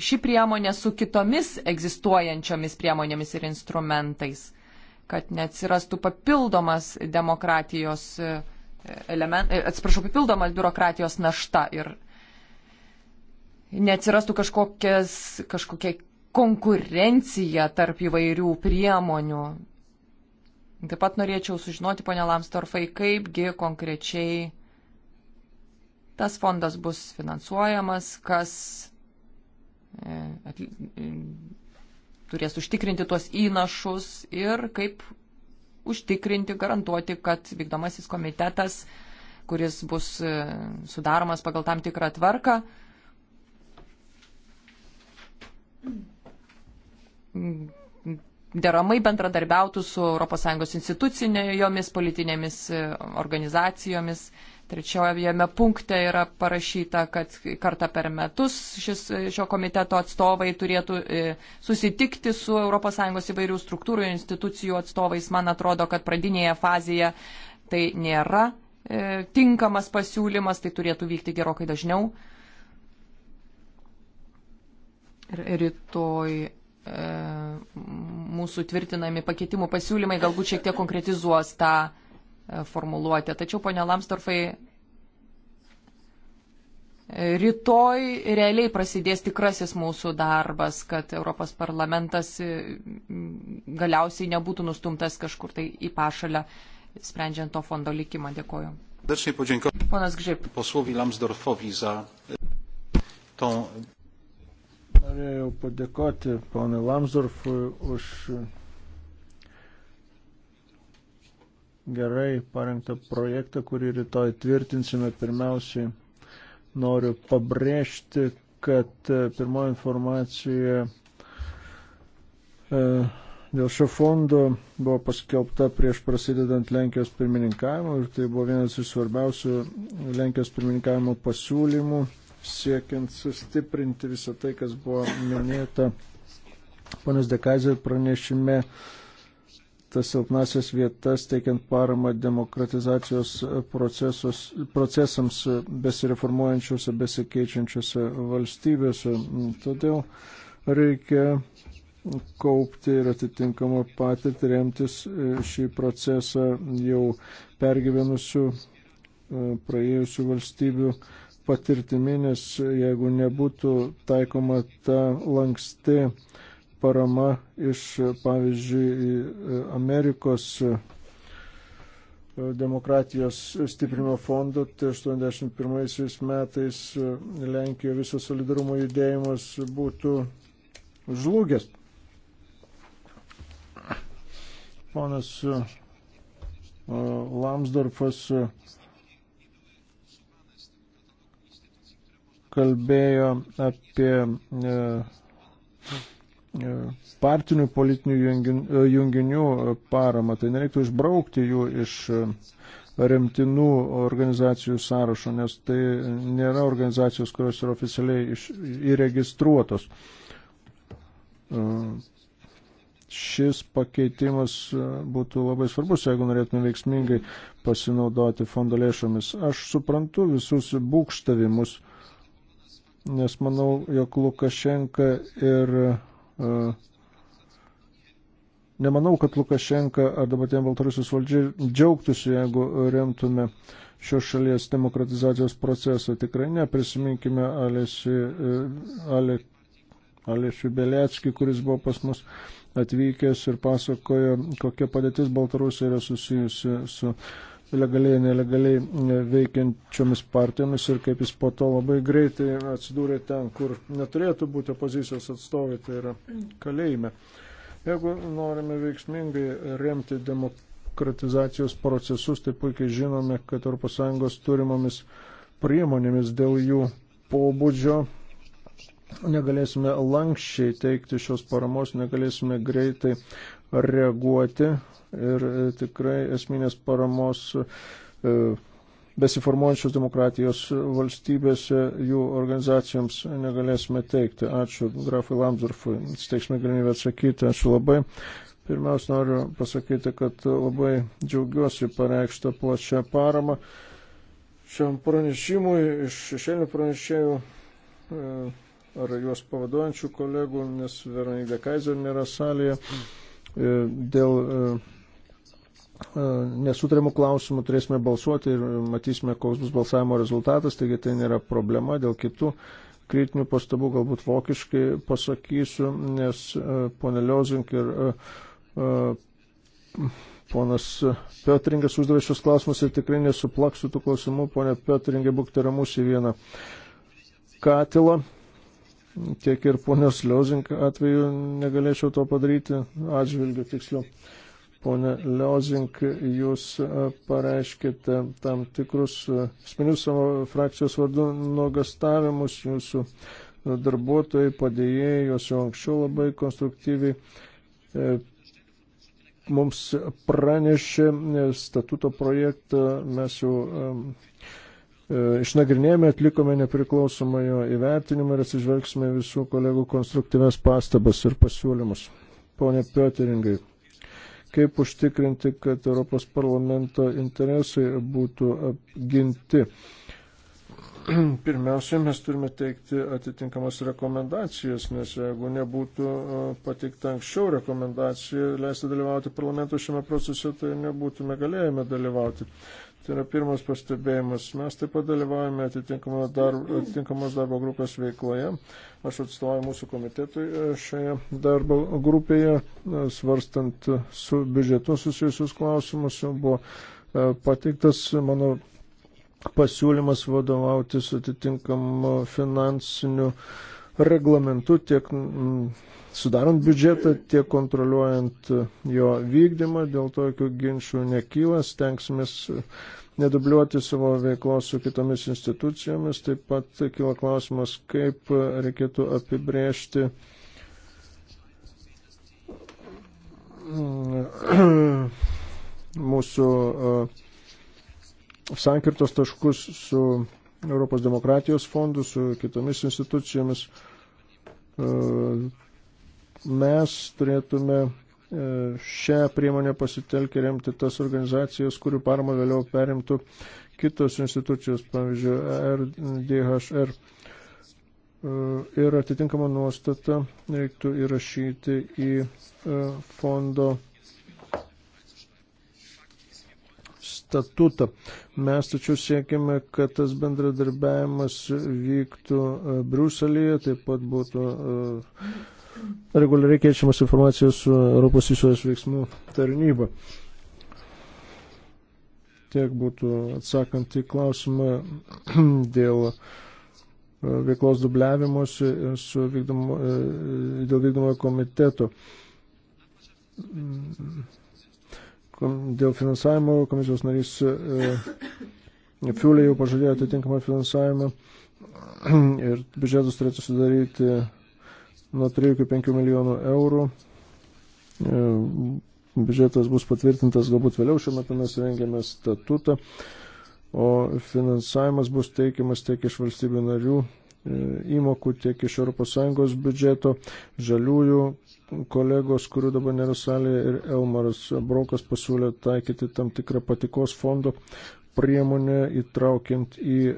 ši priemonė su kitomis egzistuojančiomis priemonėmis ir instrumentais, kad neatsirastų papildomas demokratijos e, elementas, e, atsiprašau, papildomas biurokratijos našta ir neatsirastų kažkokias, kažkokia konkurencija tarp įvairių priemonių. Taip pat norėčiau sužinoti, ponia Lamstorfai, kaipgi konkrečiai Tas fondas bus finansuojamas, kas e, e, turės užtikrinti tuos įnašus ir kaip užtikrinti, garantuoti, kad vykdomasis komitetas, kuris bus e, sudaromas pagal tam tikrą tvarką, deramai bendradarbiautų su ES institucinėjomis politinėmis organizacijomis Trečiojame punkte yra parašyta, kad kartą per metus šis, šio komiteto atstovai turėtų e, susitikti su ES įvairių struktūrų ir institucijų atstovais. Man atrodo, kad pradinėje fazėje tai nėra e, tinkamas pasiūlymas, tai turėtų vykti gerokai dažniau. Ir rytoj e, mūsų tvirtinami pakeitimų pasiūlymai galbūt šiek tiek konkretizuos tą formuluotė. Tačiau, ponia Lamstorfai, rytoj realiai prasidės tikrasis mūsų darbas, kad Europos parlamentas e, galiausiai nebūtų nustumtas kažkur tai į pašalę, sprendžiant to fondo likimą. Dėkoju. Serdecznie podziękować Ponas Grzyb. posłowi Lamsdorfowi za tą. Norėjau padėkoti ponui Lamsdorfui už gerai parengtą projektą, kurį rytoj tvirtinsime. Pirmiausiai noriu pabrėžti, kad e, pirmoji informacija e, dėl šio fondo buvo paskelbta prieš prasidedant Lenkijos pirmininkavimo ir tai buvo vienas iš svarbiausių Lenkijos pirmininkavimo pasiūlymų siekiant sustiprinti visą tai, kas buvo minėta. Panas Dekazė pranešime uh, tas silpnasias vietas, teikiant paramą demokratizacijos procesams besireformuojančiose, besikeičiančiose valstybėse. Todėl reikia kaupti ir atitinkamą patirtį remtis šį procesą jau pergyvenusių praėjusių valstybių patirtimi, nes jeigu nebūtų taikoma ta lanksti parama iš, pavyzdžiui, e, Amerikos e, demokratijos stiprinimo fondo, tai 81 metais e, Lenkijoje visas solidarumo judėjimas būtų žlugęs. Ponas Lamsdorfas kalbėjo apie partinių politinių junginių paramą. Tai nereiktų išbraukti jų iš e, remtinų organizacijų sąrašo, nes tai nėra organizacijos, kurios yra oficialiai iš, įregistruotos. E, šis pakeitimas e, būtų labai svarbus, jeigu norėtume veiksmingai pasinaudoti fondo lėšomis. Aš suprantu visus būkštavimus, nes manau, jog Lukašenka ir Nemanau, kad Lukašenka ar dabartėm Baltarusijos valdžiai džiaugtųsi, jeigu remtume šios šalies demokratizacijos procesą. Tikrai neprisiminkime Alėsi, e, Ale, Alėsiu Beliecki, kuris buvo pas mus atvykęs ir pasakojo, kokia padėtis Baltarusija yra susijusi su legaliai, nelegaliai e, veikiančiomis partijomis ir kaip jis po to labai greitai atsidūrė ten, kur neturėtų būti opozicijos atstovai, tai yra kalėjime. Jeigu norime veiksmingai remti demokratizacijos procesus, tai puikiai žinome, kad ES turimomis priemonėmis dėl jų pobūdžio negalėsime lankščiai teikti šios paramos, negalėsime greitai reaguoti ir e, tikrai esminės paramos e, besiformuojančios demokratijos valstybėse jų organizacijoms negalėsime teikti. Ačiū grafui Lamsdorfui, steiksime galimybę atsakyti, ačiū labai. Pirmiausia, noriu pasakyti, kad labai džiaugiuosi pareikštą plačią paramą šiam pranešimui iš šešėlių pranešėjų e, ar juos pavaduojančių kolegų, nes Veronika Kaiser nėra salėje dėl E, nesutarimų klausimų turėsime balsuoti ir matysime, koks bus balsavimo rezultatas, taigi tai nėra problema dėl kitų kritinių pastabų, galbūt vokiškai pasakysiu, nes e, ponė Liozink ir e, ponas Piotringas uždavė šios klausimus ir tikrai nesuplaksiu tų klausimų, ponė Piotringai būkite ramus į vieną katilą. Tiek ir ponios Liozink atveju negalėčiau to padaryti, atžvilgiu tiksliau. Pone Liozink, jūs e, pareiškite tam tikrus asmenius e, savo frakcijos vardu nuogastavimus, jūsų darbuotojai, padėjėjai, jos jau anksčiau labai konstruktyviai e, mums pranešė statuto projektą, mes jau išnagrinėjome, atlikome nepriklausomą jo įvertinimą ir atsižvelgsime visų kolegų konstruktyves pastabas ir pasiūlymus. Pone Pioteringai, kaip užtikrinti, kad Europos parlamento interesai būtų apginti. Pirmiausia, mes turime teikti atitinkamas rekomendacijas, nes jeigu nebūtų e, pateikta anksčiau rekomendacija leisti dalyvauti parlamentui šiame procese, tai nebūtume galėjome dalyvauti. Tai yra pirmas pastebėjimas. Mes taip pat dalyvaujame atitinkamos darbo, atitinkamos darbo grupės veikloje. Aš atstovauju mūsų komitetui e, šioje darbo grupėje, e, svarstant su biudžetu susijusius klausimus. Jau buvo e, pateiktas mano pasiūlymas vadovautis atitinkamu finansiniu reglamentu tiek sudarant biudžetą, tiek kontroliuojant jo vykdymą, dėl to jokių ginčių nekyla, stengsimės nedubliuoti savo veiklos su kitomis institucijomis. Taip pat kilo klausimas, kaip reikėtų apibrėžti mm, mūsų uh, sankirtos taškus su Europos demokratijos fondu, su kitomis institucijomis. Uh, mes turėtume E, šią priemonę pasitelkia remti tas organizacijos, kurių paramą vėliau perimtų kitos institucijos, pavyzdžiui, RDHR. E, ir atitinkamą nuostatą reiktų įrašyti į e, fondo statutą. Mes tačiau siekime, kad tas bendradarbiavimas vyktų Bruselėje, taip pat būtų uh, reguliariai keičiamas informacija su Europos išorės veiksmų tarnyba. Tiek būtų atsakant į klausimą dėl e, veiklos dubliavimuose e, vykdomo, e, dėl vykdomojo komiteto. Dėl finansavimo komisijos narys Fiulė jau pažadėjo atitinkamą finansavimą ir biudžetas turėtų sudaryti nuo 3 iki 5 milijonų eurų. E, biudžetas bus patvirtintas galbūt vėliau, šiuo metu mes rengiame statutą, o finansavimas bus teikiamas tiek iš valstybių narių e, įmokų, tiek iš ES biudžeto, žaliųjų kolegos, kurių dabar nėra salėje, ir Elmaras Brokas pasiūlė taikyti tam tikrą patikos fondo priemonė įtraukiant į e,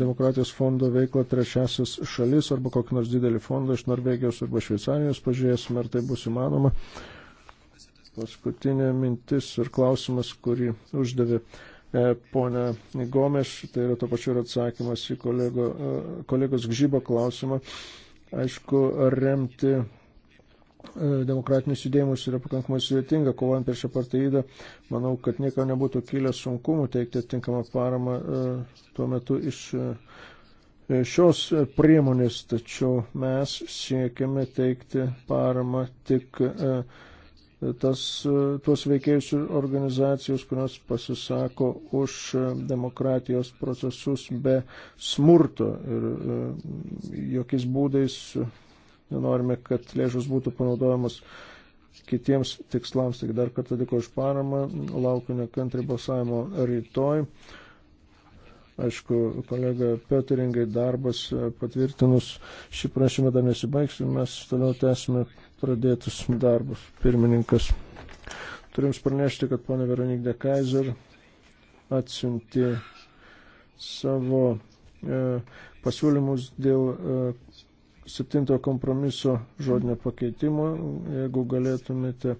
demokratijos fondo veiklą trečiasis šalis arba kokį nors didelį fondą iš Norvegijos arba Šveicarijos, pažiūrėsime, ar tai bus įmanoma. Paskutinė mintis ir klausimas, kurį uždavė e, ponia Gomes, tai yra to pačiu ir atsakymas į kolego, e, kolegos Gžybo klausimą. Aišku, remti E, demokratinius judėjimus yra pakankamai sudėtinga, kovojant prieš apartaidą, manau, kad nieko nebūtų kilęs sunkumų teikti tinkamą paramą e, tuo metu iš e, šios priemonės, tačiau mes siekiame teikti paramą tik tas, tuos veikėjus ir organizacijos, kurios pasisako už demokratijos procesus be smurto ir jokiais būdais nenorime, kad lėšos būtų panaudojamos kitiems tikslams. Tik dar kartą dėkoju už paramą, laukiu nekantri balsavimo rytoj. Aišku, kolega Peteringai darbas patvirtinus šį prašymą dar nesibaigsime, mes toliau tęsime pradėtus darbus. Pirmininkas, turim pranešti, kad ponė Veronik de Kaiser atsiunti savo e, pasiūlymus dėl e, septinto kompromiso žodinio pakeitimo, jeigu galėtumėte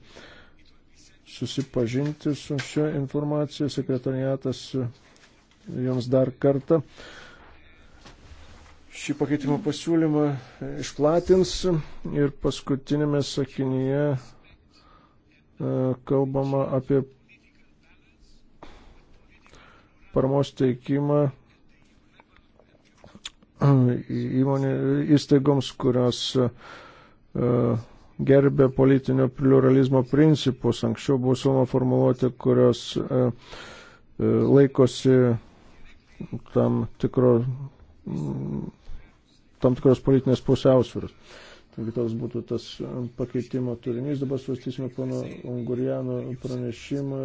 susipažinti su šia informacija, sekretariatas jums dar kartą šį pakeitimo pasiūlymą išplatins ir paskutinėme sakinyje e, kalbama apie paramos teikimą įmonė, įstaigoms, kurios e, gerbė politinio pluralizmo principus. Anksčiau buvo siūloma formuluoti, kurios e, e, laikosi tam, tikro, tam tikros politinės pusiausvėros. Taigi toks būtų tas e, pakeitimo turinys. Dabar svarstysime pono Unguriano pranešimą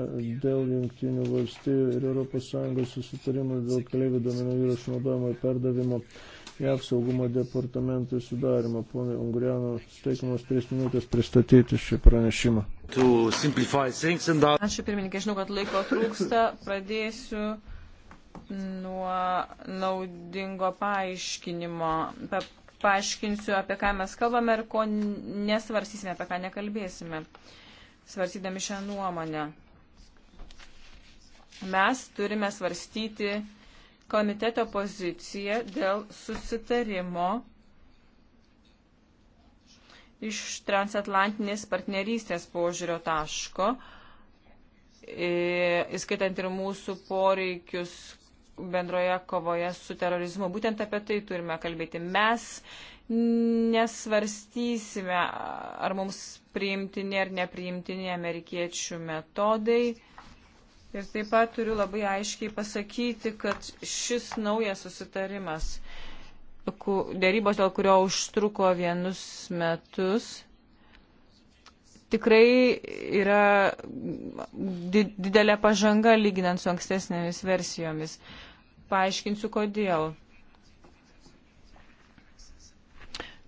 dėl Junktinių valstybių ir ES susitarimų dėl keliaivių duomenų įrašų naudojimo ir perdavimo JAV saugumo departamentui sudarimo. Pone Unguriano, steikimos tris minutės pristatyti šį pranešimą. Ačiū pirmininkė, žinau, kad laiko trūksta. Pradėsiu nuo naudingo paaiškinimo paaiškinsiu, apie ką mes kalbame ir ko nesvarsysime, apie ką nekalbėsime, svarstydami šią nuomonę. Mes turime svarstyti komiteto poziciją dėl susitarimo iš transatlantinės partnerystės požiūrio taško, įskaitant ir mūsų poreikius bendroje kovoje su terorizmu. Būtent apie tai turime kalbėti. Mes nesvarstysime, ar mums priimtini ar nepriimtini amerikiečių metodai. Ir taip pat turiu labai aiškiai pasakyti, kad šis naujas susitarimas, dėrybos dėl kurio užtruko vienus metus, tikrai yra didelė pažanga lyginant su ankstesnėmis versijomis. Paaiškinsiu, kodėl.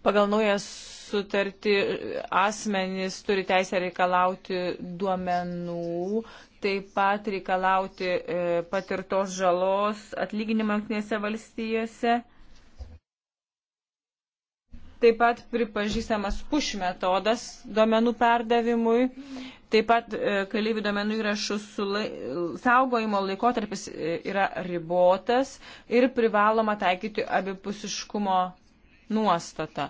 Pagal naują sutartį asmenys turi teisę reikalauti duomenų, taip pat reikalauti e, patirtos žalos atlyginimą jungtinėse valstijose Taip pat pripažįstamas push metodas duomenų perdavimui. Taip pat e, keliaivių duomenų įrašų lai, saugojimo laikotarpis e, yra ribotas ir privaloma taikyti abipusiškumo nuostatą.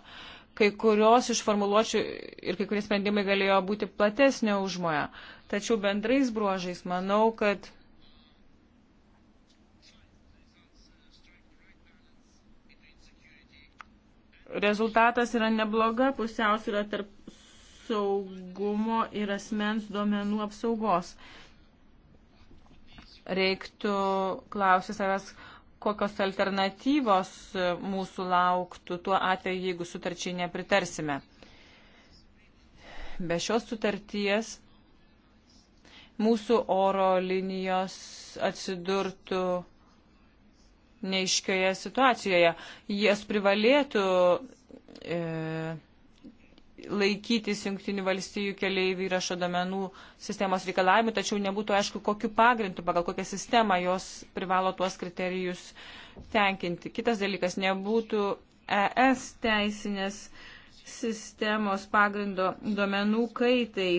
Kai kurios iš formuluočių ir kai kurie sprendimai galėjo būti platesnio užmoja. Tačiau bendrais bruožais manau, kad rezultatas yra nebloga pusiausvyrą tarp saugumo ir asmens duomenų apsaugos. Reiktų klausyti savęs, kokios alternatyvos mūsų lauktų tuo atveju, jeigu sutarčiai nepritarsime. Be šios sutarties mūsų oro linijos atsidurtų neiškioje situacijoje. Jas privalėtų e, laikytis Junktinių valstybių keliaivių įrašo domenų sistemos reikalavimų, tačiau nebūtų aišku, kokiu pagrindu, pagal kokią sistemą jos privalo tuos kriterijus tenkinti. Kitas dalykas, nebūtų ES teisinės sistemos pagrindo duomenų kaitai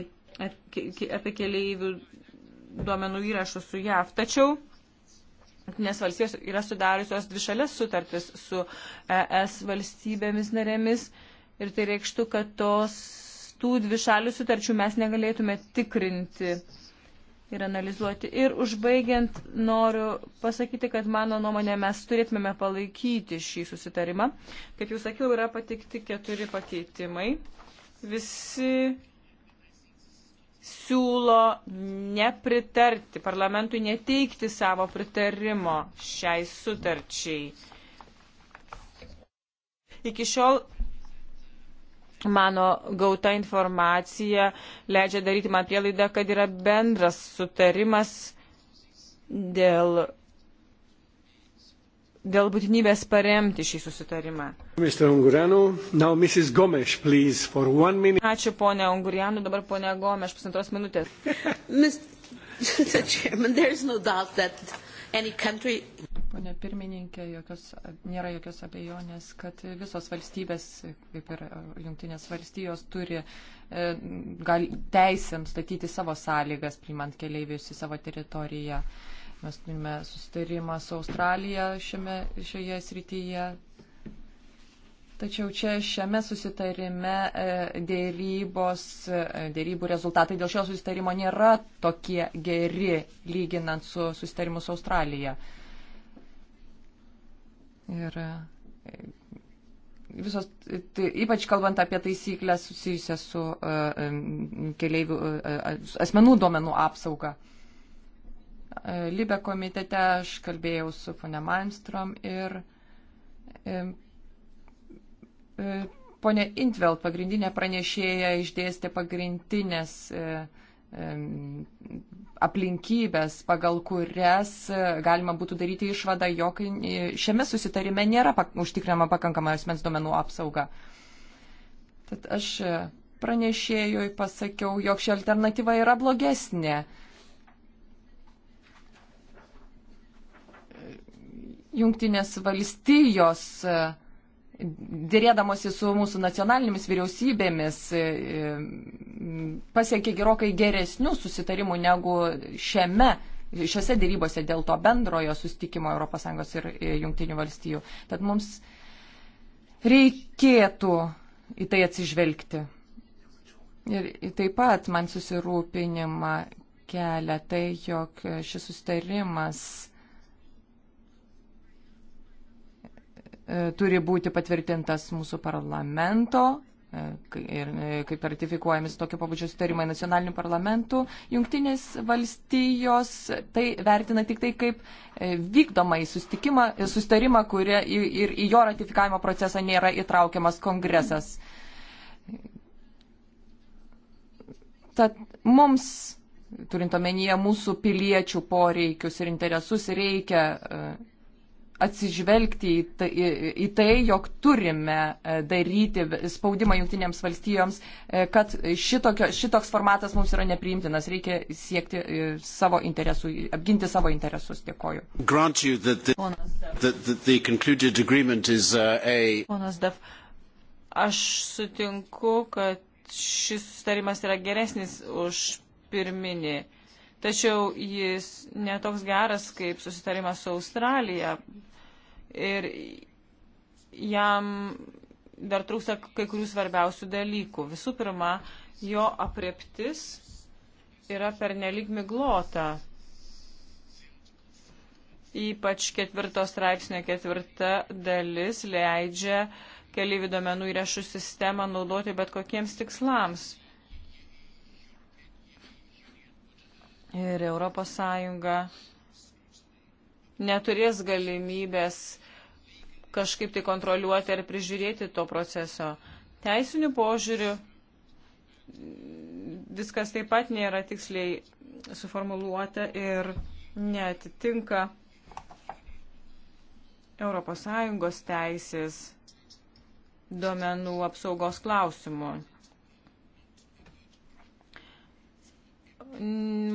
apie keliaivių duomenų įrašus su JAV. Tačiau Nes valstijos yra sudariusios dvišalės sutartis su ES valstybėmis narėmis ir tai reikštų, kad tos, tų dvišalių sutarčių mes negalėtume tikrinti ir analizuoti. Ir užbaigiant noriu pasakyti, kad mano nuomonė mes turėtume palaikyti šį susitarimą. Kaip jau sakiau, yra patikti keturi pakeitimai. Visi siūlo nepritarti, parlamentui neteikti savo pritarimo šiai sutarčiai. Iki šiol mano gauta informacija leidžia daryti man prielaidą, kad yra bendras sutarimas dėl dėl būtinybės paremti šį susitarimą. Gomes, please, Ačiū ponia Ungurianu, dabar ponia Gomes, pusantros minutės. no country... Pone pirmininkė, jokios, nėra jokios abejonės, kad visos valstybės, kaip ir e, jungtinės valstijos, turi e, gal, teisėm statyti savo sąlygas, primant keliaivius į savo teritoriją. Uh, Mes turime susitarimą su Australija šiame, šioje srityje. Tačiau čia šiame susitarime e, dėrybos, e, dėrybų rezultatai dėl šio susitarimo nėra tokie geri, lyginant su susitarimu su Australija. Ir e, visos, tai, ypač kalbant apie taisyklės susijusią su uh, keleivių, uh, asmenų duomenų apsauga. Uh, Libe komitete aš kalbėjau su ponia Malmstrom ir e, ponia Intveld pagrindinė pranešėja išdėstė pagrindinės e, aplinkybės, pagal kurias galima būtų daryti išvadą, jog šiame susitarime nėra pak užtikrinama pakankama asmens duomenų apsauga. Tad aš pranešėjui pasakiau, jog ši alternatyva yra blogesnė Jungtinės valstijos e, dėrėdamosi su mūsų nacionalinėmis vyriausybėmis e, e, pasiekė gerokai geresnių susitarimų negu šiame, šiose dėrybose dėl to bendrojo sustikimo ES ir Junktinių valstijų. Tad mums reikėtų į tai atsižvelgti. Ir taip pat man susirūpinimą kelia tai, jog šis sustarimas E, turi būti patvirtintas mūsų parlamento e, ir e, kaip ratifikuojami tokio pabudžio sutarimai nacionalinių parlamentų, jungtinės valstijos tai vertina tik tai kaip vykdomai sustarimą, kurie ir į jo ratifikavimo procesą nėra įtraukiamas kongresas. Tad mums, turint omenyje mūsų piliečių poreikius ir interesus, reikia atsižvelgti į tai, į tai, jog turime e, daryti spaudimą jungtinėms valstijoms, e, kad šitokio, šitoks formatas mums yra nepriimtinas. Reikia siekti e, savo interesų, apginti savo interesus. Dėkoju. Ponas Daf, uh, aš sutinku, kad šis sustarimas yra geresnis už pirminį tačiau jis netoks geras kaip susitarimas su Australija ir jam dar trūksta kai kurių svarbiausių dalykų. Visų pirma, jo apreptis yra pernelik miglota. Ypač ketvirto straipsnio ketvirta dalis leidžia keliaivių domenų įrašų sistemą naudoti bet kokiems tikslams. Ir Europos Sąjunga neturės galimybės kažkaip tai kontroliuoti ar prižiūrėti to proceso. Teisinių požiūrių viskas taip pat nėra tiksliai suformuluota ir neatitinka ES teisės duomenų apsaugos klausimų.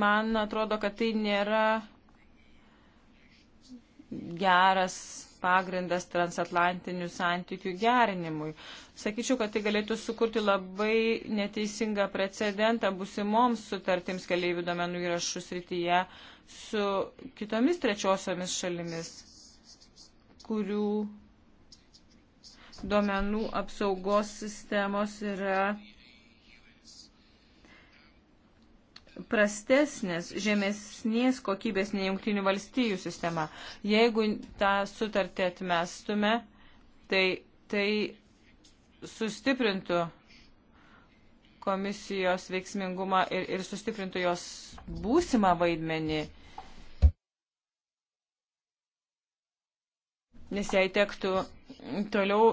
Man atrodo, kad tai nėra geras pagrindas transatlantinių santykių gerinimui. Sakyčiau, kad tai galėtų sukurti labai neteisingą precedentą busimoms sutartims keliaivių domenų įrašų srityje su kitomis trečiosiomis šalimis, kurių duomenų apsaugos sistemos yra prastesnės, žemesnės kokybės nei jungtinių valstijų sistema. Jeigu tą sutartį atmestume, tai, tai sustiprintų komisijos veiksmingumą ir, ir sustiprintų jos būsimą vaidmenį. Nes jai tektų toliau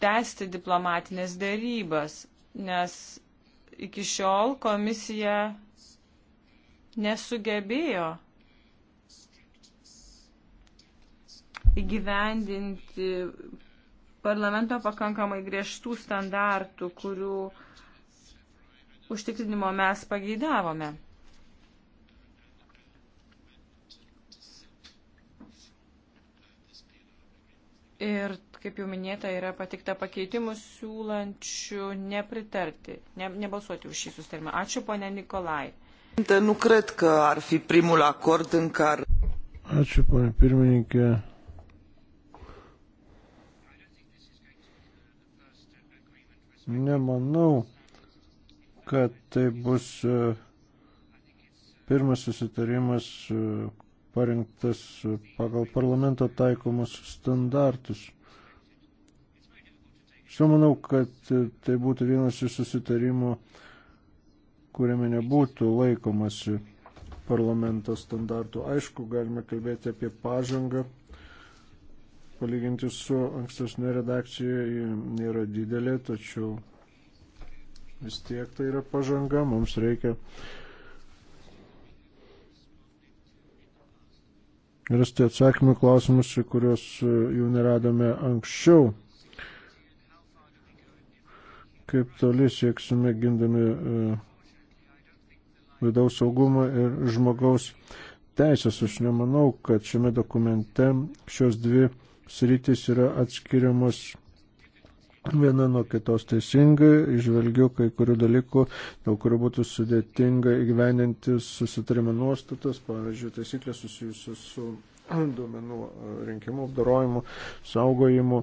tęsti diplomatinės dėrybas, nes iki šiol komisija nesugebėjo įgyvendinti parlamento pakankamai griežtų standartų, kurių užtikrinimo mes pageidavome. Ir, kaip jau minėta, yra patikta pakeitimų siūlančių nepritarti, ne, nebalsuoti už šį sustarimą. Ačiū, ponė Nikolai. Nu cred că ar fi primul acord în care... Ačiū, ponė pirmininkė. Nemanau, kad tai bus e, pirmas susitarimas, e, parengtas pagal parlamento taikomus standartus. Šiuo manau, kad tai būtų vienas iš susitarimų, kuriame nebūtų laikomasi parlamento standartų. Aišku, galime kalbėti apie pažangą. Palyginti su ankstesnė redakcija nėra didelė, tačiau vis tiek tai yra pažanga. Mums reikia uh, rasti atsakymą klausimus, kuriuos e, jau neradome anksčiau. Kaip toli sieksime gindami e, vidaus saugumą ir žmogaus teisės. Aš nemanau, kad šiame dokumente šios dvi sritis yra atskiriamos viena nuo kitos teisingai, išvelgiu kai kurių dalykų, dėl kurių būtų sudėtinga įgyveninti susitarimo nuostatas, pavyzdžiui, taisyklės susijusios su duomenų e, rinkimu, apdarojimu, saugojimu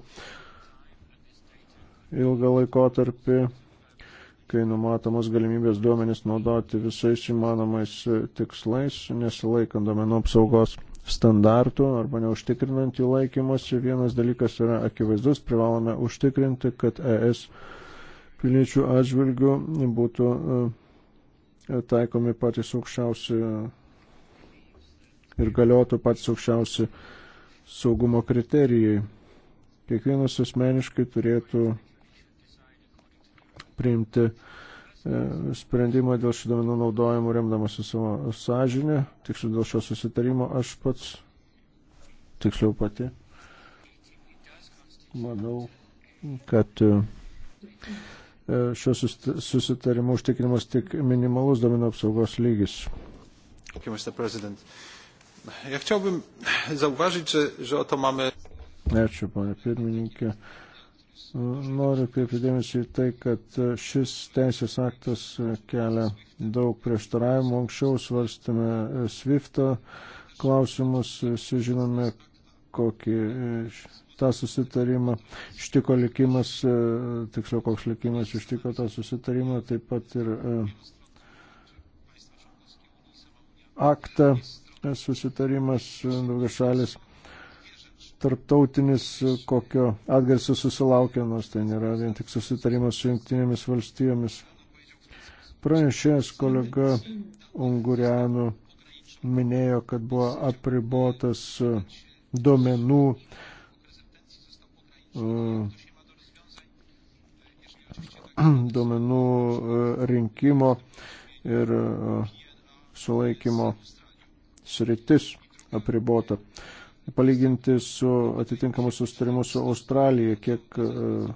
ilgą laikotarpį, kai numatomos galimybės duomenis naudoti visais įmanomais e, tikslais, nesilaikant duomenų apsaugos standartų arba neužtikrinant jų laikymosi. Vienas dalykas yra akivaizdus, privalome užtikrinti, kad ES piliečių atžvilgių būtų e, taikomi patys aukščiausi ir galiotų patys aukščiausi saugumo kriterijai. Kiekvienas asmeniškai turėtų priimti uh, E, sprendimą dėl šių domenų naudojimo remdamasi savo sąžinę, tiksliau dėl šio susitarimo aš pats, tiksliau pati, manau, kad e, e, šio susitarimo užtikrinimas tik minimalus domenų apsaugos lygis. Thank you, Mr. President. Ja chciałbym zauważyć, że, że oto mamy. Ačiū, panie pirmininkė. Noriu kreipti dėmesį į tai, kad šis teisės aktas kelia daug prieštaravimų. Anksčiau svarstame SWIFT'o klausimus, visi žinome, kokį tą susitarimą ištiko likimas, tiksliau koks likimas ištiko tą susitarimą, taip pat ir e, aktą susitarimas daugia šalis tarptautinis, kokio atgarsio susilaukia, nors tai nėra vien tik susitarimas su jungtinėmis valstijomis. Pranešėjas kolega Ungurianų minėjo, kad buvo apribotas e, duomenų e, duomenų e, rinkimo ir sulaikymo sritis apribota palyginti su atitinkamu sustarimu su Australija, kiek, e,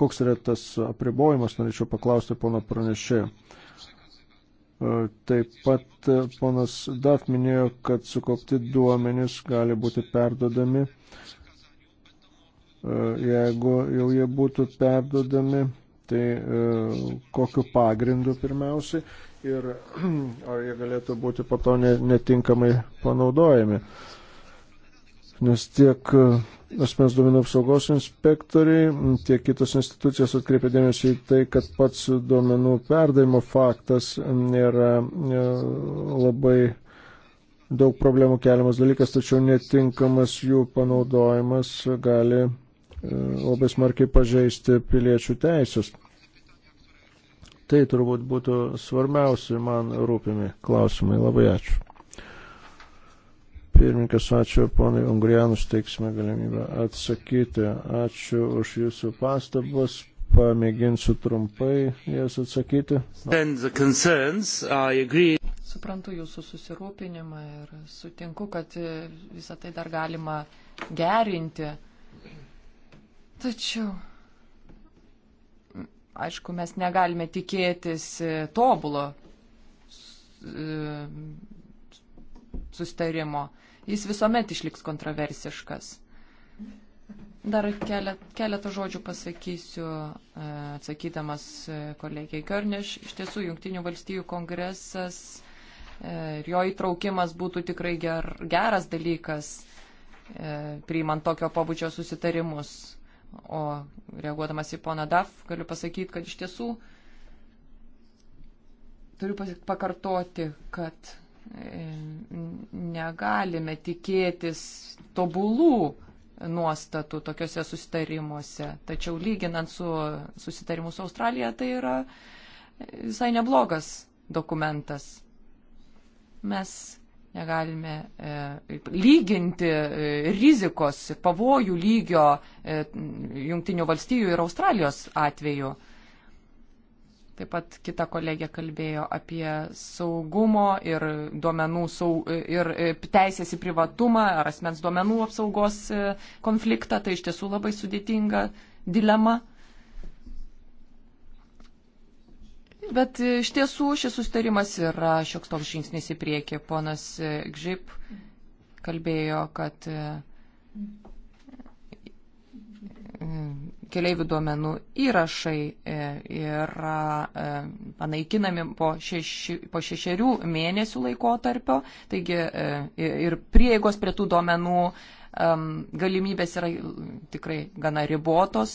koks yra tas apribojimas, norėčiau paklausti pono pranešėjo. E, taip pat e, ponas Daf minėjo, kad sukaupti duomenys gali būti perdodami, jeigu jau jie būtų perdodami, tai kokiu pagrindu pirmiausiai ir ar jie galėtų būti po to netinkamai panaudojami. Uh, nes tiek e, asmens duomenų apsaugos inspektoriai, tiek kitos institucijos atkreipia dėmesį į tai, kad pats duomenų perdavimo faktas nėra e, labai daug problemų keliamas dalykas, tačiau netinkamas jų panaudojimas gali e, labai smarkiai pažeisti piliečių teisės. Tai turbūt būtų svarbiausi man rūpimi klausimai. Labai ačiū. Pirmininkas, ačiū ponai Ungrijanus, teiksime galimybę atsakyti. Ačiū už jūsų pastabas. Pamėginsiu trumpai jas atsakyti. Suprantu jūsų susirūpinimą ir sutinku, kad visą tai dar galima gerinti. Tačiau aišku, mes negalime tikėtis e, tobulo e, sustarimo jis visuomet išliks kontroversiškas. Dar keletą žodžių pasakysiu, e, atsakydamas e, kolegiai Körniš. Iš tiesų, Junktinių valstybių kongresas e, ir jo įtraukimas būtų tikrai ger, geras dalykas, priimant tokio pabudžio susitarimus. O reaguodamas į poną DAF, galiu pasakyti, kad iš tiesų turiu pakartoti, kad negalime tikėtis tobulų nuostatų tokiuose susitarimuose. Tačiau lyginant su susitarimu su Australija, tai yra visai neblogas dokumentas. Mes negalime e, lyginti e, rizikos, pavojų lygio e, Junktinių valstybių ir Australijos atveju. E, Taip pat kita kolegė kalbėjo apie saugumo ir duomenų saug, ir e, teisės į privatumą ar asmens duomenų apsaugos e, konfliktą. Tai iš tiesų labai sudėtinga dilema. Bet e, iš tiesų šis sustarimas yra šioks toks žingsnis į priekį. Ponas Gžip kalbėjo, kad keliaivių duomenų įrašai e, yra e, panaikinami po, šeši, po šešerių mėnesių laikotarpio, taigi e, ir prieigos prie tų duomenų galimybės yra tikrai gana ribotos,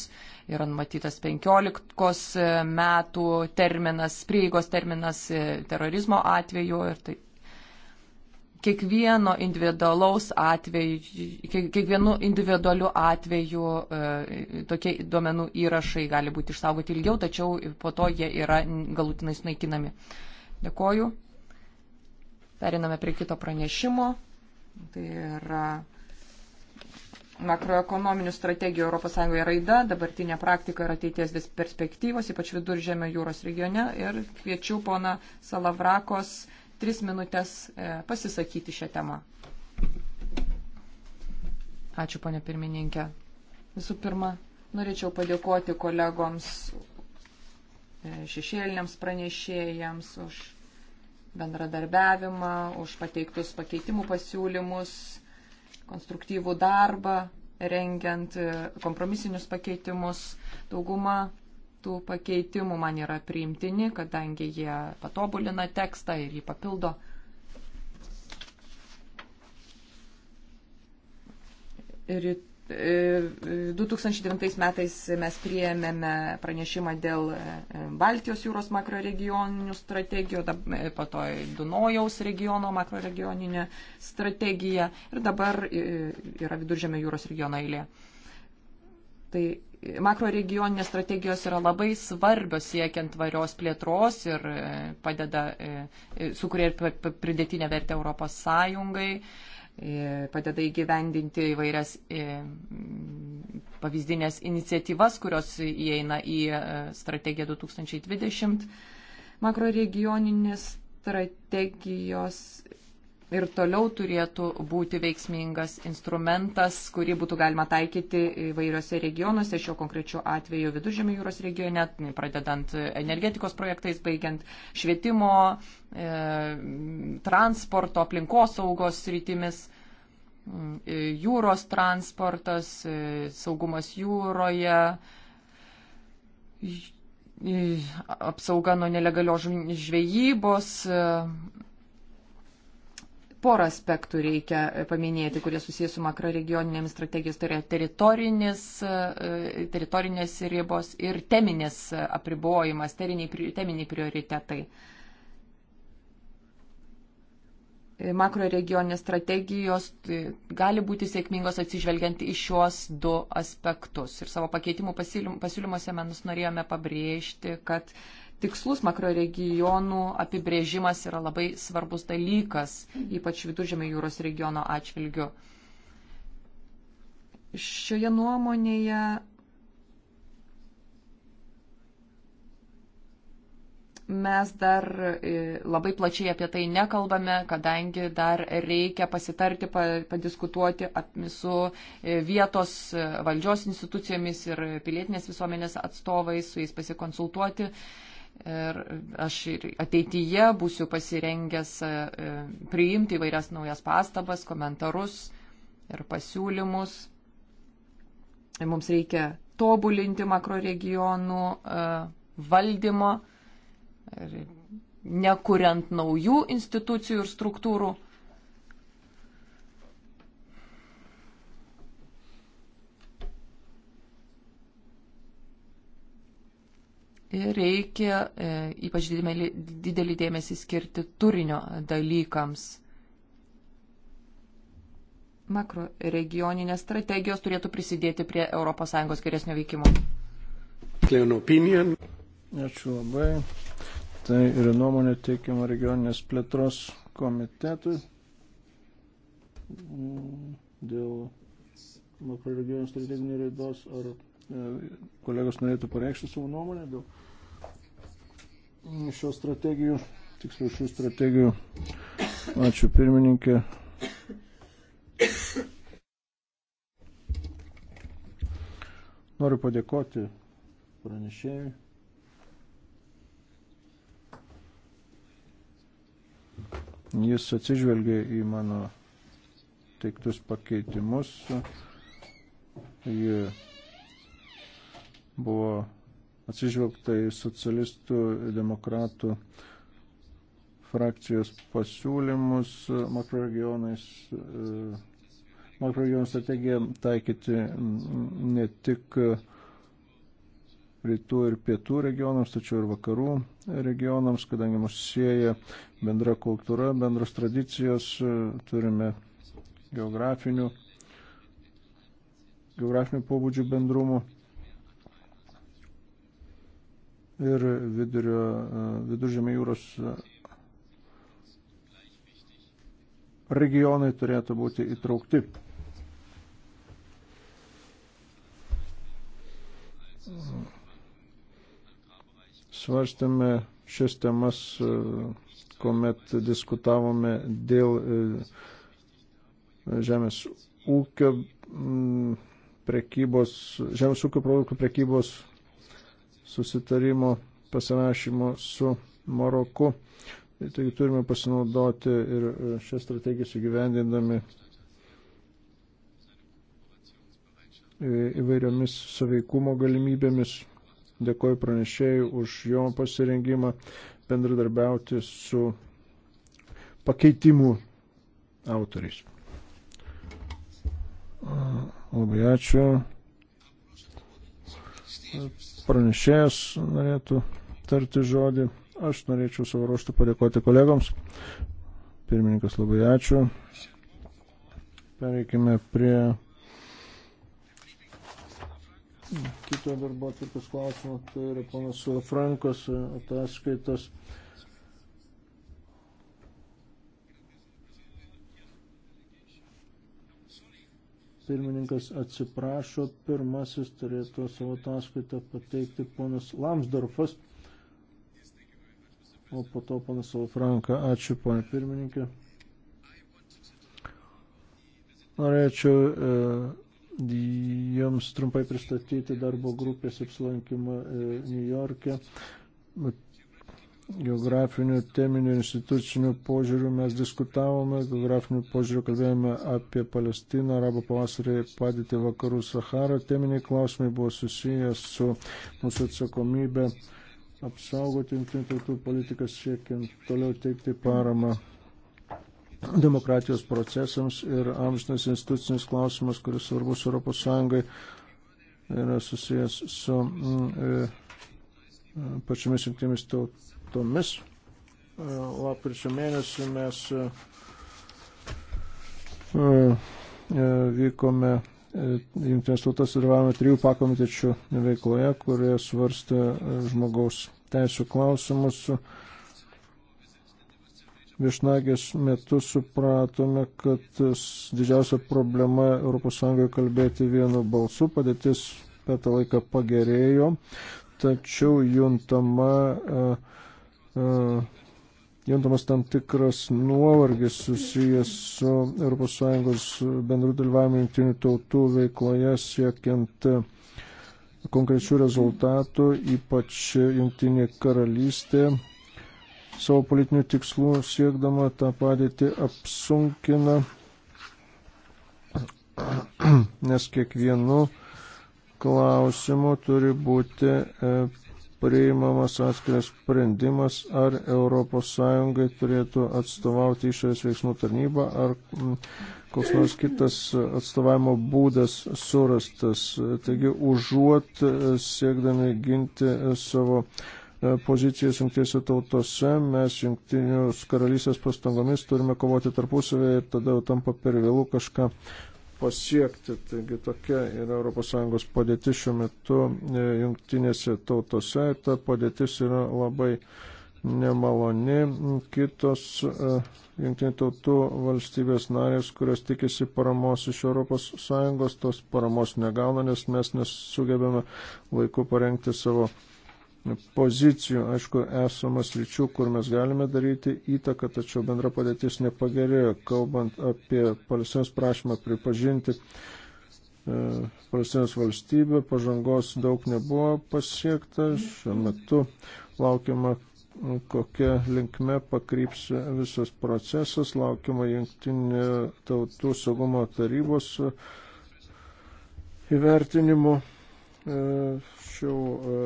yra numatytas 15 metų terminas, prieigos terminas terorizmo atveju ir tai, kiekvieno individualaus atveju, kiekvienu individualiu atveju e, tokie duomenų įrašai gali būti išsaugoti ilgiau, tačiau po to jie yra galutinai sunaikinami. Dėkoju. Periname prie kito pranešimo. Tai yra makroekonominių strategijų ES raida, dabartinė praktika ir ateities perspektyvos, ypač viduržėmio jūros regione. Ir kviečiu pona Salavrakos tris minutės e, pasisakyti šią temą. Ačiū, ponė pirmininkė. Visų pirma, norėčiau padėkoti kolegoms, e, šešėliniams pranešėjams už bendradarbiavimą, už pateiktus pakeitimų pasiūlymus, konstruktyvų darbą, rengiant e, kompromisinius pakeitimus. Dauguma tų pakeitimų man yra priimtini, kadangi jie patobulina tekstą ir jį papildo. E, ir 2009 metais mes priėmėme pranešimą dėl e, Baltijos jūros makroregioninių strategijų, e, po to Dunojaus regiono makroregioninė strategija ir dabar yra Viduržėmio jūros regiono eilė. Tai makroregioninės strategijos yra labai svarbios siekiant tvarios plėtros ir e, padeda, e, e, sukuria ir pridėtinę vertę Europos Sąjungai, padeda įgyvendinti įvairias pavyzdinės iniciatyvas, kurios įeina į strategiją 2020. Makroregioninės strategijos ir toliau turėtų būti veiksmingas instrumentas, kurį būtų galima taikyti įvairiose regionuose, šiuo konkrečiu atveju Viduržėmio jūros regione, pradedant energetikos projektais, baigiant švietimo, e, transporto, aplinkosaugos rytimis, e, jūros transportas, e, saugumas jūroje e, apsauga nuo nelegalios žvejybos, porą aspektų reikia e, paminėti, kurie susijęs su makroregioninėmis strategijomis, tai yra teritorinis, e, teritorinės ribos ir teminės e, apribojimas, teriniai, teminiai prioritetai. Makroregioninės strategijos gali būti sėkmingos atsižvelgiant į šiuos du aspektus. Ir savo pakeitimų pasiūlymuose mes norėjome pabrėžti, kad uh, tikslus makroregionų apibrėžimas yra labai svarbus dalykas, ypač viduržėmė jūros regiono atžvilgiu. Šioje nuomonėje mes dar e, labai plačiai apie tai nekalbame, kadangi dar reikia pasitarti, padiskutuoti su e, vietos e, valdžios institucijomis ir pilietinės visuomenės atstovais, su jais pasikonsultuoti. Ir aš ir ateityje būsiu pasirengęs e, priimti įvairias naujas pastabas, komentarus ir pasiūlymus. Ir mums reikia tobulinti makroregionų e, valdymo, nekuriant naujų institucijų ir struktūrų. reikia e, ypač didelį, didelį dėmesį skirti turinio dalykams. Makro regioninės strategijos turėtų prisidėti prie ES geresnio veikimo. Ačiū labai. Tai yra nuomonė teikiama regioninės plėtros komitetui mm, dėl makroregionų strateginės raidos ar e, kolegos norėtų pareikšti savo nuomonę dėl šio strategijų, tiksliau šių strategijų. Ačiū pirmininkė. Noriu padėkoti pranešėjui. Jis atsižvelgia į mano teiktus pakeitimus. Ji buvo atsižvelgta į socialistų demokratų frakcijos pasiūlymus makroregionais, e, makroregionų strategiją taikyti ne tik rytų ir pietų regionams, tačiau ir vakarų regionams, kadangi mus sieja bendra kultūra, bendros tradicijos, e, turime geografinių, geografinių pobūdžių bendrumų ir vidurio, e, viduržėmė jūros e, regionai turėtų būti įtraukti. Svarstėme šias temas, e, kuomet diskutavome dėl žemės ūkio prekybos, žemės ūkio produktų prekybos susitarimo pasirašymo su Maroku. Taigi turime pasinaudoti ir e, šią strategiją sugyvendindami e, įvairiomis saveikumo galimybėmis. Dėkoju pranešėjai už jo pasirengimą bendradarbiauti su pakeitimų autoriais. Labai ačiū pranešėjas norėtų tarti žodį. Aš norėčiau savo ruoštų padėkoti kolegoms. Pirmininkas labai ačiū. Pereikime prie kito darbo atvirkos klausimo. Tai yra ponas Frankos ataskaitos. Pirmininkas atsiprašo, pirmasis turėtų savo ataskaitą pateikti ponas Lamsdorfas, o po to ponas Alfranka. Ačiū, ponė pirmininkė. Norėčiau e, Jums trumpai pristatyti darbo grupės apsilankymą e, New York'e geografinių, teminių, institucinių požiūrių mes diskutavome, geografinių požiūrių kalbėjome apie Palestiną, arabo pavasarį padėti vakarų Sahara, teminiai klausimai buvo susijęs su mūsų atsakomybė apsaugoti jungtinių tautų politikas siekiant toliau teikti paramą demokratijos procesams ir amžinas institucinis klausimas, kuris svarbus Europos Sąjungai, yra susijęs su mm, e, pačiomis jungtinėmis tautomis tomis. E, lapkričio mėnesį mes e, e, vykome Junktinės tautas dalyvavome trijų pakomitečių veikloje, kurie svarstė žmogaus teisų klausimus. Viešnagės metu supratome, kad didžiausia problema ES kalbėti vienu balsu, padėtis per tą laiką pagerėjo, tačiau juntama uh, E, juntamas tam tikras nuovargis susijęs su ES bendru dalyvavimu jungtinių tautų veikloje siekiant konkrečių rezultatų, ypač jungtinė karalystė savo politinių tikslų siekdama tą padėtį apsunkina, nes kiekvienu klausimu turi būti e, priimamas atskiras sprendimas, ar ES turėtų atstovauti išorės veiksmų tarnybą, ar mm, koks nors kitas atstovavimo būdas surastas. Taigi, užuot e, siekdami ginti e, savo e, pozicijas jungtinėse tautose, mes jungtinius karalystės pastangomis turime kovoti tarpusavėje ir tada jau tampa per vėlų kažką pasiekti. Taigi tokia yra ES padėtis šiuo metu e, jungtinėse tautose ir ta padėtis yra labai nemaloni. Kitos e, jungtinių tautų valstybės narės, kurios tikisi paramos iš ES, tos paramos negauna, nes mes nesugebėme laiku parengti savo pozicijų. Aišku, esamas lyčių, kur mes galime daryti įtaką, tačiau bendra padėtis nepagerėjo, kalbant apie palestinos prašymą pripažinti. E, palestinos valstybė pažangos daug nebuvo pasiekta, šiuo metu laukiama, kokia linkme pakryps visas procesas, laukiama jungtinė tautų saugumo tarybos įvertinimų. E, Šiau e,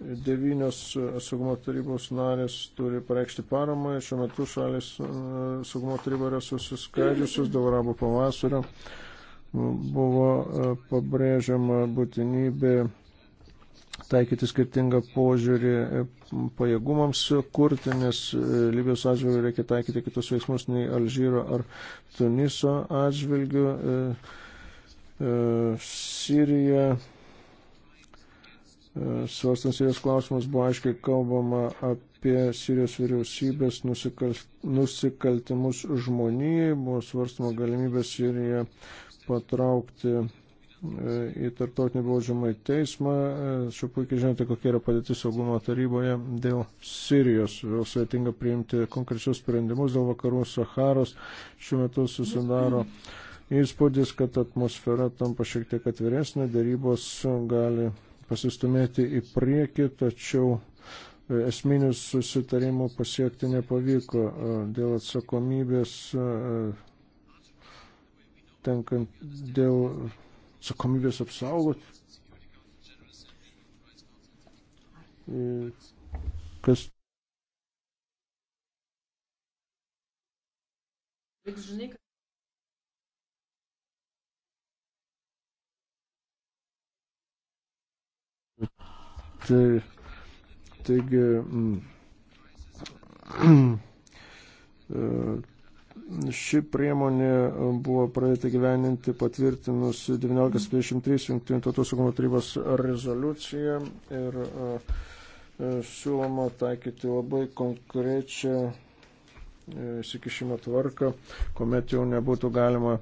devynios e, saugumo tarybos narės turi pareikšti paramą. Šiuo metu šalis e, saugumo taryba yra susiskaidžiusios dėl arabų pavasario. Buvo e, pabrėžiama būtinybė taikyti skirtingą požiūrį pajėgumams kurti, nes Libijos atžvilgių reikia taikyti kitus veiksmus nei Alžyro ar Tuniso atžvilgių. Sirija svarstant Sirijos klausimas buvo aiškiai kalbama apie Sirijos vyriausybės nusikal... nusikaltimus žmonijai, buvo svarstama galimybė Siriją patraukti e, į tarptautinį baudžiamąjį teismą. Šiuo e, puikiai žinote, kokia yra padėtis saugumo taryboje dėl Sirijos. Vėl sveitinga priimti konkrečius sprendimus dėl vakarų Saharos. Šiuo metu susidaro. Mm -hmm įspūdis, kad atmosfera tampa šiek tiek atviresnė, darybos gali pasistumėti į priekį, tačiau e, esminių susitarimų pasiekti nepavyko e, dėl atsakomybės, e, tenkant dėl atsakomybės apsaugoti. Kas žinai, kad Tai, taigi, mm, ši priemonė buvo pradėta gyveninti patvirtinus 1923 Junktinių tautų saugumo tarybos rezoliuciją ir e, e, siūloma taikyti labai konkrečią e, įsikišimo tvarką, kuomet jau nebūtų galima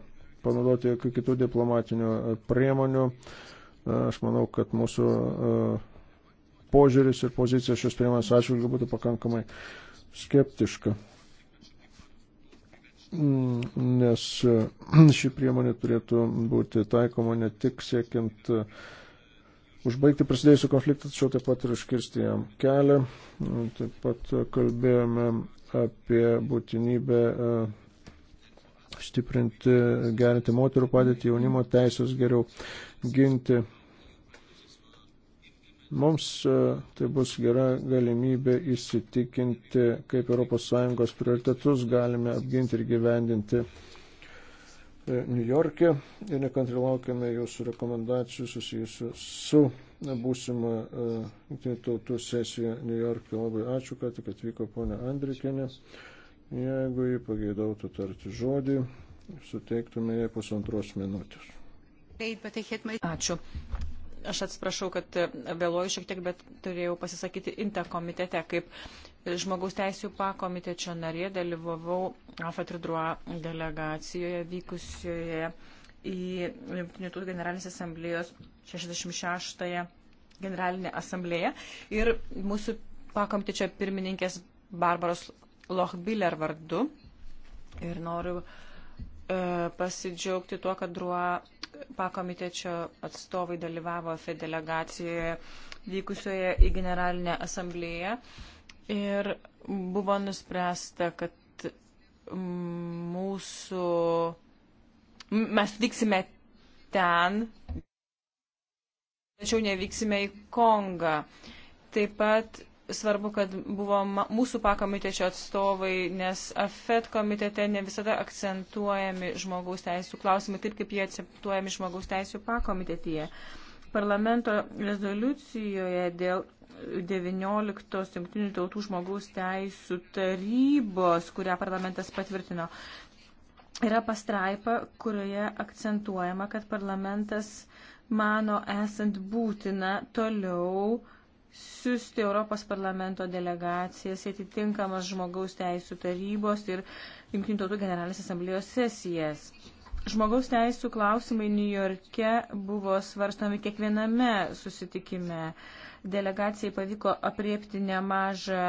panaudoti jokių kitų diplomatinių priemonių. Aš manau, kad mūsų požiūris ir pozicija šios priemonės atžvilgių būtų pakankamai skeptiška. Mm, nes mm, ši priemonė turėtų būti taikoma ne tik siekiant mm, užbaigti prasidėjusių konfliktą, tačiau taip pat ir užkirsti jam kelią. Taip pat kalbėjome apie būtinybę stiprinti, gerinti moterų padėtį, jaunimo teisės geriau ginti Mums e, tai bus gera galimybė įsitikinti, kaip ES prioritetus galime apginti ir gyvendinti e, New York'e ir nekantri laukiame jūsų rekomendacijų susijusių su būsima e, jungtinių tautų sesija New York'e. Labai ačiū, kad tik atvyko ponė Andrikinė. Jeigu jį pageidautų tarti žodį, suteiktume jai pusantros minutės. Ačiū. Aš atsiprašau, kad e, vėluoju šiek tiek, bet turėjau pasisakyti INTA komitete. Kaip žmogaus teisų pakomitečio narė dalyvavau Afetridruo delegacijoje vykusioje į Junktinių tautų generalinės asamblėjos 66-ąją generalinę asamblėją. Ir mūsų pakomitečio pirmininkės Barbaros Lochbiller vardu. Ir noriu e, pasidžiaugti tuo, kad Drua pakomitečio atstovai dalyvavo FED delegacijoje vykusioje į Generalinę asamblėją ir buvo nuspręsta, kad mūsų. Mes vyksime ten, tačiau nevyksime į Kongą. Taip pat svarbu, kad buvo mūsų pakomitečio atstovai, nes AFET komitete ne visada akcentuojami žmogaus teisų klausimai, taip kaip jie akcentuojami žmogaus teisų pakomitetyje. Parlamento rezoliucijoje dėl 19 Junktinių tautų žmogaus teisų tarybos, kurią parlamentas patvirtino, yra pastraipa, kurioje akcentuojama, kad parlamentas mano esant būtina toliau uh, siūsti Europos parlamento delegacijas į atitinkamas žmogaus teisų tarybos ir Junktinių tautų generalinės asamblėjos sesijas. Žmogaus teisų klausimai Niujorke buvo svarstomi kiekviename susitikime. Delegacijai pavyko apriepti nemažą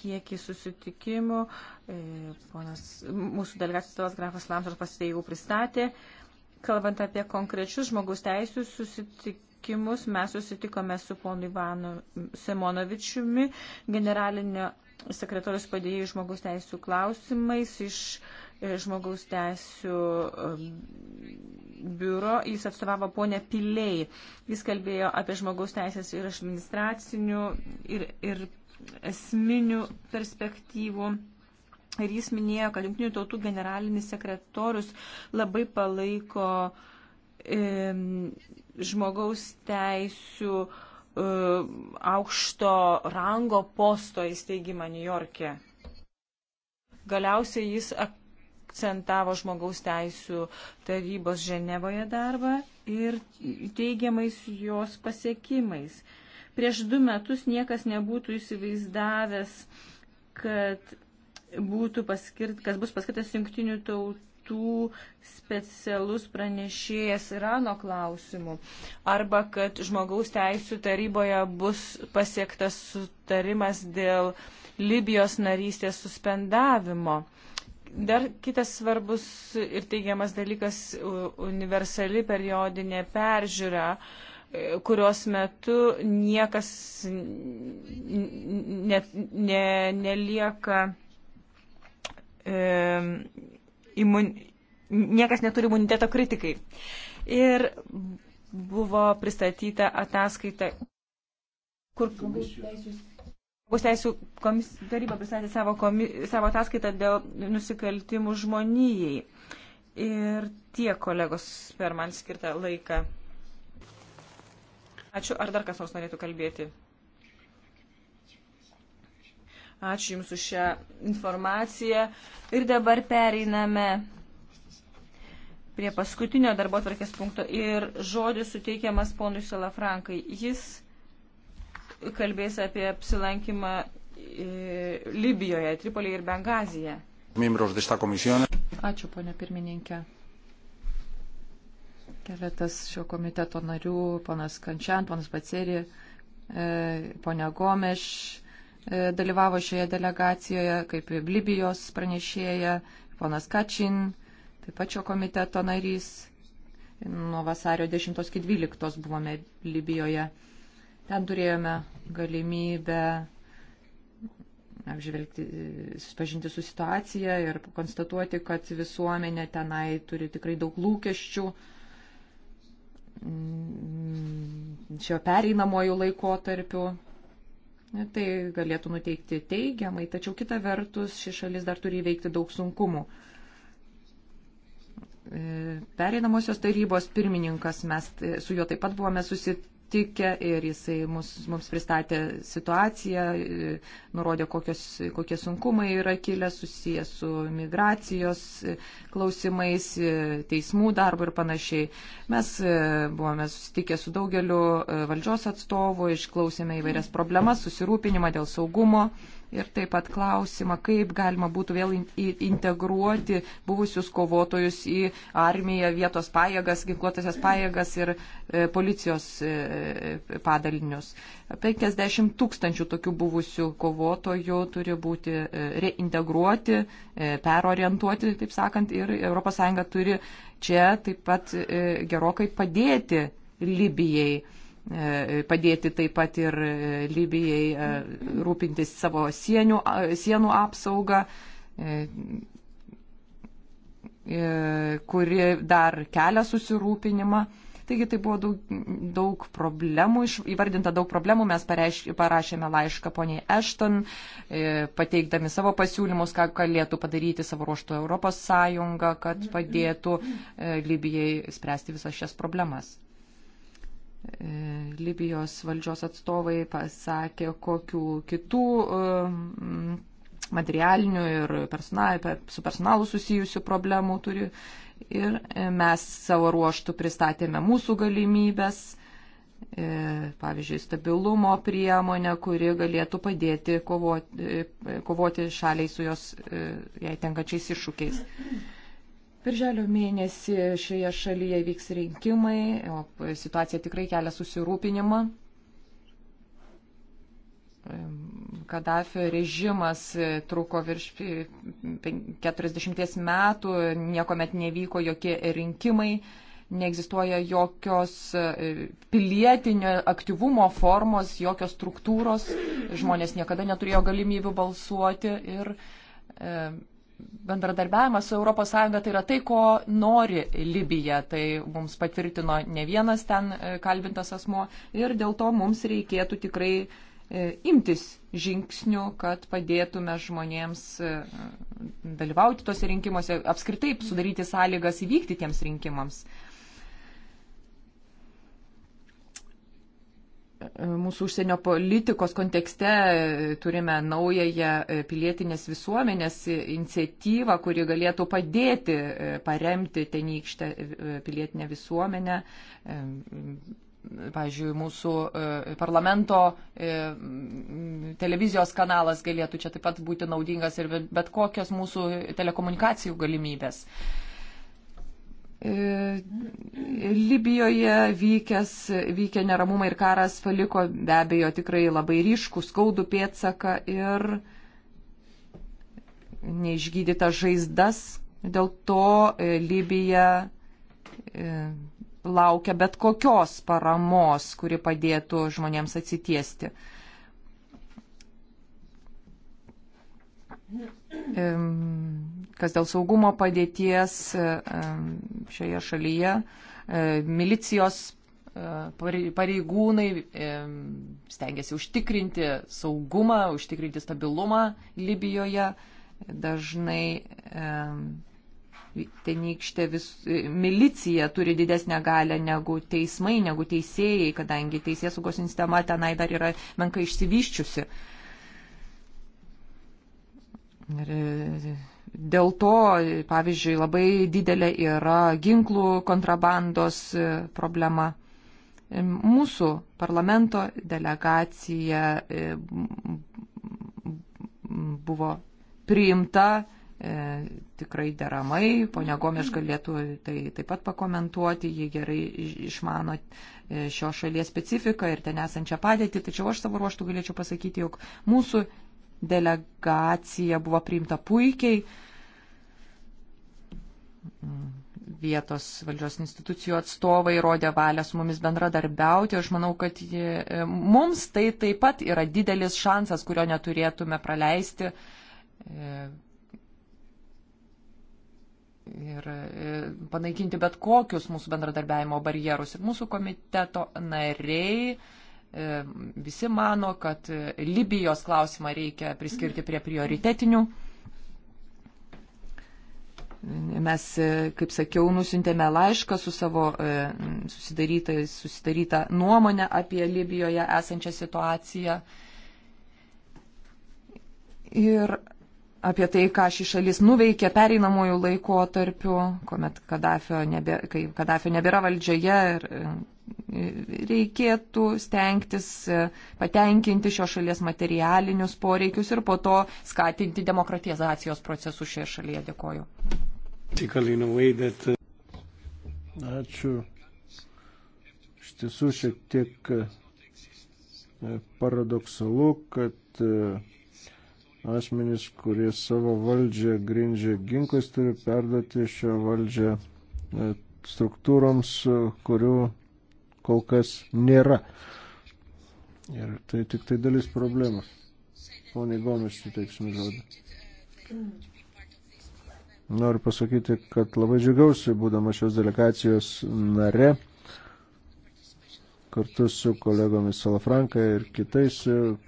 kiekį susitikimų. E, ponas, mūsų delegacijos grafas Lamsas pasiteigų pristatė. Kalbant apie konkrečius žmogus teisų susitik, rinkimus mes susitikome su ponu Ivanu Semonovičiumi, generalinio sekretorius padėjėjai žmogaus teisų klausimais iš e, žmogaus teisų e, biuro. Jis atstovavo ponę Piliai. Jis kalbėjo apie žmogaus teisės ir administracinių, ir, ir esminių perspektyvų. Ir jis minėjo, kad Junktinių tautų generalinis sekretorius labai palaiko e, žmogaus teisų e, aukšto rango posto įsteigimą New York'e. Galiausiai jis akcentavo žmogaus teisų tarybos Ženevoje darbą ir teigiamais jos pasiekimais. Prieš du metus niekas nebūtų įsivaizdavęs, kad būtų paskirt, kas bus paskirtas jungtinių tautų pietų specialus pranešėjas Irano klausimų, arba kad žmogaus teisų taryboje bus pasiektas sutarimas dėl Libijos narystės suspendavimo. Dar kitas svarbus ir teigiamas dalykas - universali periodinė peržiūra e, kurios metu niekas ne, ne, nelieka e, imun... niekas neturi imuniteto kritikai. Ir buvo pristatyta ataskaita, kur Žmogaus teisų komis, taryba pristatė savo, komi, savo ataskaitą dėl nusikaltimų žmonijai. Ir tie kolegos per man skirtą laiką. Ačiū. Ar dar kas nors norėtų kalbėti? Ačiū Jums už šią informaciją. Ir dabar pereiname prie paskutinio darbo tvarkės punkto. Ir žodis suteikiamas ponui Salafrankai. Jis kalbės apie apsilankimą e, Libijoje, Tripolėje ir Bengazijoje. Ačiū, ponė pirmininkė. Keletas šio komiteto narių, ponas Kančian, ponas Paceri, e, ponia Gomeš E, dalyvavo šioje delegacijoje, kaip Libijos pranešėja, ponas Kačin, taip pat šio komiteto narys. Nuo vasario 10 iki 12 buvome Libijoje. Ten turėjome galimybę apžvelgti, susipažinti su situacija ir konstatuoti, kad visuomenė tenai turi tikrai daug lūkesčių mm, šio pereinamojų laikotarpių Tai galėtų nuteikti teigiamai, tačiau kita vertus ši šalis dar turi įveikti daug sunkumų. E, Pereinamosios tarybos pirmininkas, mes e, su juo taip pat buvome susitikti susitikę ir jisai mus, mums pristatė situaciją, e, nurodė, kokios, kokie sunkumai yra kilę susiję su migracijos e, klausimais, e, teismų darbu ir panašiai. Mes buvome susitikę su daugeliu valdžios atstovų, išklausėme įvairias problemas, susirūpinimą dėl saugumo ir taip pat klausimą, kaip galima būtų vėl integruoti buvusius kovotojus į armiją, vietos pajėgas, ginkluotasias pajėgas ir e, policijos e, e padalinius. 50 tūkstančių tokių buvusių kovotojų turi būti e, reintegruoti, e, perorientuoti, taip sakant, ir ES turi čia taip pat e, gerokai padėti Libijai E, padėti taip pat ir e, Libijai e, rūpintis savo sienių, sienų apsaugą, kuri dar kelia susirūpinimą. Taigi tai buvo daug, daug problemų, įvardinta daug problemų, mes pareiš, parašėme laišką poniai Ešton, pateikdami savo pasiūlymus, ką galėtų padaryti savo ruoštų Europos Sąjunga, kad padėtų Libijai spręsti visas šias problemas. E, Libijos valdžios atstovai pasakė, kokių kitų e, materialinių ir personal, su personalu susijusių problemų turi. Ir mes savo ruoštų pristatėme mūsų galimybės, e, pavyzdžiui, stabilumo priemonę, kuri galėtų padėti kovoti, kovoti šaliai su jos jai tenkačiais iššūkiais. Birželio mėnesį šioje šalyje vyks rinkimai, o situacija tikrai kelia susirūpinimą. Kadafio režimas truko virš 40 metų, niekuomet nevyko jokie rinkimai, neegzistuoja jokios e, pilietinio aktyvumo formos, jokios struktūros, žmonės niekada neturėjo galimybių balsuoti ir bendradarbiavimas su ES tai yra tai, ko nori Libija. Tai mums patvirtino ne vienas ten e, kalbintas asmo ir dėl to mums reikėtų tikrai e, imtis žingsnių, kad padėtume žmonėms e, dalyvauti tose rinkimuose, apskritai sudaryti sąlygas įvykti tiems rinkimams. mūsų užsienio politikos kontekste e, turime naująją e, pilietinės visuomenės iniciatyvą, kuri galėtų padėti e, paremti tenykštę pilietinę visuomenę. Pavyzdžiui, mūsų parlamento televizijos kanalas galėtų čia taip pat būti naudingas ir bet kokios mūsų telekomunikacijų galimybės. E, Libijoje vykęs, vykę neramumai ir karas paliko be abejo tikrai labai ryškų, skaudų pėtsaką ir neišgydytas žaizdas. Dėl to e, Libija e, laukia bet kokios paramos, kuri padėtų žmonėms atsitiesti. Um, kas dėl saugumo padėties e, e, šioje šalyje, e, milicijos pareigūnai stengiasi užtikrinti saugumą, užtikrinti stabilumą Libijoje. Dažnai tenykštė vis, milicija turi didesnę galę negu teismai, negu teisėjai, kadangi teisės saugos sistema tenai dar yra menkai išsivyščiusi. Ir Dėl to, pavyzdžiui, labai didelė yra ginklų kontrabandos e, problema. E, mūsų parlamento delegacija e, buvo priimta tikrai deramai. Pone Gomeš galėtų tai taip pat pakomentuoti, jie gerai išmano šios šalies specifiką ir ten esančią padėtį. Tačiau aš savo ruoštų galėčiau pasakyti, jog mūsų delegacija buvo priimta puikiai. Vietos valdžios institucijų atstovai rodė valią su mumis bendradarbiauti. Aš manau, kad e, mums tai taip pat yra didelis šansas, kurio neturėtume praleisti. E, ir e, panaikinti bet kokius mūsų bendradarbiavimo barjerus. Ir mūsų komiteto nariai E, visi mano, kad Libijos klausimą reikia priskirti prie prioritetinių. Mes, kaip sakiau, nusintėme laišką su savo e, susidarytą nuomonę apie Libijoje esančią situaciją. Ir apie tai, ką ši šalis nuveikė pereinamųjų laikotarpių, kuomet Kadafio, nebe, kai Kadafio nebėra valdžioje ir reikėtų stengtis e, patenkinti šios šalies materialinius poreikius ir po to skatinti demokratizacijos procesus šioje šalyje. Dėkoju. Uh, ačiū. Iš tiesų šiek tiek uh, paradoksalu, kad uh, asmenys, kurie savo valdžią grindžia ginklais, turi perduoti šią valdžią struktūroms, kurių kol kas nėra. Ir tai tik tai dalis problemos. Pone Gomes, suteiksime žodį. Noriu pasakyti, kad labai džiaugiausi, būdama šios delegacijos nare, kartu su kolegomis Salafranka ir kitais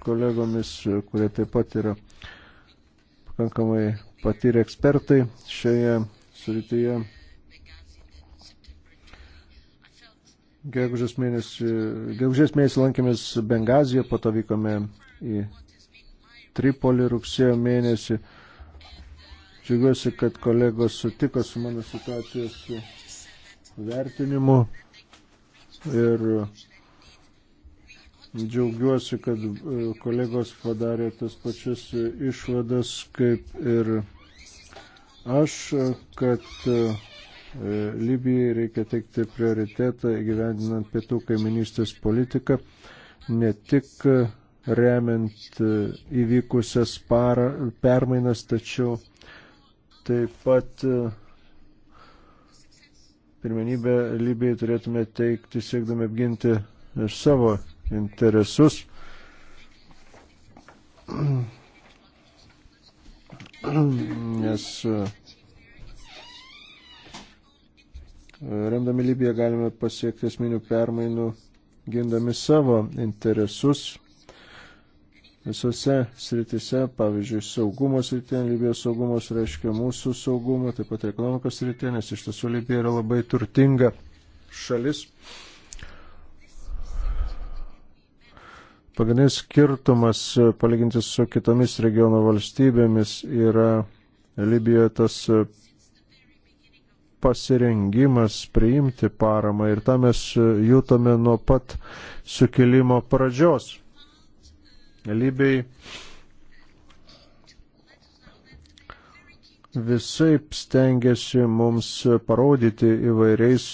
kolegomis, kurie taip pat yra pakankamai patyrę ekspertai šioje srityje. Gegužės mėnesį, gegužės mėnesį lankėmės Bengazijoje, po to vykome į Tripolį rugsėjo mėnesį. Džiaugiuosi, kad kolegos sutiko su mano situacijos vertinimu ir džiaugiuosi, kad e, kolegos padarė tas pačias išvadas kaip ir aš, kad e, E, Libijai reikia teikti prioritetą įgyvendinant pietų kaiminystės politiką, ne tik e, remiant e, įvykusias para, permainas, tačiau taip pat pirmenybę Libijai turėtume teikti siekdami apginti savo interesus. Nes uh, Remdami Libiją galime pasiekti esminių permainų, gindami savo interesus visose sritise, pavyzdžiui, saugumo srityje, Libijos saugumos reiškia mūsų saugumą, taip pat ekonomikos srityje, nes iš tiesų Libija yra labai turtinga šalis. Pagrindinis skirtumas palyginti su kitomis regiono valstybėmis yra Libijoje tas pasirengimas priimti paramą ir tą mes jūtame nuo pat sukilimo pradžios. Libijai visai stengiasi mums parodyti įvairiais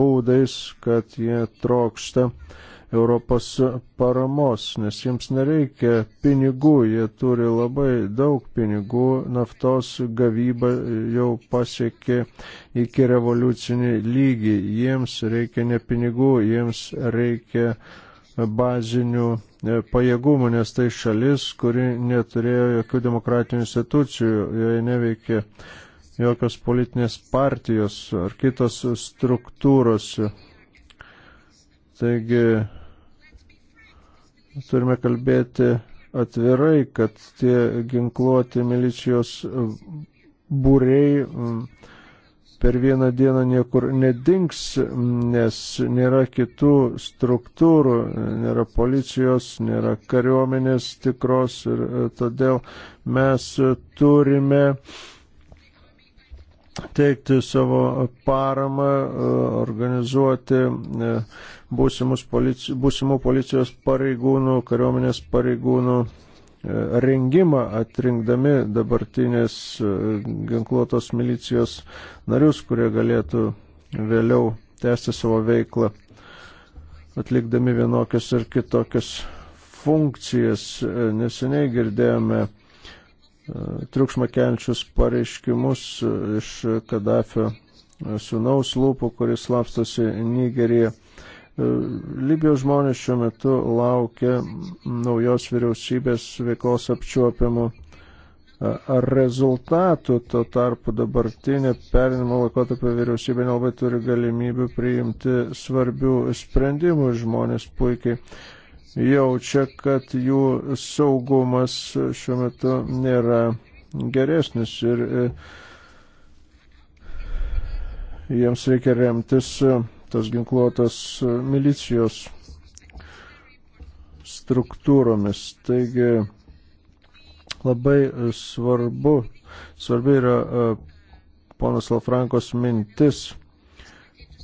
būdais, kad jie trokšta uh, Europos paramos, nes jiems nereikia pinigų, jie turi labai daug pinigų, naftos gavyba jau pasiekė iki revoliucinį lygį, jiems reikia ne pinigų, jiems reikia bazinių e, pajėgumų, nes tai šalis, kuri neturėjo jokių demokratinių institucijų, joje neveikė jokios politinės partijos ar kitos struktūros. Taigi turime kalbėti atvirai, kad tie ginkluoti milicijos būrei mm, per vieną dieną niekur nedings, mm, nes nėra kitų struktūrų, nėra policijos, nėra kariuomenės tikros ir e, todėl mes turime uh, teikti savo paramą, e, organizuoti e, polici, būsimų policijos pareigūnų, kariuomenės pareigūnų e, rengimą atrinkdami dabartinės ginkluotos milicijos narius, kurie galėtų vėliau tęsti savo veiklą, atlikdami vienokias ir kitokias funkcijas. Neseniai girdėjome E, triukšmą keliančius pareiškimus iš Kadafio sūnaus lūpų, kuris slapstosi Nigerija. E, Libijos žmonės šiuo metu laukia naujos vyriausybės veiklos apčiuopiamų e, rezultatų, tuo tarpu dabartinė perinimo laikotarpio vyriausybė nelabai turi galimybių priimti svarbių sprendimų, žmonės puikiai jaučia, kad jų saugumas šiuo metu nėra geresnis ir e, jiems reikia remtis e, tas ginkluotas e, milicijos struktūromis. Taigi labai svarbu, svarbi yra ponas Lafrankos mintis,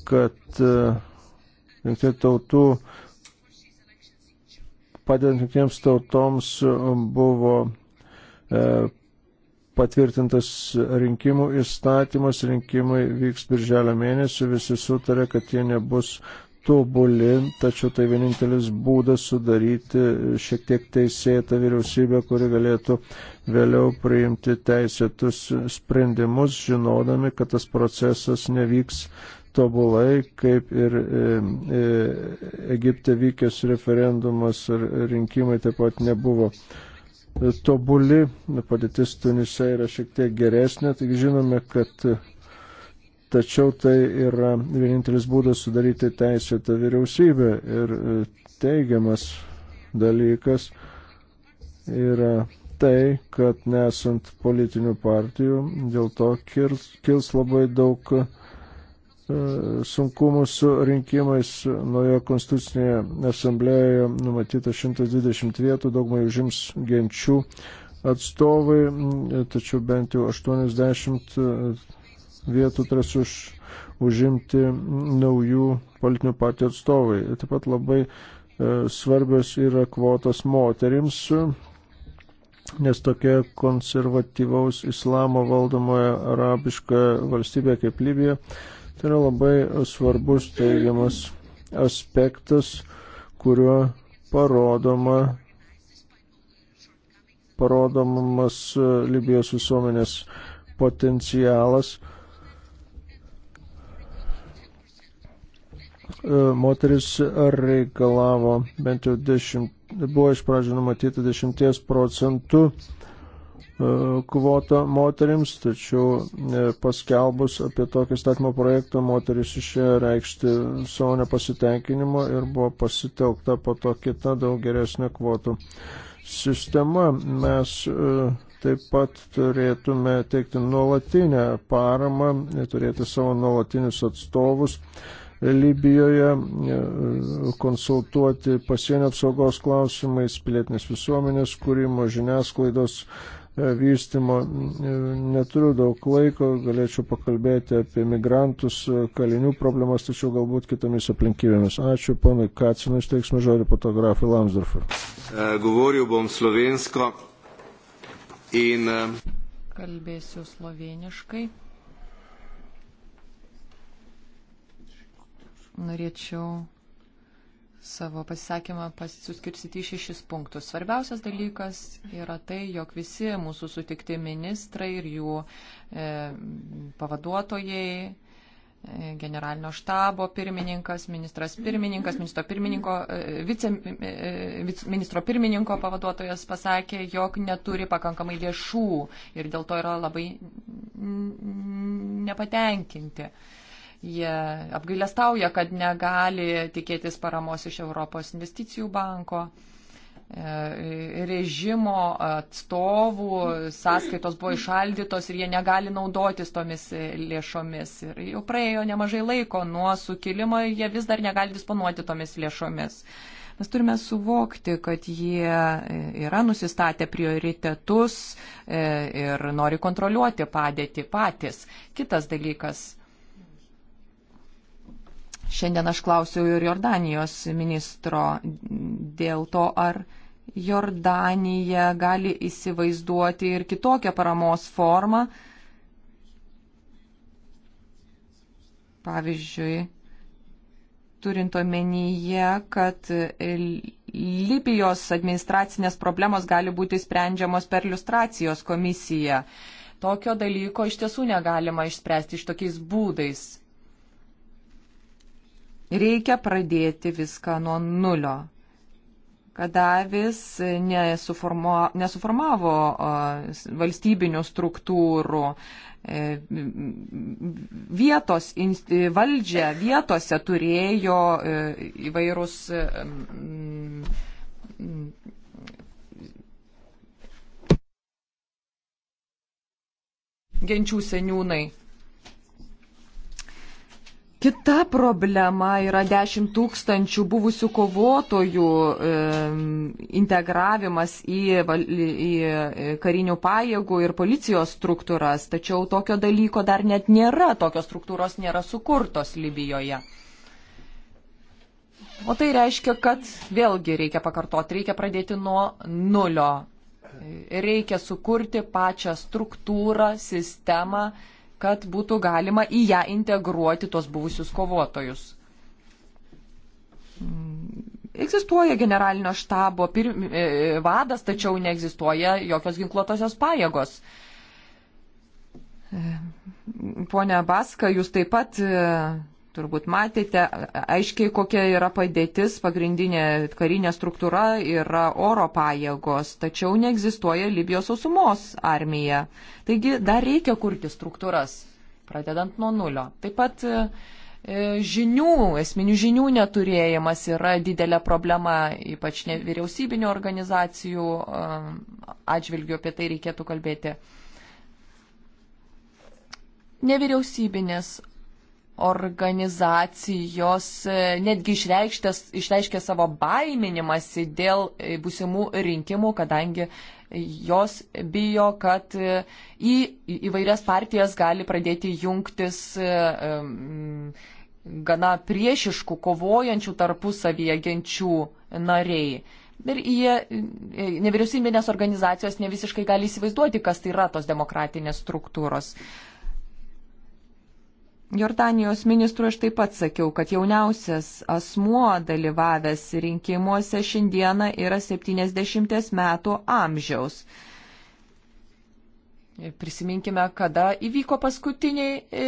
kad jungtinių tautų padedant jungtinėms tautoms um, buvo e, patvirtintas rinkimų įstatymas, rinkimai vyks birželio mėnesį, visi sutarė, kad jie nebus tobuli, tačiau tai vienintelis būdas sudaryti šiek tiek teisėtą vyriausybę, kuri galėtų vėliau priimti teisėtus sprendimus, žinodami, kad tas procesas nevyks tobulai, kaip ir e, e, Egipte vykęs referendumas ir rinkimai taip pat nebuvo tobuli, padėtis Tunise yra šiek tiek geresnė, tik žinome, kad tačiau tai yra vienintelis būdas sudaryti teisėtą vyriausybę ir e, teigiamas dalykas yra tai, kad nesant politinių partijų, dėl to kils, kils labai daug sunkumų su rinkimais naujo konstitucinėje asamblėje numatyta 120 vietų, daugumai užims genčių atstovai, tačiau bent jau 80 e, vietų turės už, užimti naujų politinių partijų atstovai. Taip pat labai e, svarbios yra kvotos moterims, nes tokia konservatyvaus islamo valdomoje arabiška valstybė kaip Libija Tai yra labai svarbus teigiamas aspektas, kuriuo parodoma, parodomas Libijos visuomenės potencialas. Moteris reikalavo bent jau 10, buvo iš pradžių numatyta 10 procentų E, kvotą moteriams, tačiau e, paskelbus apie tokį statymo projektą moteris išėjo reikšti savo nepasitenkinimo ir buvo pasitelkta po to kita daug geresnė kvotų sistema. Mes e, taip pat turėtume teikti nuolatinę paramą, turėti savo nuolatinius atstovus Libijoje, konsultuoti pasienio apsaugos klausimais, pilietinės visuomenės kūrimo, žiniasklaidos E, vystimo. E, neturiu daug laiko, galėčiau pakalbėti apie migrantus, e, kalinių problemas, tačiau galbūt kitomis aplinkybėmis. Ačiū, ponai Kacinui, steiksime žodį fotografui Lamsdorfui. Govoriu bom slovensko. In... Kalbėsiu sloveniškai. Norėčiau savo pasisakymą suskirstyti į šešis punktus. Svarbiausias dalykas yra tai, jog visi mūsų sutikti ministrai ir jų e, pavaduotojai, e, generalinio štabo pirmininkas, ministras pirmininkas, ministro pirmininko, e, vice, e, vice, ministro pirmininko pavaduotojas pasakė, jog neturi pakankamai lėšų ir dėl to yra labai nepatenkinti. E, Jie apgailestauja, kad negali tikėtis paramos iš Europos investicijų banko e, režimo atstovų sąskaitos buvo išaldytos ir jie negali naudotis tomis lėšomis. Ir jau praėjo nemažai laiko nuo sukilimo ir jie vis dar negali disponuoti tomis lėšomis. Mes turime suvokti, kad jie e, yra nusistatę prioritetus e, ir nori kontroliuoti padėtį patys. Kitas dalykas Šiandien aš klausiau ir Jordanijos ministro dėl to, ar Jordanija gali įsivaizduoti ir kitokią paramos formą. Pavyzdžiui, turint omenyje, kad Libijos administracinės problemos gali būti sprendžiamos per iliustracijos komisiją. Tokio dalyko iš tiesų negalima išspręsti iš tokiais būdais. Reikia pradėti viską nuo nulio. Kadavis nesuformo, nesuformavo valstybinių struktūrų, e, vietos valdžią vietose turėjo e, įvairūs e, genčių seniūnai. Kita problema yra 10 tūkstančių buvusių kovotojų e, integravimas į, į karinių pajėgų ir policijos struktūras, tačiau tokio dalyko dar net nėra, tokios struktūros nėra sukurtos Libijoje. O tai reiškia, kad vėlgi reikia pakartoti, reikia pradėti nuo nulio. Reikia sukurti pačią struktūrą, sistemą kad būtų galima į ją integruoti tos buvusius kovotojus. Mm, egzistuoja generalinio štabo pir... E, vadas, tačiau neegzistuoja jokios ginkluotosios pajėgos. E, Pone Baska, jūs taip pat e, Turbūt matėte aiškiai, kokia yra padėtis, pagrindinė karinė struktūra yra oro pajėgos, tačiau neegzistuoja Libijos sausumos armija. Taigi dar reikia kurti struktūras, pradedant nuo nulio. Taip pat e, žinių, esminių žinių neturėjimas yra didelė problema, ypač nevyriausybinio organizacijų e, atžvilgiu apie tai reikėtų kalbėti. Nevyriausybinės organizacijos e, netgi išreiškė savo baiminimąsi dėl e, būsimų rinkimų, kadangi jos bijo, kad e, į įvairias partijas gali pradėti jungtis gana priešiškų, kovojančių tarpusavį agenčių nariai. Ir jie, nevyriausybinės organizacijos, ne visiškai gali įsivaizduoti, kas tai yra tos demokratinės struktūros. Uh, Jordanijos ministrui aš taip pat sakiau, kad jauniausias asmuo dalyvavęs rinkimuose šiandieną yra 70 metų amžiaus. Ir prisiminkime, kada įvyko paskutiniai e,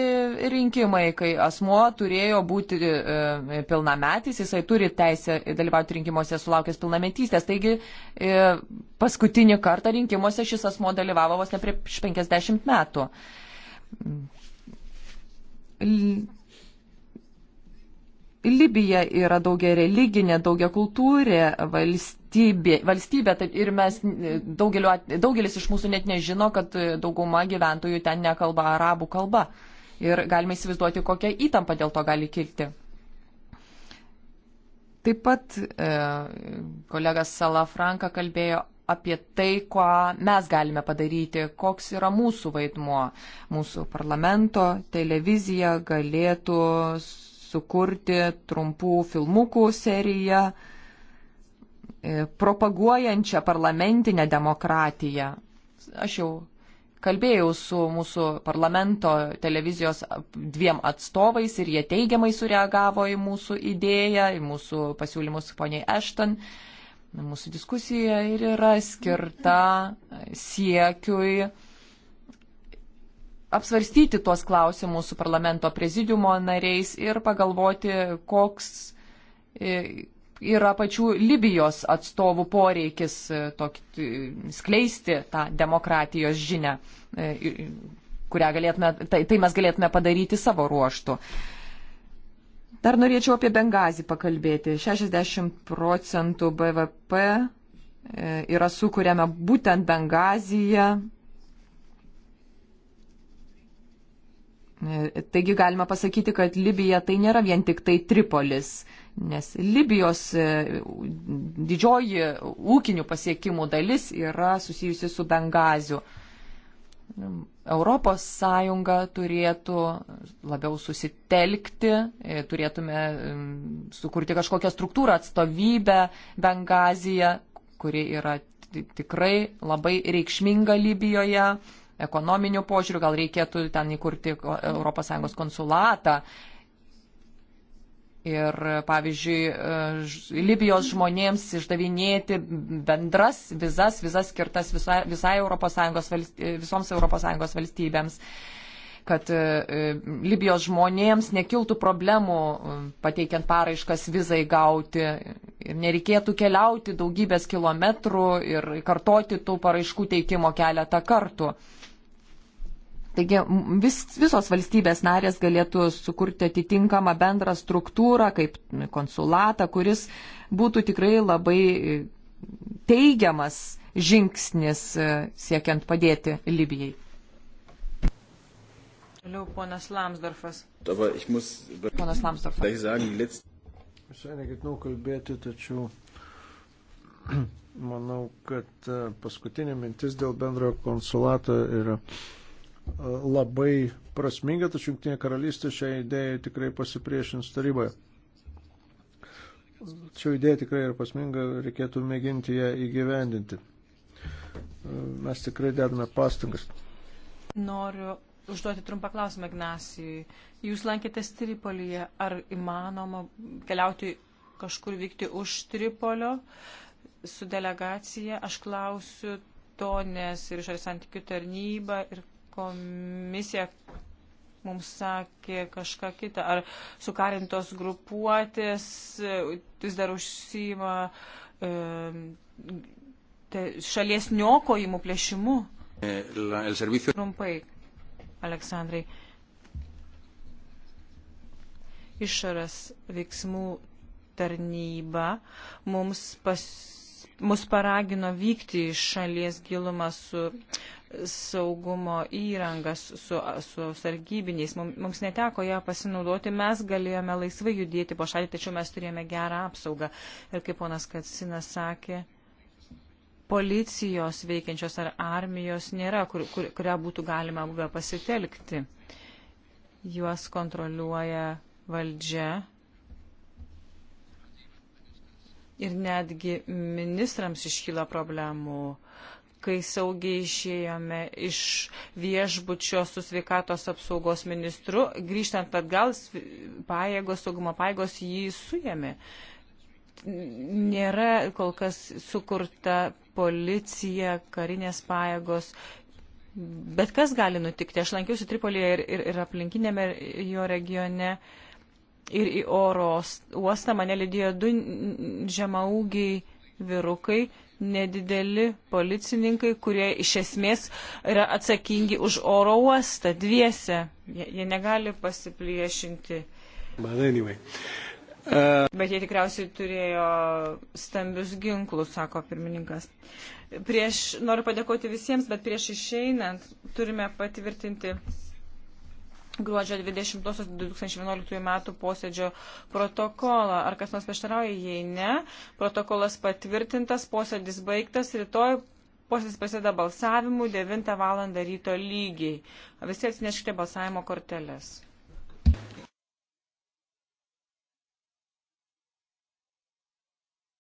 rinkimai, kai asmuo turėjo būti e, pilnametis, jisai turi teisę dalyvauti rinkimuose sulaukęs pilnametystės. Taigi e, paskutinį kartą rinkimuose šis asmuo dalyvavo vos ne prieš 50 metų. Libija yra daugia religinė, daugia kultūrė valstybė, valstybė taip, ir mes e, daugeliu, daugelis iš mūsų net nežino, kad e, dauguma gyventojų ten nekalba arabų kalba. Ir galime įsivaizduoti, kokia įtampa dėl to gali kilti. Taip pat e, kolegas Salafranka kalbėjo apie tai, ką mes galime padaryti, koks yra mūsų vaidmuo. Mūsų parlamento televizija galėtų sukurti trumpų filmukų seriją e, propaguojančią parlamentinę demokratiją. Aš jau kalbėjau su mūsų parlamento televizijos dviem atstovais ir jie teigiamai sureagavo į mūsų idėją, į mūsų pasiūlymus poniai Ešton. Uh, Mūsų diskusija ir yra skirta siekiui apsvarstyti tuos klausimus su parlamento prezidiumo nariais ir pagalvoti, koks e, yra pačių Libijos atstovų poreikis e, tokį, e, skleisti tą demokratijos žinę, kurią galėtume, tai, tai mes galėtume padaryti savo ruoštų. Uh, Dar norėčiau apie Bengazį pakalbėti. 60 procentų BVP e, yra sukūrėme būtent Bengaziją. E, taigi galima pasakyti, kad Libija tai nėra vien tik tai Tripolis, nes Libijos e, didžioji ūkinių pasiekimų dalis yra susijusi su Bengaziu. Europos Sąjunga turėtų labiau susitelkti, e, turėtume sukurti kažkokią struktūrą, atstovybę Bengaziją, kuri yra tikrai labai reikšminga Libijoje ekonominių požiūrių, gal reikėtų ten įkurti ES konsulatą Ir, pavyzdžiui, e, Libijos žmonėms išdavinėti bendras vizas, vizas skirtas visai, visai Europos valsty, e, visoms ES valstybėms, kad e, Libijos žmonėms nekiltų problemų pateikiant paraiškas vizai gauti ir nereikėtų keliauti daugybės kilometrų ir kartoti tų paraiškų teikimo keletą kartų. Taigi vis, visos valstybės narės galėtų sukurti atitinkamą bendrą struktūrą, kaip konsulatą, kuris būtų tikrai labai e, teigiamas žingsnis e, siekiant padėti Libijai. Toliau ponas Lamsdorfas. Ponas Lamsdorfas. Visai neketinau kalbėti, tačiau manau, kad e, paskutinė mintis dėl bendrojo konsulato yra. Ir labai prasminga, tačiau Junktinė karalystė šią idėją tikrai pasipriešins taryboje. Čia idėja tikrai yra prasminga, reikėtų mėginti ją įgyvendinti. Mes tikrai dedame pastangas. Noriu užduoti trumpą klausimą Ignacijui. Jūs lankėtės Tripolyje, ar įmanoma keliauti kažkur vykti už Tripolio su delegacija? Aš klausiu to, nes ir išorės santykių tarnyba, ir komisija mums sakė kažką kitą. Ar sukarintos grupuotės, jis dar užsima e, te, šalies niokojimų plėšimu? E, la, servicio... Trumpai, Aleksandrai. Išaras veiksmų tarnyba mums pas, mus paragino vykti iš šalies gilumą su saugumo įrangas su, su sargybiniais. Mums neteko ją pasinaudoti, mes galėjome laisvai judėti po šalį, tačiau mes turėjome gerą apsaugą. Ir kaip ponas Katsinas sakė, policijos veikiančios ar armijos nėra, kur, kur, kurią būtų galima buvę pasitelkti. Juos kontroliuoja valdžia, ir netgi ministrams iškyla problemų kai saugiai išėjome iš viešbučio su sveikatos apsaugos ministru, grįžtant atgal, pajėgos, saugumo pajėgos jį suėmė. Nėra kol kas sukurta policija, karinės pajėgos. Bet kas gali nutikti? Aš lankiausi Tripolėje ir, ir, ir aplinkinėme jo regione ir į oro uostą mane lydėjo du žemaūgiai vyrukai nedideli policininkai, kurie iš esmės yra atsakingi už oro uostą dviese. Jie, jie negali pasipriešinti. But anyway. uh... Bet jie tikriausiai turėjo stambius ginklus, sako pirmininkas. Prieš, noriu padėkoti visiems, bet prieš išeinant turime patvirtinti gruodžio 20.2011 metų posėdžio protokolą. Ar kas nors prieštarauja, jei ne, protokolas patvirtintas, posėdis baigtas, rytoj posėdis prasideda balsavimu 9 val. ryto lygiai. Visi atsineškite balsavimo korteles.